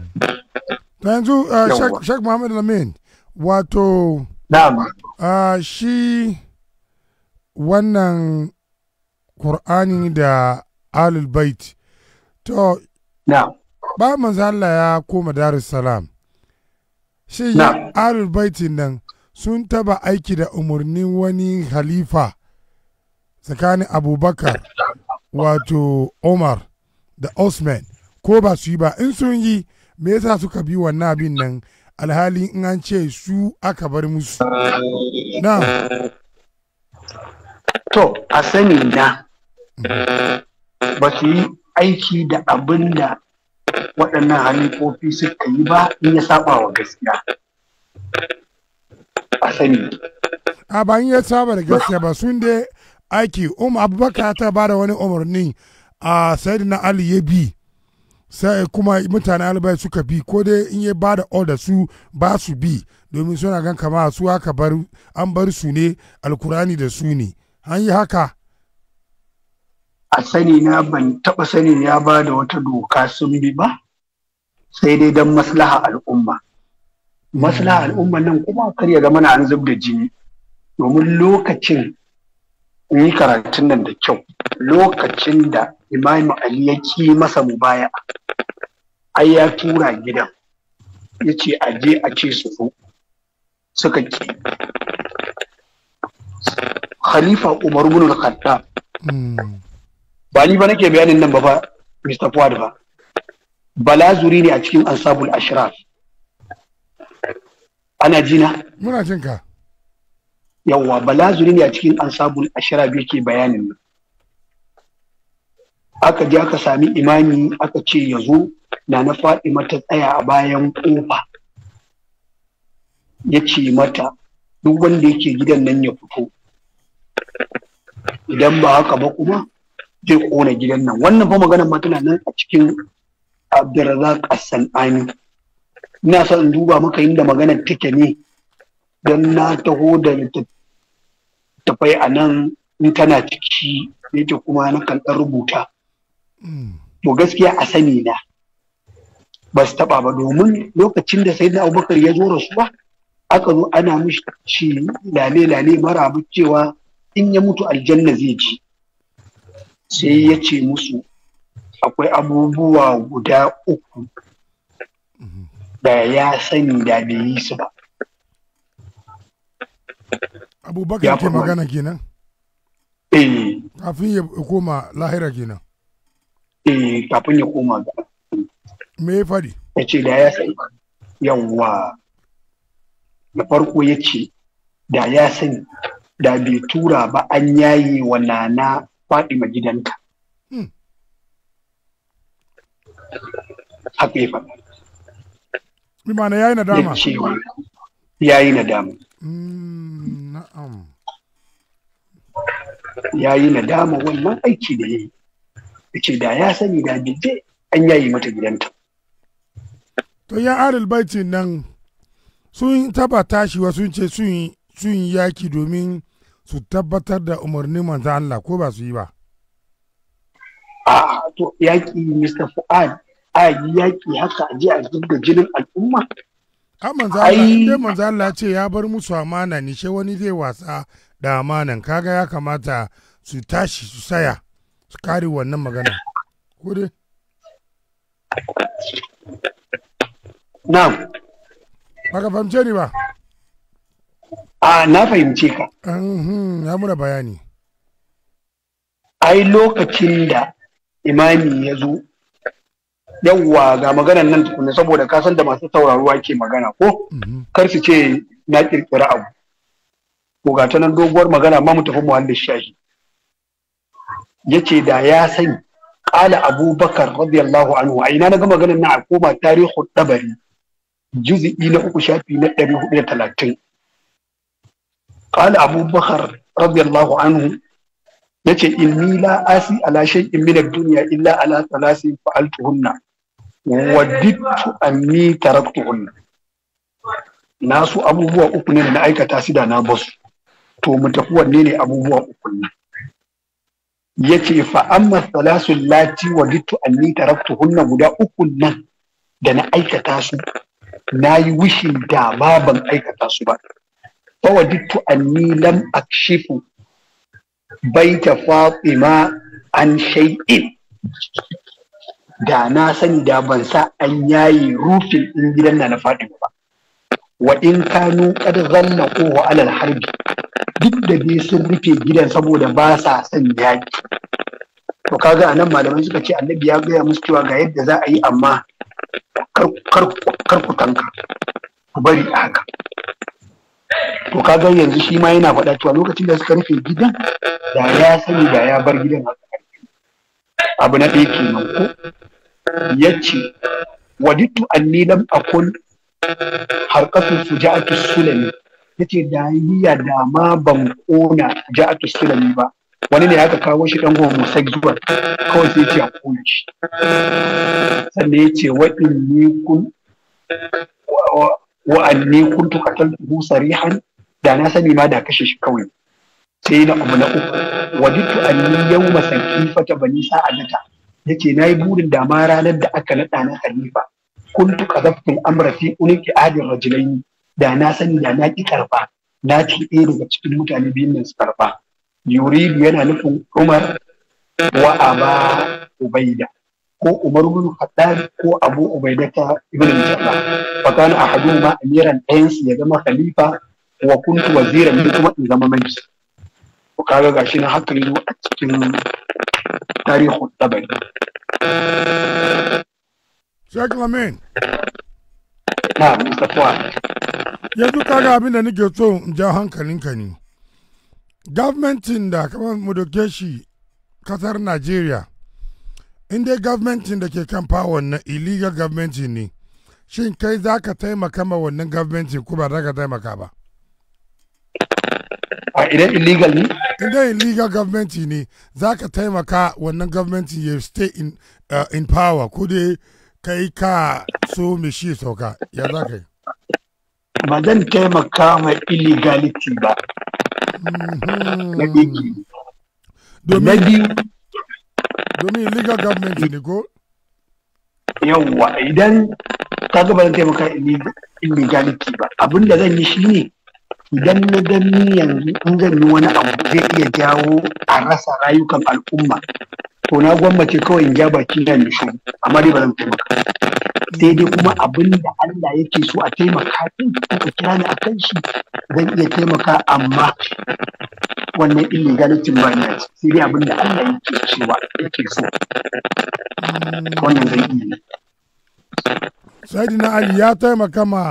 yanzu uh, shek muhammad lamin wato uh, shi wannan ƙur'ani da alul bait to ba manzo Allah ya koma salaam shi Ahlul Baitin nan sun taba aiki da umarnin wani halifa tsakanin Abubakar wato Omar da Osman ko ba su yi ba in sun yi me yasa suka bi wannan abin nan alhali in an ce su aka bar musu na to a sani na ba su yi aiki da abin da waɗannan kofi suka yi ba in ya saba wa gaskiya a sani a ba ya saba da gaskiya ba sun dai aiki um abubakar ta ba da wani umarni a na ali ya bi sai kuma mutane alibai suka bi ko dai in ya ba da order su ba su bi domin suna gan kama su aka bar an bar su ne alkurani da su ne an yi haka a sani na ban taɓa sani ya ba da wata doka sun bi ba sai dai don maslaha al'umma maslaha hmm. al'umma nan kuma kar ya zama na an zub da jini domin lokacin yi karatun nan da kyau lokacin da imamu ali ya ki masa mu baya. ai ya tura gidan ya ce a je a ce su suka ki khalifa umar bin al-khattab hmm. ba ni ba nake bayanin nan ba fa Mr. Fuad Bala balazuri ne a cikin ansabul ashraf ana jina muna jin ka yawwa balazuri ne a cikin ansabul ashraf yake bayanin nan aka je aka sami imani aka ce ya zo na na Fatima ta tsaya a bayan kofa ya ce mata duk wanda yake gidan nan ya fito idan ba haka ba kuma zai kona gidan nan wannan fa maganar ma nan a cikin Abdurrazak As-Sanani ina so in duba maka inda maganar take ne don na taho da littattafai a nan in tana ciki yake kuma na kan rubuta hmm. to gaskiya a sani na ba su taɓa ba domin lokacin da sai na abubakar ya zo ba, aka zo ana mishi lale-lale mara cewa in ya mutu aljanna zai ji sai ya ce musu akwai abubuwa guda uku da ya sani da bai yi su ba. Abubakar ke magana kenan? Eh. Kafin ya koma lahira kenan? Eh, kafin ya koma ba. Me ya faɗi? Ya ce da ya sani. Yawwa. Da farko ya ce da ya sani da bai tura ba an yayi wa nana faɗi ma gidanka. Hmm. haƙe ba. faɗa. Mimana ya yi nadama. Ya yi nadama. Hmm, na'am. Ya yi nadama wannan aiki da ya yi. Ike da ya sani da gidje an yayi mata gidanta. To ya adal baitin nan sun taba tashi wa sun ce sun yi yaki domin su tabbatar da umarnin manzo Allah ko ba su yi ba Ah, to yaƙi Mr. Fuad a yi yaƙi haka a je a zubda jinin al'umma a manzo Allah inda manzo Allah ce ya bar musu amana ni she wani zai wasa da amanan kaga ya kamata su tashi su saya su kare wannan magana ko dai na'am baka famce ni ba a na fahimce ka uhm, ya muna bayani ai lokacin da imani ya zo yawwa ga maganan nan tukuna saboda kasan da masu sauraruwa ke magana ko uhm. kar su ce na kirkira abu ko ta nan doguwar magana ma mu tafi muhallin Ya ce da ya sani ƙala abubakar radiyallahu anhu a ina na ga maganan na a koma tarihul dabari juz'i na uku shafi na talatin. قال أبو بكر رضي الله عنه yace inni la asi ala shay'in min ad-dunya illa ala thalasi fa'altuhunna waddittu anni taraktuhunna nasu abubuwa uku ne da na aikata su da na basu to mu tafi wanne ne abubuwa uku ne yace fa amma thalasu lati wa waddittu anni taraktuhunna guda uku nan da na aikata su na yi wishin da ma ban aikata su ba فوجدت أني لم أكشف بيت فاطمة عن شيء da na sani da ban sa an yayi rufin ɗin gidan na na ba wa in kanu qad zanna ko alal harbi duk da dai sun rufe gidan saboda ba sa son yaki to kaga anan malamai suka ce annabi ya gaya musu cewa ga yadda za a yi amma kar ku tanka ku bari haka to kaga yanzu shi ma yana faɗa cewa lokacin da suka rufe gidan da ya sani da ya bar gidan abu na ɗaya kenan ko ya ce wadittu anni lam akun harkatu su ja'atu sulami ya ce da yiya da ma ban kona ja'atu sulami ba wani ne aka kawo shi dan zuwa kawai sai ya a kona shi sannan ya ce wa ni kun Wa'anne anni kuntu qataltuhu sarihan da na sani ma da kashe shi kawai sai na abu na uku wajidtu anni yawma sakifata bani sa'adata yace yi burin da ma ranar da aka naɗa na khalifa tuka zaftin amra fi adin rajulaini da na sani da na ki karfa na ci ɗaya daga cikin mutane biyun nan su karfa yuridu yana nufin umar wa aba ubaida ko Umar bin Khattab ko Abu Ubaidata ibn Jarrah fa kana ahaduma amiran ɗayan su ya zama khalifa wa kuntu waziran ni kuma in zama mai ko kaga gashi na hakan yazo a cikin tarihin tabari Sheikh Lamin na Mustapha yanzu kaga abin da nake so in ja hankalinka ne gwamnatin da kamar mu doke shi kasar Najeriya in dai gwamnatin da ke kan fawon na illegal gwamnati ne shin kai za ka taimaka ma wannan gwamnati ko ba za ka taimaka ba a idan illegal ne in dai illegal gwamnati ne za ka taimaka wannan gwamnati ya stay in, uh, in power ko dai kai ka so mai shi sauka ya za ka yi ba zan taimaka ma illegality ba mhm. na biyu domin illegal government ne ko yawwa idan ta gaba da zan taimaka illegality ba abin da zan yi shi ne idan na gani yanzu in zan yi wani abu zai iya jawo a rasa rayukan al'umma ko na gwammace kawai in ja baki na ne shi amma dai ba zan taimaka sai dai kuma abin da Allah yake so a taimaka din ka kira ni a kan shi zan iya taimaka amma wannan illegality ba ne sai dai abin da Allah yake cewa yake so wannan zan iya Sayyidina Ali ya taimaka ma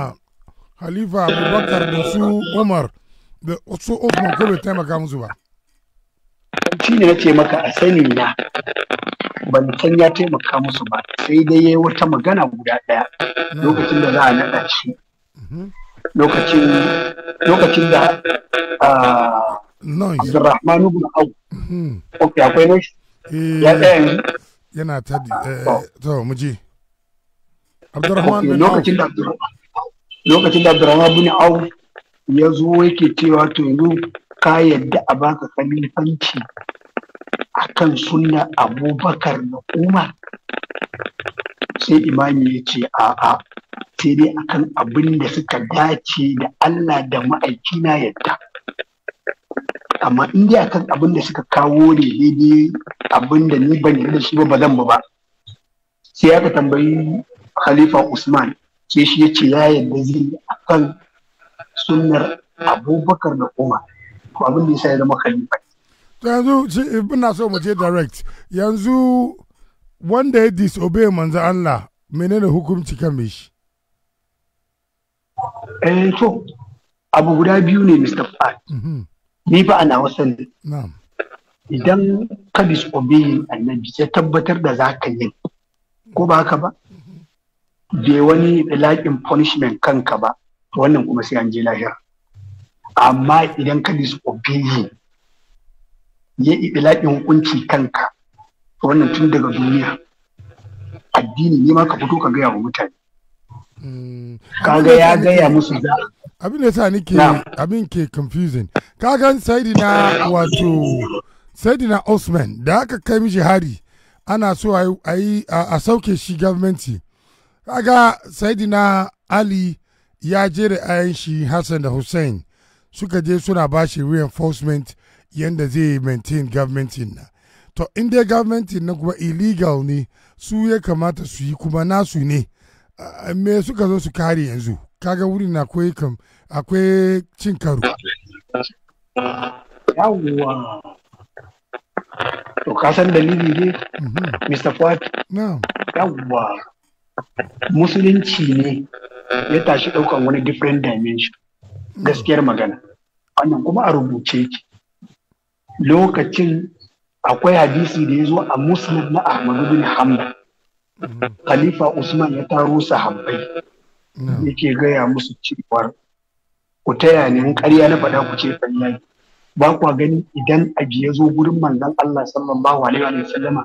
Halifa Abubakar da su Umar da su osman ko bai taimaka musu ba. shi ne na ce maka a sani na ban san ya taimaka musu ba sai dai ya yi wata magana guda ɗaya lokacin da za a naɗa shi mm-hmm. lokacin da Abdurrahmanu bin Au. Mm-hmm. Ok, akwai ne? Eh, ya ɗaya yanzu? Yana ta eh, oh. to mu ji. Abdurrahman Lokacin da Abdurrahman bin Au ya zo yake cewa to yanzu ka yadda a baka kalifanci kan suna abubakar na umar sai Imani ya ce a'a sai dai akan abin da suka dace da Allah da ma'aikina na yadda amma in dai akan abin da suka kawo ne daidai abin da ni ban yarda shi ba ba zan ba sai aka tambayi khalifa usman sai shi ya ce ya yadda zai akan sunnar abubakar na umar abin da yasa ya zama khalifa yanzu ina so mu je direct yanzu wanda ya disobey manzo Allah menene hukunci kan shi eh to abu guda biyu ne Mr. Fad mhm. ni fa ana wasan na'am idan ka disobey annabi sai tabbatar da za ka yi ko ba haka ba mhm. bai wani laƙin punishment kanka ba wannan kuma sai an je lahira amma idan ka disobey ya iɗilaƙin hukunci kanka wannan tun daga duniya addini ne ma ka fito ka gaya wa mutane hmm. kaga ya gaya musu za abin da sa nike abin ke confusing kagan saidina wato saidina osman da aka kai mishi hari ana so a yi a sauke shi gwamnati kaga saidina ali ya jere ayan shi hassan da hussein suka je suna ba shi reinforcement yadda zai maintain in na to in dai governmentin na kuma illegal ne su ya kamata su yi kuma nasu ne me suka zo su kare yanzu kaga wuri na akwai cin karo yawwa to kasan dalili ne mr mhm. fuad yawwa musulunci ne ya tashi daukan wani different dimension gaskiyar magana wannan kuma a rubuce yake lokacin akwai hadisi da ya zo a musulun na Ahmadu bin hamdan khalifa usman ya taro sahabbai yake gaya musu cewar ku taya ni in ƙarya na faɗa ku ce ƙarya ba kwa gani idan abi ya zo gurin manzon Allah sallallahu alaihi wa sallama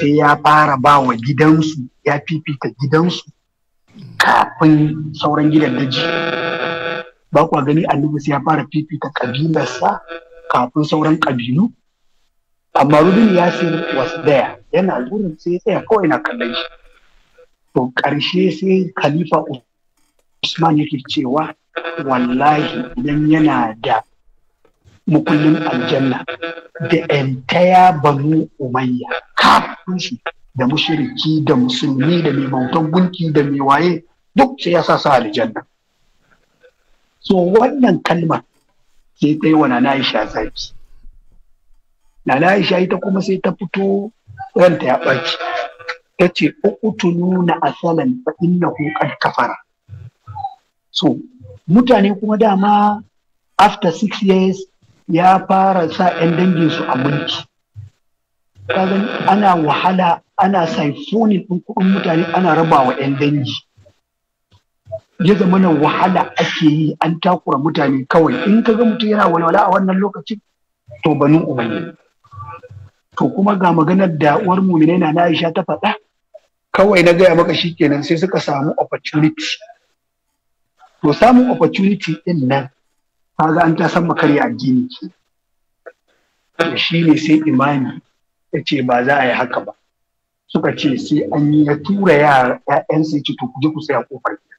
sai ya fara ba wa gidansu ya fifita gidansu kafin sauran gidan daji ba kwa gani annabi sai ya fara fifita kabilarsa kafin sauran kabilu amma rubin ya sai was there yana gurin sai tsaya kawai na kallon shi to karshe sai khalifa usman yake cewa wallahi idan yana da mukullin aljanna da entire banu umayya kafin shi da mushiriki da musulmi da mai bautan gunki da mai waye duk sai ya sa su aljanna so wannan kalma sai ta yi wa nana aisha zafi nana aisha ita kuma sai ta fito ranta ya ɓaci ta ce asalin na asalan fa inna qad kafara so mutane kuma dama after six years ya fara sa 'yan dangin su a mulki ana wahala ana saifonin ɗin kuɗin mutane ana rabawa 'yan dangi ya zama na wahala ake yi an takura mutane kawai in ka ga mutum yana walwala a wannan lokacin to banu umarni to kuma ga maganar da uwar mumina na Aisha ta faɗa kawai na gaya maka shi kenan sai suka samu opportunity to samun opportunity din nan ga an ta san makarya addini shi ne sai imani ya ce ba za a yi haka ba suka ce sai an yi ya tura yara 'ya'yansa ya ce to ku je ku tsaya kofar gida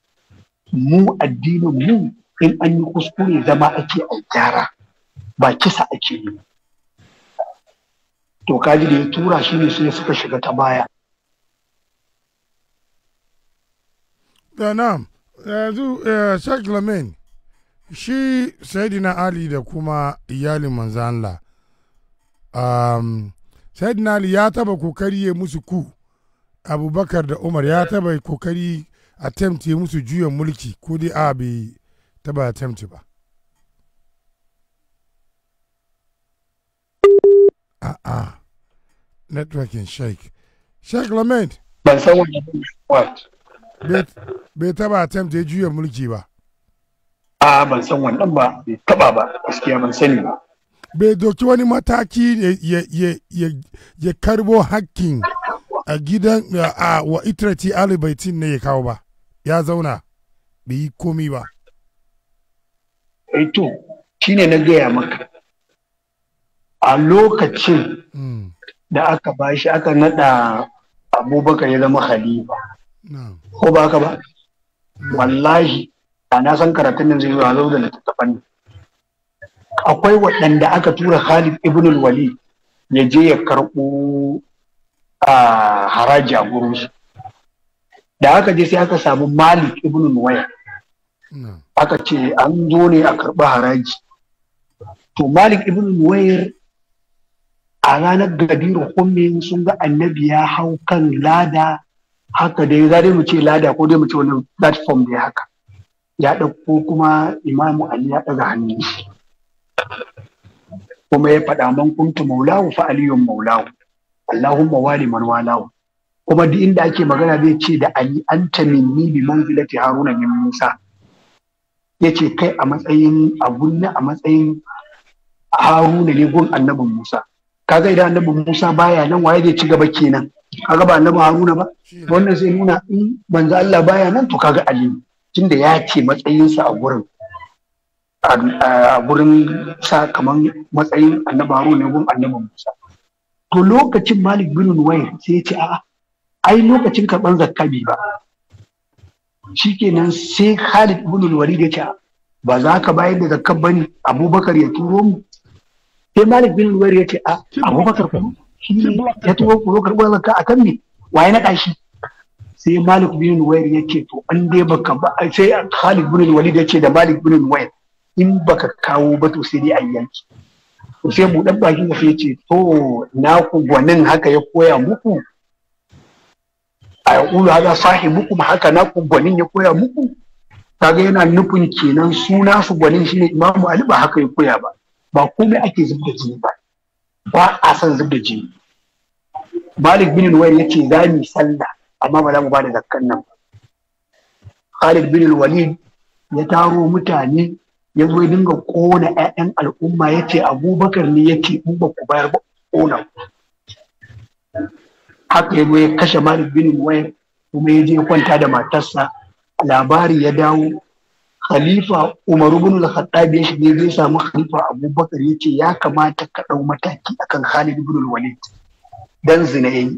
mu addinin mu in an yi kuskure zama ake a gyara ba kisa ake yi to kaji da ya tura shi ne sai suka shiga ta baya da eh, na'am yanzu eh, eh, Sheikh Lamin shi na Ali da kuma iyalin manzanla Allah um, Ali ya taba kokari ya musu ku Abubakar da Umar ya taba kokari attempt ya musu juyan mulki ko dai a bai taba attempt ba a a networking shake shake lament ban san wannan bai taba attempt ya juya mulki ba a ban san wannan ba bai taba ba gaskiya ban sani ba bai doki wani mataki ya karbo hakkin a gidan a wa itirati alibaitin ne ya kawo ba ya zauna bai yi komi ba shi eh shine na gaya maka a lokacin hmm. da aka bashi aka nada abubakar ya zama halifa ko ba ka ba wallahi a na san karatun nan zai zuwa zau da littattafan akwai waɗanda aka tura khalid ibn wali ya je ya karɓo a ah, haraji a gurushi. da aka je sai aka samu malik ibn nuwaya aka ce an zo ne a karɓi haraji to malik ibn nuwayar a ranar gadir kummin sun ga annabi ya hau kan lada haka dai za mu ce lada ko dai mu ce wani platform da haka ya ɗauko kuma imamu ali ya ɗaga hannun shi kuma ya faɗa man kuntu maulawu fa aliyun maulawu allahumma wali man walawu kuma duk inda ake magana zai ce da ali an ta minni bi manzilati haruna bin musa ya ce kai a matsayin abunna a matsayin haruna ne gun annabin musa kaga idan annabin musa baya nan waye zai ci gaba kenan kaga ba annabin haruna ba wannan zai nuna in manzo Allah baya nan to kaga ali tunda ya ce matsayinsa a gurin a gurin sa kamar matsayin annabaru haruna ne gun annabin musa to lokacin malik bin nuwayr sai ya ce a'a ai lokacin karɓar zakka bai ba shikenan sai Khalid ibn Walid ya ce ba za ka bayar da zakkar bane Abubakar ya turo mu sai Malik bin Walid ya ce a ah, Abubakar ku shi ya turo ku karɓar zakka akan me waye na kashi sai Malik bin Walid ya ce to an dai baka ba sai Khalid bin Walid ya ce da Malik bin Walid in baka kawo ba to sai dai a yanki sai mu dan bakin sai ya ce to na ku gwanin haka ya koya muku a yaqulu muku sahibukum haka na ku gwanin ya koya muku kaga yana nufin kenan suna su gwanin shine imamu ali ba haka ya koya ba ba komai ake zubda jini ba ba a san zubda jini malik bin nuwayr yace za mu sallah amma ba za mu bada zakkan nan ba khalid bin walid ya taro mutane ya zo dinga kona 'ya'yan al'umma ya ce abubakar ne ya ce in ba ku bayar ba kona haka ya ya kashe malik bin muwayin kuma ya je kwanta da matarsa labari ya dawo khalifa umaru bin al-khattab ya shige zai samu khalifa abubakar ya ce ya kamata ka ɗau mataki akan khalid bin walid dan zina yayi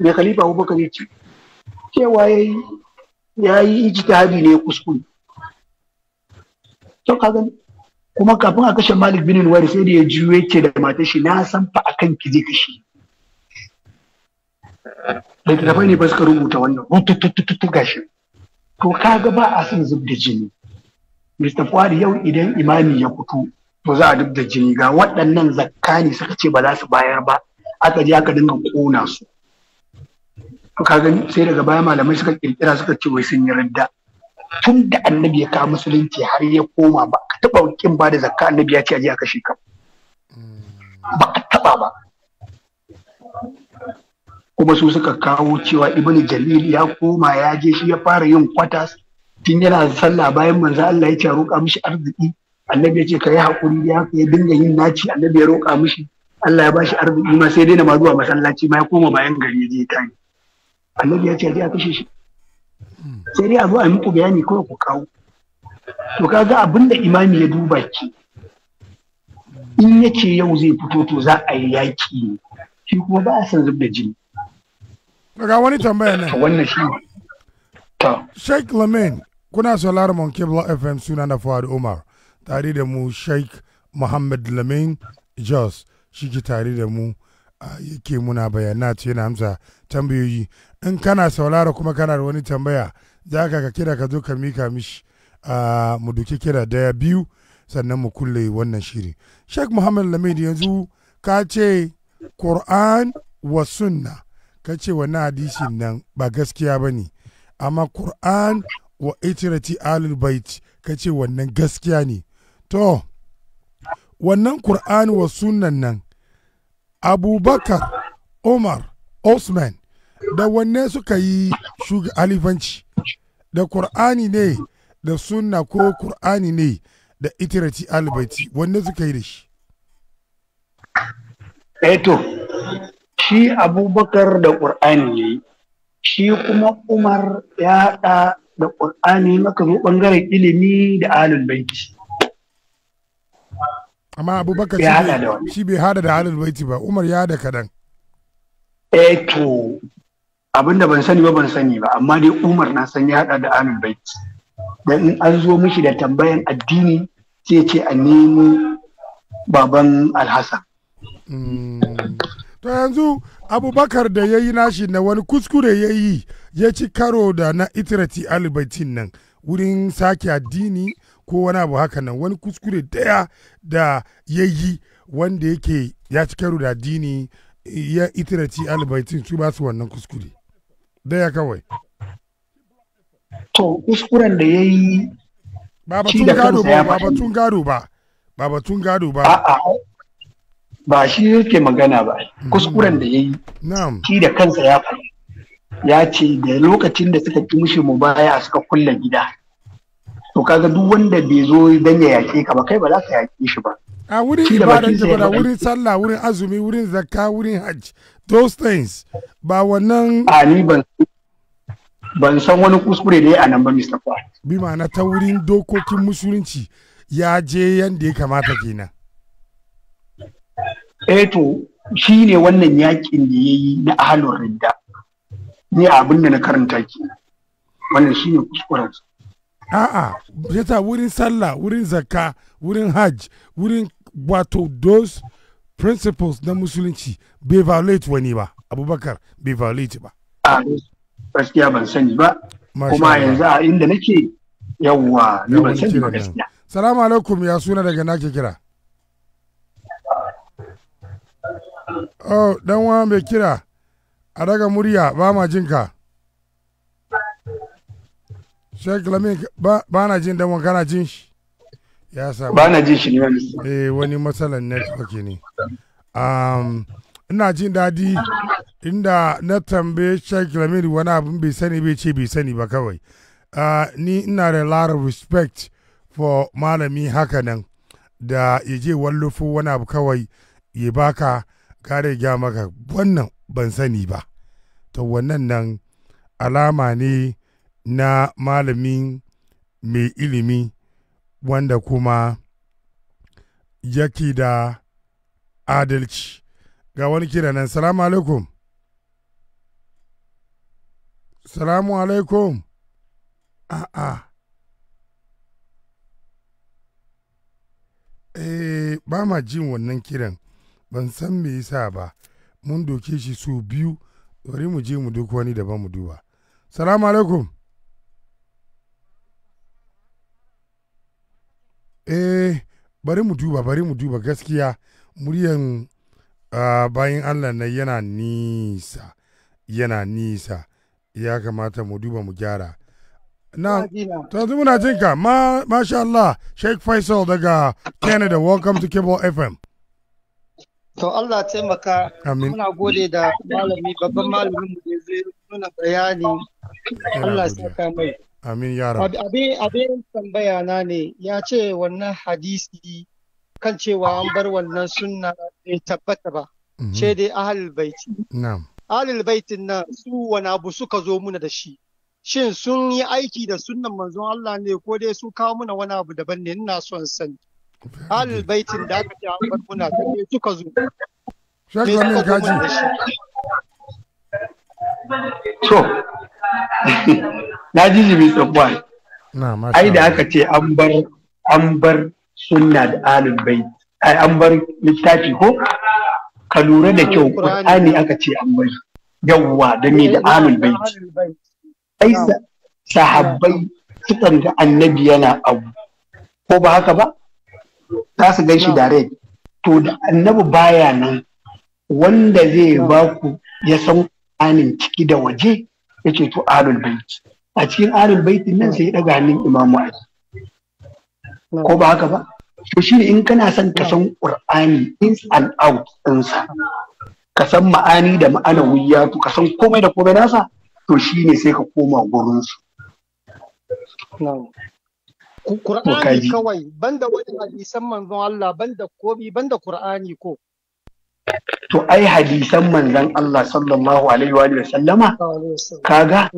me khalifa abubakar ya ce cewa yayi yayi ijtihadi ne kuskure to kaga kuma kafin a kashe malik bin al sai da ya juyo ce da matar shi na san fa akan ki je kashi. littattafai ne ba suka rubuta wannan rututututu gashi to kaga ba a son zub da jini Mr. Fuadi yau idan imami ya fito to za a da jini ga waɗannan zakkani suka ce ba za su bayar ba aka je aka dinga ƙona su to ka gani sai daga baya malamai suka kirkira suka ce wai sun yi ridda tun da annabi ya kawo musulunci har ya koma ba ka taɓa kin ba da zakka annabi ya ce aje aka kashe ka ba ka taɓa ba kuma su suka kawo cewa ibn jalil ya koma ya je shi ya fara yin kwatas tun yana sallah bayan manzo Allah ya ce roƙa mishi arziki annabi ya ce ka yi haƙuri ya haka ya dinga yin naci annabi ya roƙa mishi Allah ya bashi arziki ma sai daina ma zuwa masallaci ma ya koma bayan gari ya je tani annabi ya ce ya kashe shi sai dai a zo a muku bayani kawai ku kawo to kaga abin da imami ya duba ki in ya ce yau zai fito to za a yi yaƙi shi kuma ba a san zub da jini daga wani tambaya nan. Wannan shi. Sheikh Lamin, kuna sauraron mon Kibla FM suna na Fuad Umar, tare da mu Sheikh Muhammad Lamin Jos, shi ke tare da mu yake muna bayana ce yana amsa tambayoyi. In kana saurara kuma kana da wani tambaya, za ka kira ka zo ka mika mishi mu duki kira daya biyu sannan mu kulle wannan shiri. Sheikh Muhammad Lamin yanzu ka ce Qur'an wa Sunnah. ka ce wannan hadisin nan ba gaskiya ba ne amma Qur'an wa itirati alul ka ce wannan gaskiya ne to wannan Qur'an wa sunan nan abubakar umar osman da wanne suka yi shuga alifanci da kur'ani ne da sunna ko ƙur'ani ne da itirati alibaiti wanne suka yi da shi eto eh shi abubakar da ƙur'ani ya yi shi kuma umar ya haɗa da ƙur'ani maka zo ɓangaren ilimi da alul baiti amma abubakar shi bai hada da alul baiti ba umar ya eh da kaɗan eto to abinda ban sani ba ban sani ba amma dai umar na san ya hada da alul baiti dan in an zo mishi da tambayan addini sai ce a nemo baban alhassan mm. to yanzu abubakar da ya yi nashi na wani kuskure ya yi ya ci karo da na itirati albaitin nan wurin sake addini ko wani abu haka nan wani kuskure daya da ya yi wanda yake ya ci karo da addini ya itirati albaitin su ba su wannan kuskure daya kawai to kuskuren da ya yi ba batun gado ba ba batun gado ba ba batun gado ba ba shi yake magana ba kuskuren da ya yi shi da kansa ya faru ya ce da lokacin da suka ki mushi mu baya suka kulle gida to kaga duk wanda bai zo dan ya yake ka ba kai ba za ka yake shi ba a wurin ibadan jabara wurin sallah wurin azumi wurin zakka wurin hajj those things ba wannan a ni ban ban san wani kuskure da ya a nan ba Mr. Fuad bi ma'ana ta wurin dokokin musulunci ya je yanda ya kamata kenan eto eh to shi ne wannan yakin da ya yi na ahalun ridda ni abin da na karanta ke wannan shi ne kuskuren a'a ya ta wurin sallah wurin zakka wurin hajj wurin wato those principles na musulunci bai violate wani ba abubakar bai violate ba a gaskiya ban sani ba kuma yanzu a inda nake yawwa ni ban sani ba gaskiya salamu alaikum ya suna daga nake kira Oh, dan wa mai kira, a daga murya ba ma jin ka. Sheikh Lamin ba na jin dan wa kana jin shi. Ya sa. Ba na jin shi ne Eh wani matsalan network ne. Um, ina jin daɗi inda na tambaye Sheikh Lamin wani abin bai sani bai ce bai sani ba kawai. Uh, ni ina da lot of respect for malami haka nan da ya je wallafo wani abu kawai ya baka kare gya maka wannan ban sani ba to wannan nan alama ne na malamin mai ilimi wanda kuma yake da adalci ga wani kira nan salamu alaikum salamu alaikum a'a a eh, ba ma jin wannan kiran ban san me yasa ba mun doke shi su biyu bari mu je mu duk wani daban mu duba salamu alaikum eh bari mu duba bari mu duba gaskiya muryan uh, bayan allah na yana nisa yana nisa ya kamata mu duba mu gyara na tanzu muna jinka ma masha Allah Sheikh Faisal daga Canada welcome to Cable FM To Allah taimaka muna gode da malami babban malami mu da zai nuna bayani Allah ya saka mai. Amin ya rabu. Abin abin tambaya na ne ya ce wannan hadisi kan cewa an bar wannan sunna bai tabbata ba. Ce mhm. dai ahlul baiti. Na'am. Ahlul baitin nan su wani abu suka zo muna da shi. Shin sun yi aiki da sunnan manzon Allah ne ko dai su kawo muna wani abu daban ne ina son sani. alul baitin da aka bar na ji jibi ai da aka ce an bar littafi ko ka lura da kyau qur'ani aka ce an bar yawwa da me da eh, bait ai sahabbai sukan ga annabi yana abu ko ba haka ba za su gan shi dare to da annabi baya nan wanda zai ba ku ya san anin ciki da waje ya ce to alul baiti a cikin alul baitin nan sai ya daga hannun imamu a ko ba haka ba to ne in kana son ka san qur'ani in and out ɗinsa ka san ma'ani da ma'ana wuya ka san komai da komai nasa to shi ne sai ka koma gurinsu Kur'ani kawai banda wani hadisan manzon Allah banda komi banda Kur'ani ko. To ai hadisan manzon Allah sallallahu alaihi wa sallama kaga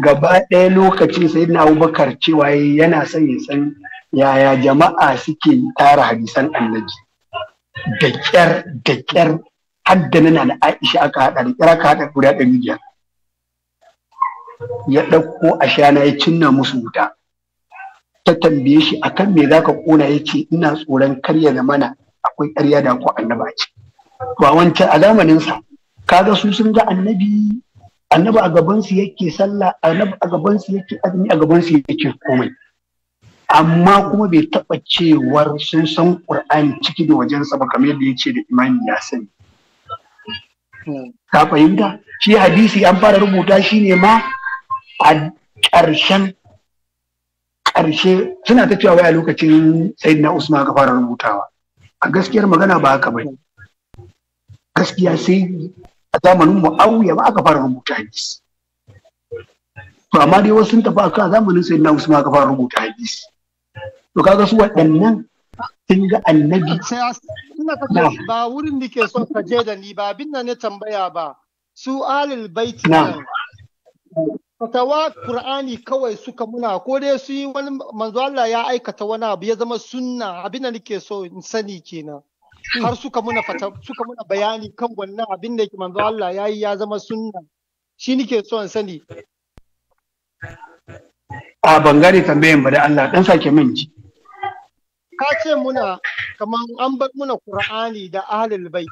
gaba ɗaya lokacin sai na Abubakar cewa yana son ya san yaya jama'a suke tara hadisan annabi da kyar da kyar haddana na Aisha aka hada da kira aka hada guda 100 ya ɗauko ashana ya cinna musu wuta ta tambaye shi akan me zaka kona yace ina tsoron karya da mana akwai karya da ko annaba ce to a wancan a zamanin sa kaga su sun ga annabi annabi a gabansu yake sallah annabi a gabansu yake azumi a gabansu yake komai amma kuma bai taɓa cewar sun san ƙur'ani ciki da wajensa ba kamar yadda ya ce da imani ya sani ka fahimta shi hadisi an fara rubuta shi ne ma a ƙarshen Karshe suna ta cewa a lokacin na usman aka fara rubutawa a gaskiyar magana ba haka bane gaskiya sai a zamanin auya ba aka fara rubuta hadisi to amma dai wasu sun tafi a kan zamanin na usman aka fara rubuta hadisi to kaga su waɗannan sun ga annabi ba wurin da ke so ka je da ni ba abin nan ne tambaya ba su alil baiti fatawa Kur'ani kawai suka muna ko dai su yi wani manzo Allah ya aikata wani abu ya zama sunna abin da nake so in sani kenan har suka muna fata suka muna bayani kan wannan abin da manzo Allah ya yi ya zama sunna shi nake so in sani a ban gane tambayan ba da Allah dan sake min ji ka ce muna kamar an bar muna Kur'ani da ahlul bait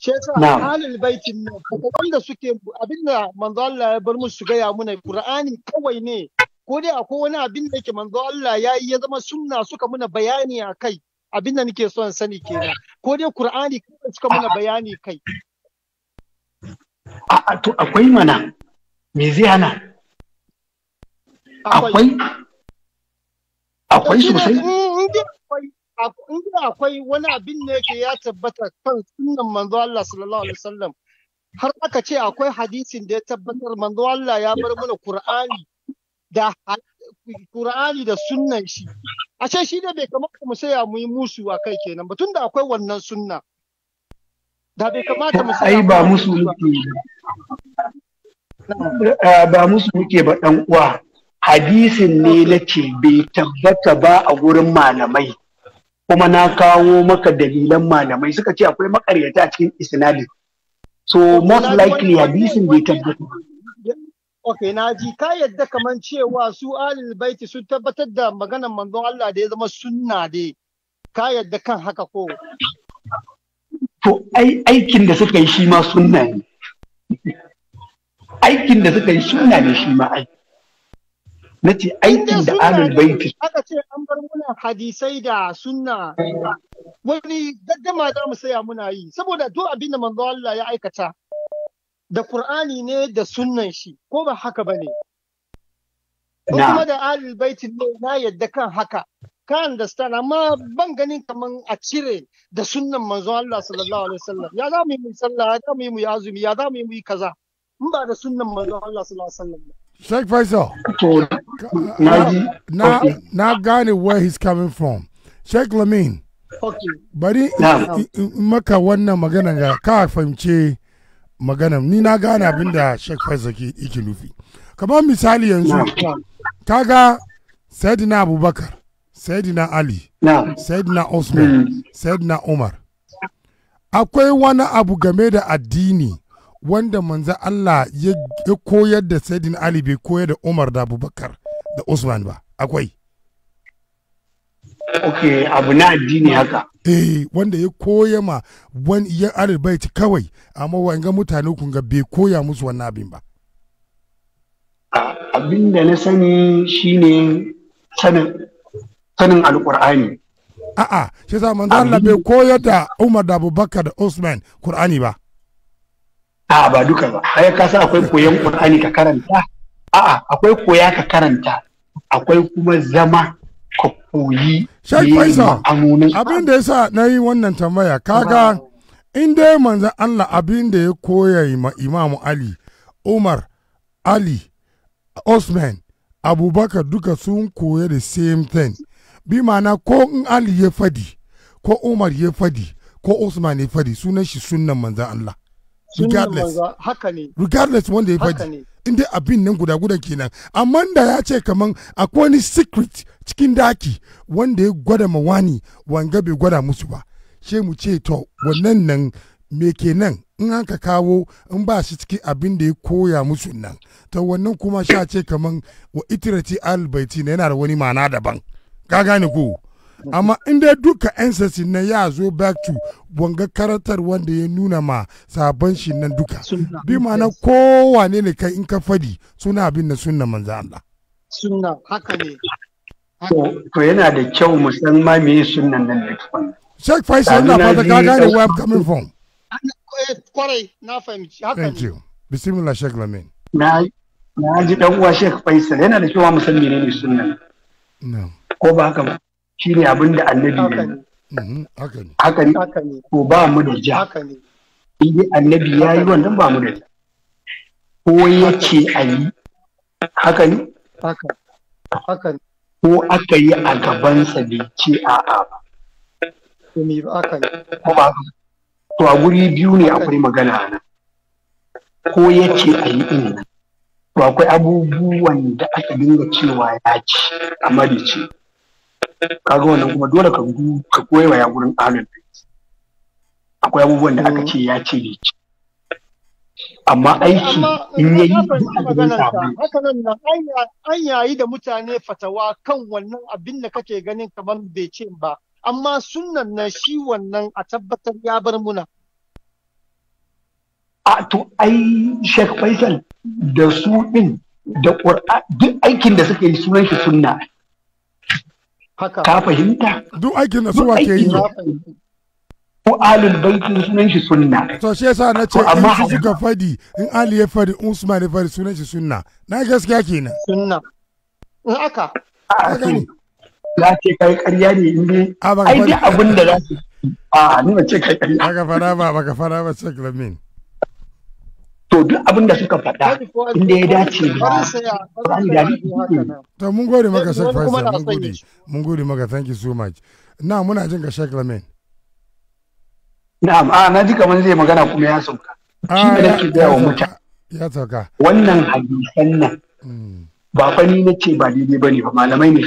Shi yasa halin baitin nan wanda suke abin da manzo Allah ya bar mu su gaya mana Qur'ani kawai ne ko dai akwai wani abin da yake manzo Allah ya yi ya zama sunna suka muna bayani a kai abin da nake son sani kenan ko dai Qur'ani kawai suka muna bayani kai. A'a to akwai mana me zai hana? Akwai akwai sosai. inda akwai wani abin ne ke ya tabbata kan sunan manzo Allah sallallahu alaihi wasallam har aka ce akwai hadisin da ya tabbatar manzo Allah ya bar mana Qur'ani da Qur'ani da sunnan shi ashe shi da bai kamata mu saya mu yi musu kai kenan ba tunda akwai wannan sunna da bai kamata mu sai ba musu muke ba eh, musu muke ba dan uwa hadisin ne nace bai tabbata ba a gurin malamai kuma na kawo maka dalilan malamai suka ce akwai makaryata a cikin isnadin so most likely hadisin bai tabbata Ok, na ji ka yadda kamar cewa su alil baiti sun tabbatar da maganan manzon Allah da ya zama sunna dai ka yadda kan haka ko to ai aikin da suka yi shi ma sunna ne aikin da suka yi sunna ne shi ma aiki. na ce aikin da alul baiti aka ce an bar muna hadisai da sunna wani gaggama za mu saya muna yi saboda duk abin da manzo Allah ya aikata da Qur'ani ne da sunnan shi ko ba haka ba ne kuma da alul baiti ne na yadda kan haka ka understand amma ban ganin kaman a cire da sunnan manzo Allah sallallahu alaihi wasallam ya za mu yi sallah ya za mu yi azumi ya za mu yi kaza in ba da sunnan manzo Allah sallallahu alaihi wasallam Sheikh Faisal. Now, now, gane where he's coming from. Sheikh Lamin. Okay. Bari maka wannan magana ga ka fahimce magana. ni na gane abin da Sheikh Faisal ke yake nufi. Kamar misali yanzu, kaga Sayyidina Abubakar, Sayyidina Ali, Sayyidina Osman, hmm. Sayyidina Umar. Akwai wani abu game da addini wanda manzo Allah ya koyar da Sayyidin Ali bai koyar da Umar da Abubakar da Usman ba akwai Ok, abu na addini haka. Eh, wanda ya koya ma wani ya arbaiti kawai, amma ga mutane kun ga bai koya musu wannan abin ba. Abin da na sani shine sanin sanin alqur'ani a'a shi sa manzo Allah bai koyar da Umar da Abubakar da Usman Qur'ani ba a'a ba duka ba ai ka san akwai koyon qur'ani ka karanta a'a akwai koya ka karanta akwai kuma zama ka koyi abin da yasa na yi wannan tambaya kaga in dai manzan Allah abin da ya koya ma imamu Ali Umar Ali Osman Abubakar duka sun koya da same thing bi ma'ana ko in Ali ya fadi ko Umar ya fadi ko Osman ya fadi sunan shi sunnan manzan Allah regardless regardless wanda ya faɗi in abin nan guda guda kenan amma da ya ce kaman akwai wani secret cikin daki wanda ya gwada mawani wani wanga bai gwada musu ba she mu ce to wannan nan me kenan in an kawo in ba shi cikin abin da ya koya musu nan to wannan kuma sha ce kaman wa itirati albaiti na yana da wani ma'ana daban ka gane ko amma inda duka ancestry na ya zo back to wanga karatar wanda ya nuna ma sabon shi nan duka bi mana kowane ne kai in ka fadi suna abin da sunna manzo Allah sunna haka ne to yana da kyau mu san ma me sunnan nan da kafan Sheikh Faisal na fata da gane where I'm coming from kwarai na fahimci haka ne thank you bismillah Sheikh Lamin na na ji dan uwa Sheikh Faisal yana da kyau mu san ne sunnan ko ba haka ba shi ne abin da annabi ya yi mhm, haka ne ko ba mu da ja in annabi ya yi wannan ba mu da ja ko yake a yi haka ne ko aka yi a gabansa bai ce a'a ba kuma to a guri biyu ne akwai magana nan ko ya ce a yi ina? to akwai abubuwan da aka dinga cewa ya ce a ce kaga wannan kuma dole ka gudu ka koya wa gurin ahlul bait akwai abubuwan da aka ce ya ce ne amma aiki in yayi an yayi da mutane fatawa kan wannan abin da kake ganin kamar bai ce ba amma sunan na shi wannan a tabbatar ya bar muna a to ai Sheikh Faisal da su din da duk aikin da suka yi sunan shi sunna haka ka fahimta duk aikin da suwa ke yi ko alul baiti sunan shi sunna to shi yasa na ce amma suka fadi in ali ya fadi usman ya fadi sunan shi sunna na gaskiya kenan sunna in aka ya ce kai ƙarya ne in dai ai duk abin da za su a ni ba ce kai ƙarya baka fara ba baka fara ba shek lamin to duk abin da suka faɗa inda ya dace da to mun gode maka sai Faisal mun gode mun gode maka thank you so much na muna jin ka Sheikh Lamin na'am a ah, na ji kamar zai magana kuma ya sauka ah, shi ne nake ga wa mutane ya sauka wannan hadisan nan hmm. ba fa ni nace ba daidai bane ba malamai ne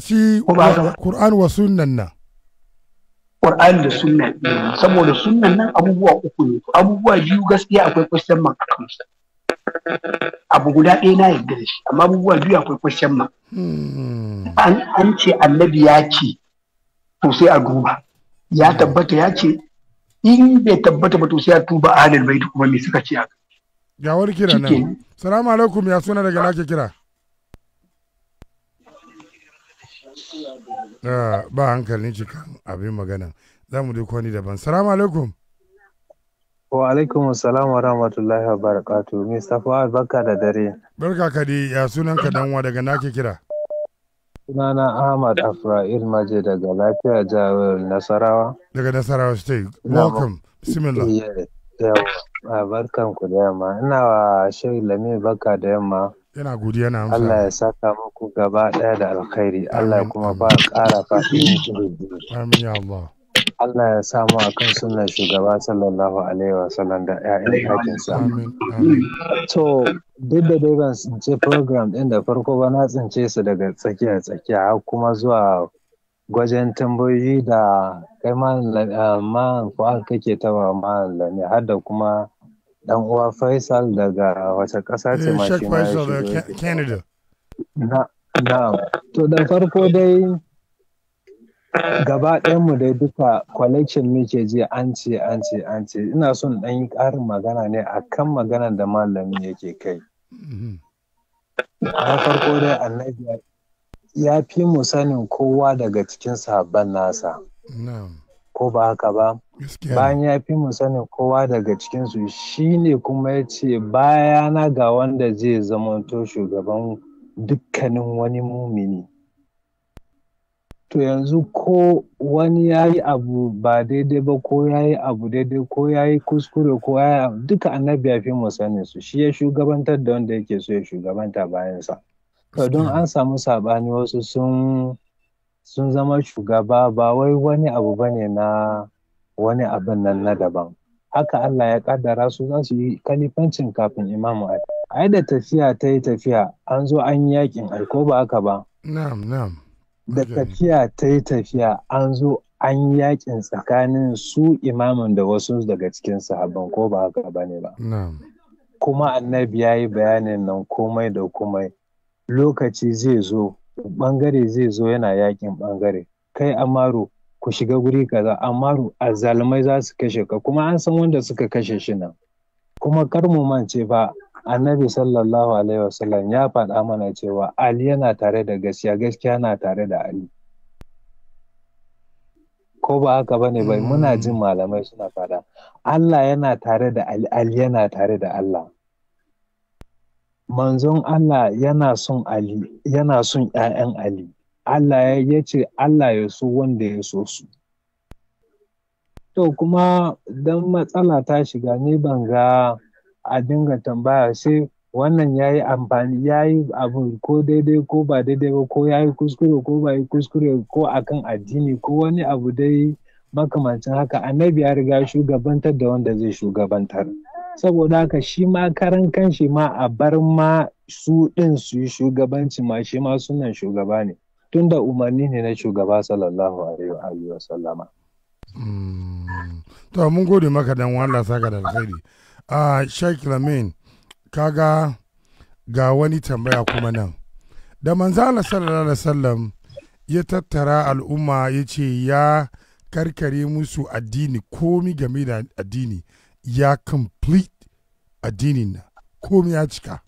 shi ko ba ka Qur'an wa sunnan nan Qur'an da sunna ah. saboda sunnan nan abubuwa uku ne abubuwa biyu gaskiya akwai question mark a kansu abu guda ɗaya na yarda da shi amma abubuwa biyu akwai question mark hmm. an ce annabi ya ce to sai a duba ya hmm. tabbata ya ce in bai tabbata ba to sai a tuba ahlul bait kuma me suka ce a ga wani kira nan salamu alaikum ya suna daga nake kira ba hankalin cikin abin magana za mu duk wani daban salamu alaikum wa alaikum assalam wa rahmatullahi wa barakatu Mista fawad barka da dare barka ka di ya sunan ka danwa daga nake kira sunana ahmad afra'il maje daga lafiya jawar nasarawa daga nasarawa state welcome bismillah yawa barkan ku da yamma ina wa shehu lami barka da yamma Yana godiya na amsa. Allah ya saka muku gaba ɗaya da alkhairi. Allah kuma ba ƙara faɗi Amin ya Allah. Allah ya sa a kan sunnar shugaba sallallahu alaihi wa sallam da ƴaƴan hakinsa. To duk da dai ban tsince program ɗin da farko ba na tsince su daga tsakiya tsakiya har kuma zuwa gwajen tambayoyi da kai ma fu'ad eh, kake ta ma har da kuma dan uwa Faisal daga wata ƙasa ce eh, ma shi ya Canada. Na, na, to da farko dai gaba mu dai duka collection muke ji an ce an ce an ce ina son ɗan yi ƙarin magana ne akan kan maganar da malami yake kai. Mm-hmm. Na farko dai annabi ya fi mu sanin kowa daga cikin sabon nasa. ko ba haka ba bayan ya fi mu sanin kowa daga cikinsu shi ne kuma ya ce bayana ga wanda zai zamanto shugaban dukkanin wani mumini to yanzu ko wani ya yi abu ba daidai ba ko ya yi abu daidai ko ya yi kuskure ko ya yi duka annabi ya fi mu su shi ya shugabantar da wanda yake so ya shugabanta bayansa to don an samu saɓani wasu sun sun zama shugaba ba wai wani abu ba ne na wani abin nan na daban haka Allah ya kaddara su za su yi kalifancin kafin imamu ali ai da tafiya ta yi tafiya an zo an yi yakin aiko ba haka ba na'am na'am da tafiya ta yi tafiya an zo an yi yakin tsakanin su imamin da wasu daga cikin sahabban ko ba haka ba ne ba kuma annabi ya yi bayanin nan komai da komai lokaci zai zo bangare zai zo yana yaƙin ɓangare. kai Amaru, ku shiga guri kaza amaro azzalumai za su kashe ka kuma an san wanda suka kashe shi nan kuma kar mu mance ba annabi sallallahu alaihi wasallam ya faɗa mana cewa ali yana tare da gaskiya gaskiya na tare da ali ko ba haka ba ne bai muna jin malamai suna faɗa allah yana tare da ali ali yana tare da allah manzon Allah yana son ‘ya'yan Ali Allah ya ce Allah ya so wanda ya so su to kuma don matsala ta shiga ne ban ga a dinga tambaya sai wannan ya yi amfani ya yi abu ko daidai ko ba daidai ba ko ya yi kuskure ko ba yi kuskure ko akan addini ko wani abu dai makamancin haka annabi ya riga shugabantar da wanda zai shugabantar saboda haka shi ma karan kanshi ma a bar ma su ɗin su yi shugabanci ma shi ma sunan shugaba ne tunda umarni ne na shugaba sallallahu alaihi wa sallama. Mm. to mun gode maka dan wanda saka da alheri a ah, sheik Lamin kaga ga wani tambaya kuma nan da manzo Allah sallallahu alaihi wasallam ya tattara al'umma ya ce ya karkare musu addini komi game da addini ya complete addinin nan komai ya cika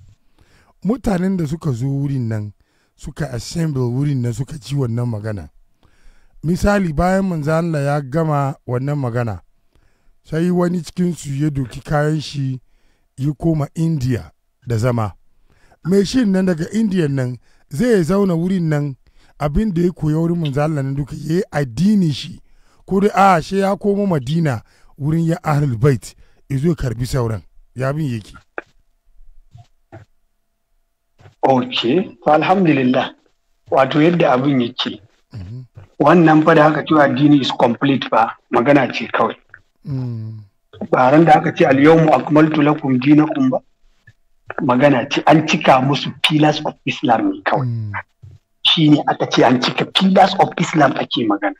mutanen da suka zo wurin nan suka assemble wurin nan suka ci wannan magana misali bayan manzo ya gama wannan magana sai wani cikinsu ya doki kayan shi ya koma india da zama mai shin nan daga indiyan nan zai zauna wurin nan abin da ya koya wurin manzo Allah nan duka yayi addinin shi ko dai a she ya komo madina wurin ya ahlul bait zo karbi sauran ya bin yake ok alhamdulillah wato yadda abin yake mhm. wannan fa da haka cewa addini is complete ba magana ce kawai mm. baran da haka ce al-yawmu akmaltu lakum dinakum ba magana ce an cika musu pillars of islam ne kawai mm. shine aka ce an cika pillars of islam ake magana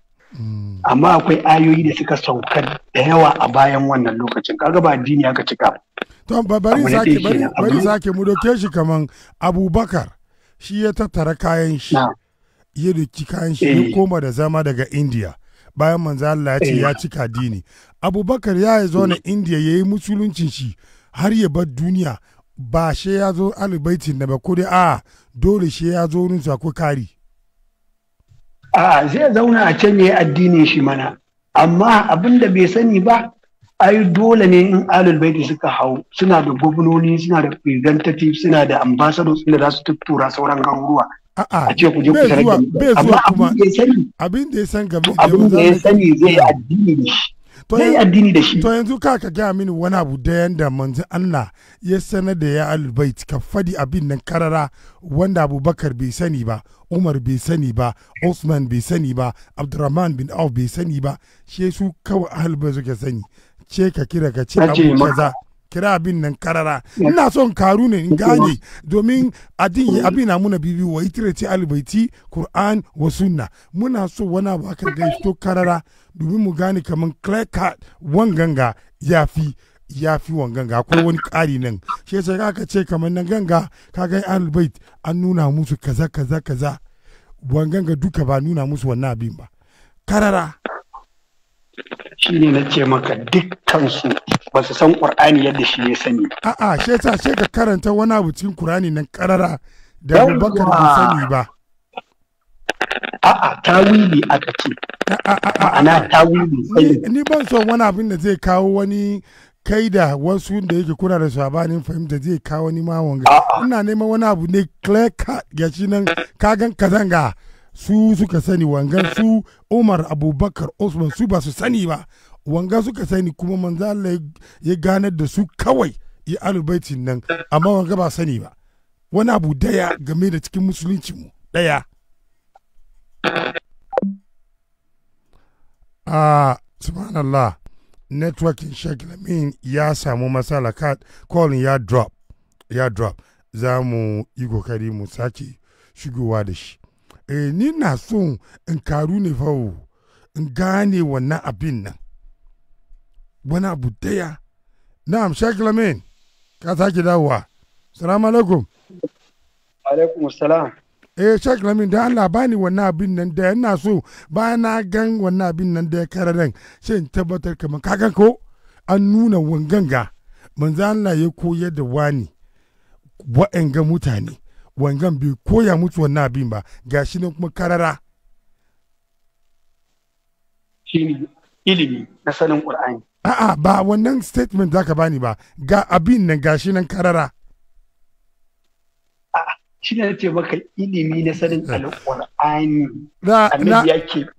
amma akwai ayoyi da suka sauka da yawa a bayan wannan lokacin kaga ba addini aka cika to bari zaki bari zaki mu doke shi kaman abubakar shi ya tattara kayan shi ya doki kayan shi ya eh. koma da zama daga india bayan manzo Allah ya ce ya eh. cika dini abubakar ya yi zo na eh. india ya yi musuluncin shi har ya bar duniya ba shi ya zo alibaitin na ba ko dai a dole shi ya zo wurin sako kari a zai zauna a can ya addinin shi mana amma abin da bai sani ba ai dole ne in alul baiti suka hau suna da gwamnoni suna da representative suna da ambassadors suna da su tuttura sauran garuruwa a ce ku je ku tarar da amma abin da ya sani abin da ya sani zai addini shi to yayi addini da shi to yanzu ka ka ga mini wani abu da yanda manzon Allah ya sanar da ya albait ka fadi abin nan karara wanda Abubakar bai sani ba Umar bai sani ba Usman bai sani ba Abdurrahman bin Auf bai sani ba shi su kawai ahlul suke sani ce ka kira ka ce abu kira abin nan karara ina son karu ne in gane domin addini abin na muna bibi wa itirati albaiti qur'an wa sunna muna so wani abu aka gan to karara domin mu gane kaman clear cut wanganga yafi ya fi wanganga ko wani kari nan shi yasa kaka ce kaman nan ganga ka gani albait an nuna musu kaza kaza kaza wanganga duka ba nuna musu wannan abin ba karara shi ne na ce maka dukkansu ba su san ƙur'ani yadda shi ya sani. A'a, she ta ce ka karanta wani abu cikin ƙur'ani nan ƙarara da Abubakar bai sani ba. A'a, tawili aka ce. Ma'ana tawili sani. Ni ban son wani abin da zai kawo wani kai da wasu da yake kuna da sabanin fahimta zai kawo wani ma wanga. Ina neman wani abu ne clear ga shi nan kagan kazanga. su suka sani wangan su umar abubakar usman su ba su sani ba wanga suka sani kuma manzala Allah ya ganar da su kawai ya alubaitin nan amma wanga ba sani ba wani abu daya game da cikin musulunci mu daya a subhanallah networking shakilamin ya samu matsala ka calling ya drop ya drop za mu yi kokari mu sake shigowa da shi eh ni na so in karu ne fa in gane wannan abin nan wani abu daya na Sheikh Lamin ka sake dawowa salamu alaikum alaikum salam eh shaklamin da Allah bani wannan abin nan da yana so bayan na gan wannan abin nan da ya kararan sai in tabbatar kamar kakan ko an nuna wanganga manzo Allah ya koyar da wani wa'anga mutane wangan bai koya mutu wannan abin ba ga shi nan kuma karara shine ilimi na sanin qur'ani a'a ba wannan statement ka bani ba ga abin nan ga shi nan karara shi ne ce maka ilimi na sanin eh. alƙur'ani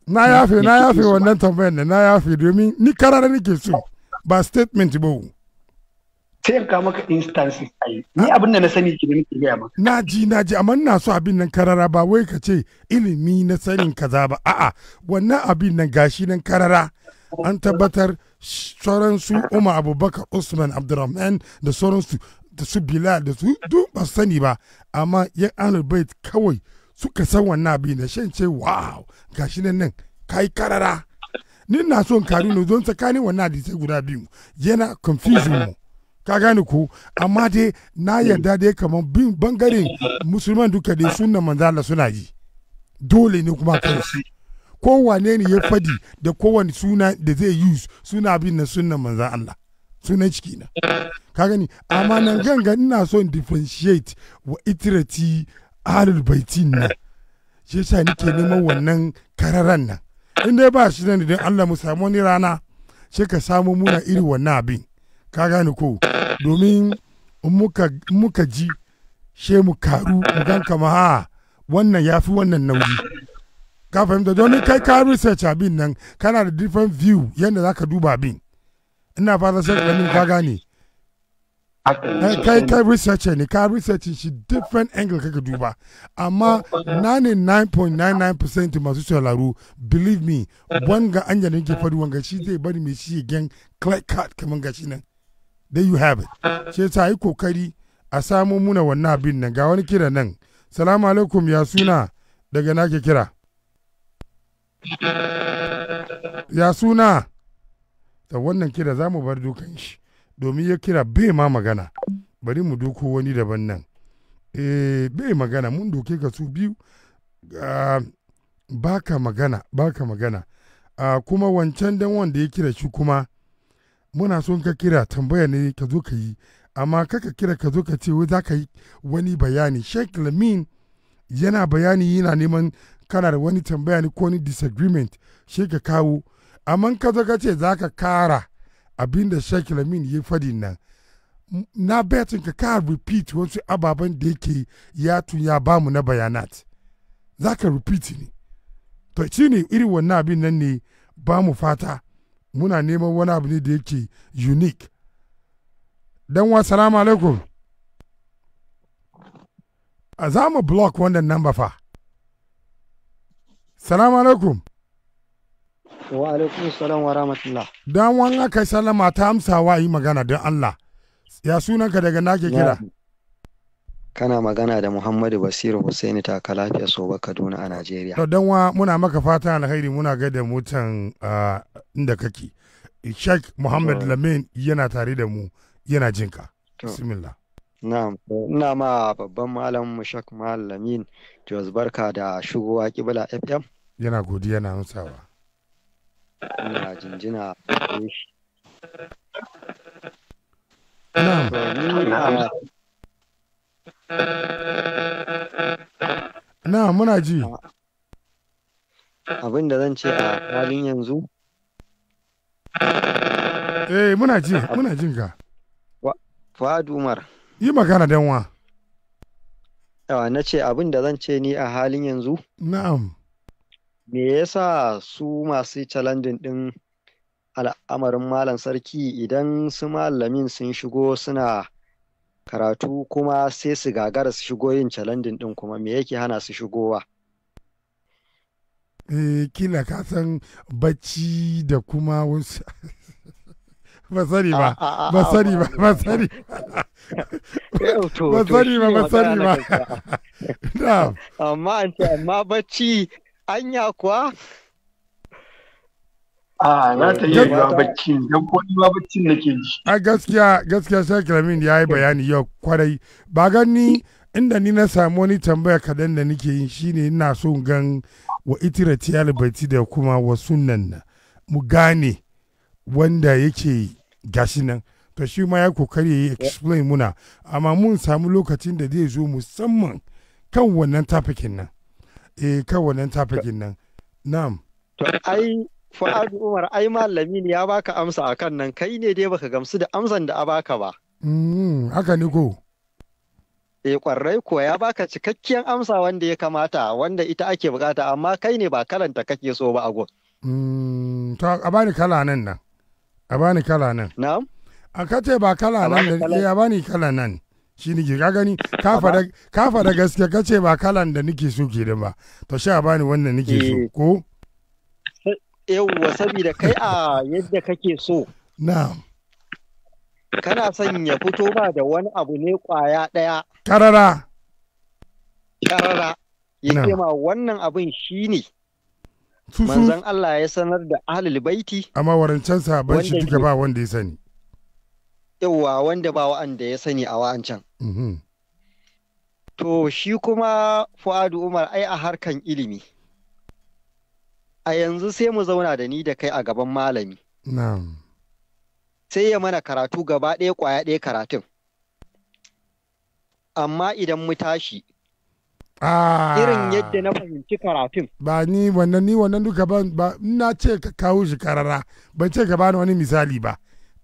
na yafe na yafe wannan tambayar na yafe domin ni karara nake so ba statement ba sai in kawo maka instances a yi ni abin da na sani ki da muke gaya maka na ji na ji amma na so abin nan karara ba wai ka ce ilimi na sanin kaza ba a'a wannan abin nan gashi nan karara an tabbatar sauransu Umar Abubakar Usman Abdulrahman da sauransu da su Bilal da su duk ba sani ba amma ya Ahlul kawai suka san wannan abin da shan ce wow gashi nan nan kai karara ni na so in karu ne don tsakanin wannan hadisai guda biyu yana confusing mu ka gane ko amma dai na yarda dai kamar bin bangare musulman duka dai sunna manzala suna yi dole ne kuma kan shi kowane ne ya fadi da kowane suna da zai yi suna bin na sunnan manzan Allah sunan ciki na ka gani amma nan ganga ina so in differentiate wa itirati ahlul baitin nan shi yasa nake neman wannan kararan nan in dai ba shi nan idan Allah mu samu ni rana sai ka samu muna iri wannan abin ka gane ko domin muka ji she mu karu mu gan kama ha wannan ya fi wannan nauyi ka fahimta domin kai ka research abin nan kana da different view yadda za ka duba abin ina fata sai ganin ka gane kai ka research ne ka research shi different angle kaka duba amma 99.99% masu sauraro believe me wanga an yana ke faɗi wanga shi zai bari mai shi gen clear card kamar gashi nan then you have it shi yasa yi kokari a samu muna wannan abin nan ga wani kira nan salamu alaikum ya suna daga nake kira ya suna ta wannan kira za mu bar dukan shi domin ya kira bai ma magana bari mu doko wani daban nan eh bai magana mun doke ka su biyu ah, ba baka magana baka magana ah, kuma wancan dan wanda ya kira shi kuma muna son ka kira tambaya ne ka zo ka yi amma kaka kira ka zo ka ce za ka yi wani bayani sheikh lamin yana bayani yana neman kana da wani tambaya ne ko ni disagreement shi ka kawo amma ka zo ka ce za ka kara abin da sheikh lamin ya fadi nan na betin ka ka repeat wasu ababen da yake ya tun ya bamu na bayanat za ka repeat ne to shi ne irin wannan abin nan ne ba mu fata muna neman wani abu ne da yake unique dan wa salamu alaikum a za mu block wannan namba fa salamu alaikum wa alaikum salam wa rahmatullah don wani aka Salama ta amsa wa yi magana don allah ya sunanka daga nake kira kana magana da Muhammadu Basiru Hussaini kalafiya so Soba Kaduna a Najeriya. don dan wa muna maka fata alheri muna gaida mutan ah, inda kake sheikh muhammad lamin yana tare da mu yana jinka bismillah Na'am, ina ma babban malam Muhammad Lamin Jos barka da shugowa Kibla FM. Yana godiya na amsawa. Ina jinjina Na muna ji. Abin da zan ce a halin yanzu Eh muna ji muna jin ka. Fuad Umar. Yi magana dan wa. Yawa na ce abin da zan ce ni a halin yanzu? Na'am. Me yasa su masu challenging din al'amarin malam sarki idan su malamin sun shigo suna karatu kuma sai su gagara su shigo yin calandin din kuma me yake hana su shigowa? eh kila ka san bacci da kuma wasu ba sani ba ah, ah, ah, ba sani ba ba sani ba eh, ba sani ba ba sani ba amma amma bacci anya kuwa A na ta yi ba bacci don ko ni ba bacci nake ji. A gaskiya gaskiya Sheikh Lamin ya yi bayani yau kwarai ba gani inda ni na samu wani tambaya kadan da nake yin shine ina so gan wa itiratiyal baiti da kuma wa sunnan mu gane wanda yake gashi nan to shi ma ya kokari ya explain muna amma mun samu lokacin da zai zo musamman kan wannan tafikin nan eh kan wannan tafikin nan na'am to ai Fu'adu Umar ai malami ya baka amsa akan nan kai ne dai baka gamsu da amsan da a baka ba mm haka ne ko Eh kwarai ko ya baka cikakkiyar amsa wanda ya kamata wanda ita ake bukata amma kai ne ba kalanta kake so ba agon. Mm, to a bani kala nan nan. A bani kala nan. Na'am. A kace ba kala nan da ya eh, bani kala nan. Shi nike ka gani ka fada gaske kace ba kalan da nike so ke da ba. To sha bani wannan nike so eh. ko? Yawwa sabida kai a yadda kake so. Na'am. kana son ya fito ba da wani abu ne kwaya ɗaya. Karara. Karara. Ya ce ma wannan abin shi ne. Manzan Allah ya sanar da ahlul baiti. Amma warancan ban shi duka ba wanda ya sani. Yawwa wanda ba wa'anda ya sani a wa'ancan. Mhm. To shi kuma Fu'adu Umar ai a harkan ilimi. A yanzu sai mu zauna da ni da kai a gaban malami. Na'am. sai ya mana karatu gaba ɗaya ƙwaya ɗaya karatun amma idan mu tashi ah. irin yadda na fahimci karatun ba ni wannan ni wannan duka ba na ce ka kawo shi karara ban ce ka bani wani misali ba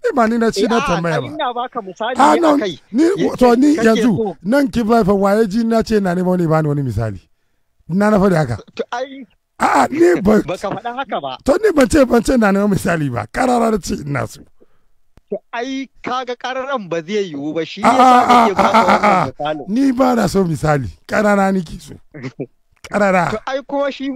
ni ba ni na ci na eh, ah, tambaya ba ina baka misali ah, ne ni to ni yanzu nan ki ba fa waye ji na ce na ne ba ba bani wani misali na na faɗi haka a'a ni ba ka faɗa haka ba to ni ban ce ban ce na ne misali ba karara ce ina so ai kaga kararan ba zai yiwu ba shi ah, ah, ne ah, ba ni ba na so misali karara nake so karara to ai kuma shi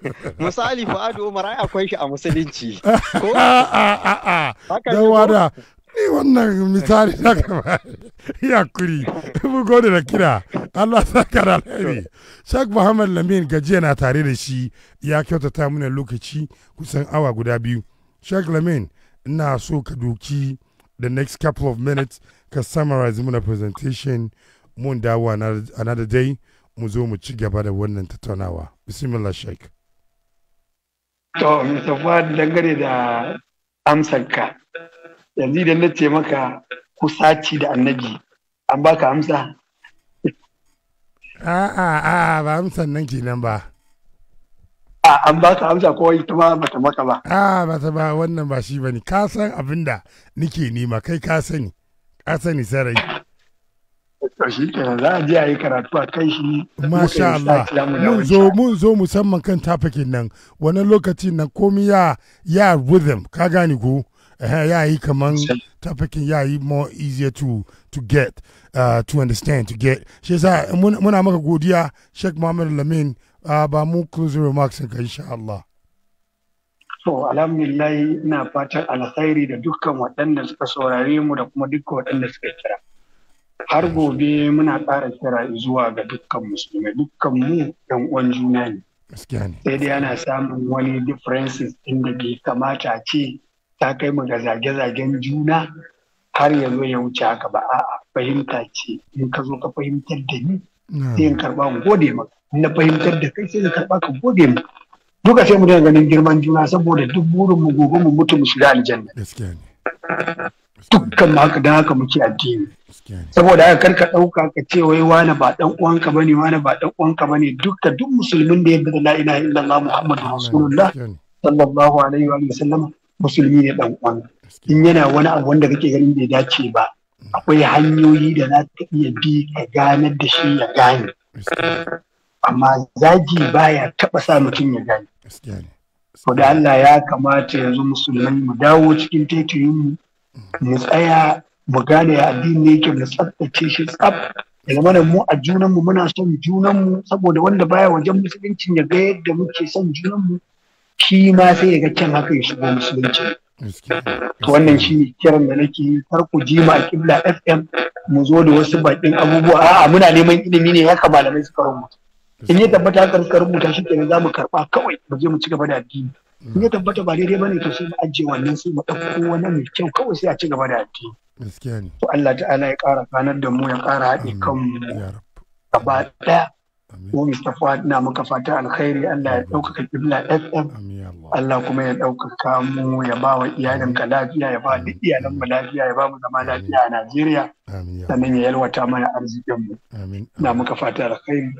misali Fa'adu Umar ai akwai shi a musulunci ko a a ni wannan misali na gaba ya kuri mu gode da kira Allah saka da alheri Sheikh Muhammad Lamin gajiya na tare da shi ya kyautata mana lokaci kusan awa guda biyu Sheikh Lamin ina so ka doki the next couple of minutes ka summarize muna presentation mun dawo another day mu zo mu ci gaba da wannan tattaunawa bismillah sheik to mr dangare da amsanka yanzu idan na ce maka kusaci da annabi an baka amsa a'a a'a ba amsan nan kenan ba an ba ka amsa ko ita ma bata maka ba a bata ba wannan ba shi bane ka san abin da nake nema kai ka sani ka sani sarai to shi kenan za a je a yi karatu a kai shi masha Allah mun zo mun zo musamman kan tafakin nan wani lokacin nan komai ya ya rhythm ka gane ko ya yi kaman tafakin ya yi more easier to to get uh, to understand to get shi yasa muna maka godiya Sheikh Muhammad Lamin Ah, ba mu closing remarks ga insha Allah to alhamdulillah ina fatan alkhairi da dukkan waɗanda suka saurare mu da kuma dukkan waɗanda suka kira har gobe muna ƙara kira zuwa ga dukkan musulmai dukkan mu ɗan uwan juna ne sai dai ana samun wani differences da bai kamata ce ta kai mu ga zage-zagen juna har yanzu ya wuce haka ba a fahimta ce in ka zo ka fahimtar da ni sai in karɓa mu gode maka na fahimtar da kai sai na karɓa ka gode mu duka sai mu daina ganin girman juna saboda duk burin mu gobe mu mutu mu shiga aljanna dukkan mu haka dan haka muke addini saboda haka karka ɗauka ka ce wai wani ba ɗan uwanka bane wani ba ɗan uwanka bane dukkan duk musulmin da yadda da la ilaha illallah muhammadu rasulullah sallallahu alaihi wa sallam musulmi ne dan uwan in yana wani abu wanda kake ganin bai dace ba mm. akwai hanyoyi da za ta iya bi ka ganar da shi ya gane amma zagi baya taɓa sa mutum ya gane. To da Allah ya kamata yanzu musulmai mu dawo cikin taitayinmu mu tsaya mu gane ya addini yake mu tsaftace shi tsaf daga mana mu a junanmu muna son junanmu saboda wanda baya wajen musulunci ya ga yadda muke son junanmu shi ma sai ya ga can haka ya shigo musulunci. To wannan shi ne kiran da nake yi kar ku ji ma a kibla FM mu zo da wasu baƙin abubuwa a'a muna neman ilimi ne haka malamai suka rubuta. in ya tabbata haka suka rubuta shi kenan za mu karɓa kawai mu je mu ci gaba da addini in ya tabbata ba daidai bane to sai mu ajiye wannan sai mu ɗauko wani mai kyau kawai sai a ci gaba da addini gaskiya ne Allah ta'ala ya ƙara kanar da mu ya ƙara haɗe kanmu gaba ɗaya ko Mustapha na muka fata alkhairi Allah ya ɗaukaka kibla FM Allah kuma ya ɗaukaka mu ya ba wa iyalinka lafiya ya ba duk iyalan mu lafiya ya ba mu zama lafiya a Najeriya sannan ya yalwata mana arzikin mu na muka fata alkhairi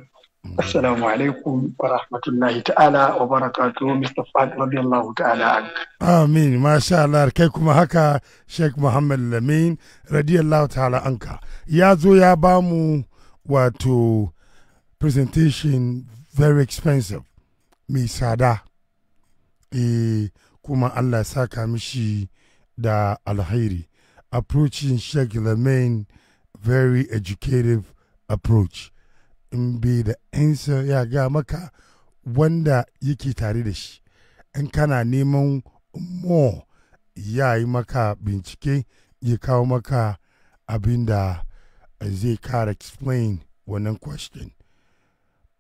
Assalamu alaikum wa rahmatullahi ta'ala wa barakatu Mr. Fad radiyallahu ta'ala Amin, masha Allah, kai kuma haka Sheikh Muhammad Lamin radiyallahu ta'ala anka. Ya zo ya ba mu wato presentation very expensive, mai tsada. E, kuma Allah saka mishi da alhairi. Approaching Sheikh Lamin very educative approach. in bai da ansa ya ga maka wanda yake tare da shi in kana neman mo ya yi maka bincike ya kawo maka abin da zai kara explain wannan question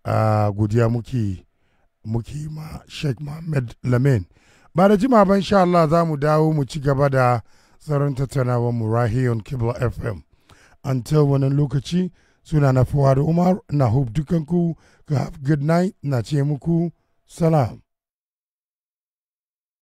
a godiya muke muke ma sheikh mohammed lamin ba da jima ban sha Allah za mu dawo mu ci gaba da tsaron tattaunawar mu rahiyon kibla fm until wannan lokaci suna na da Umar na hope dukanku ga good night na ce muku salam.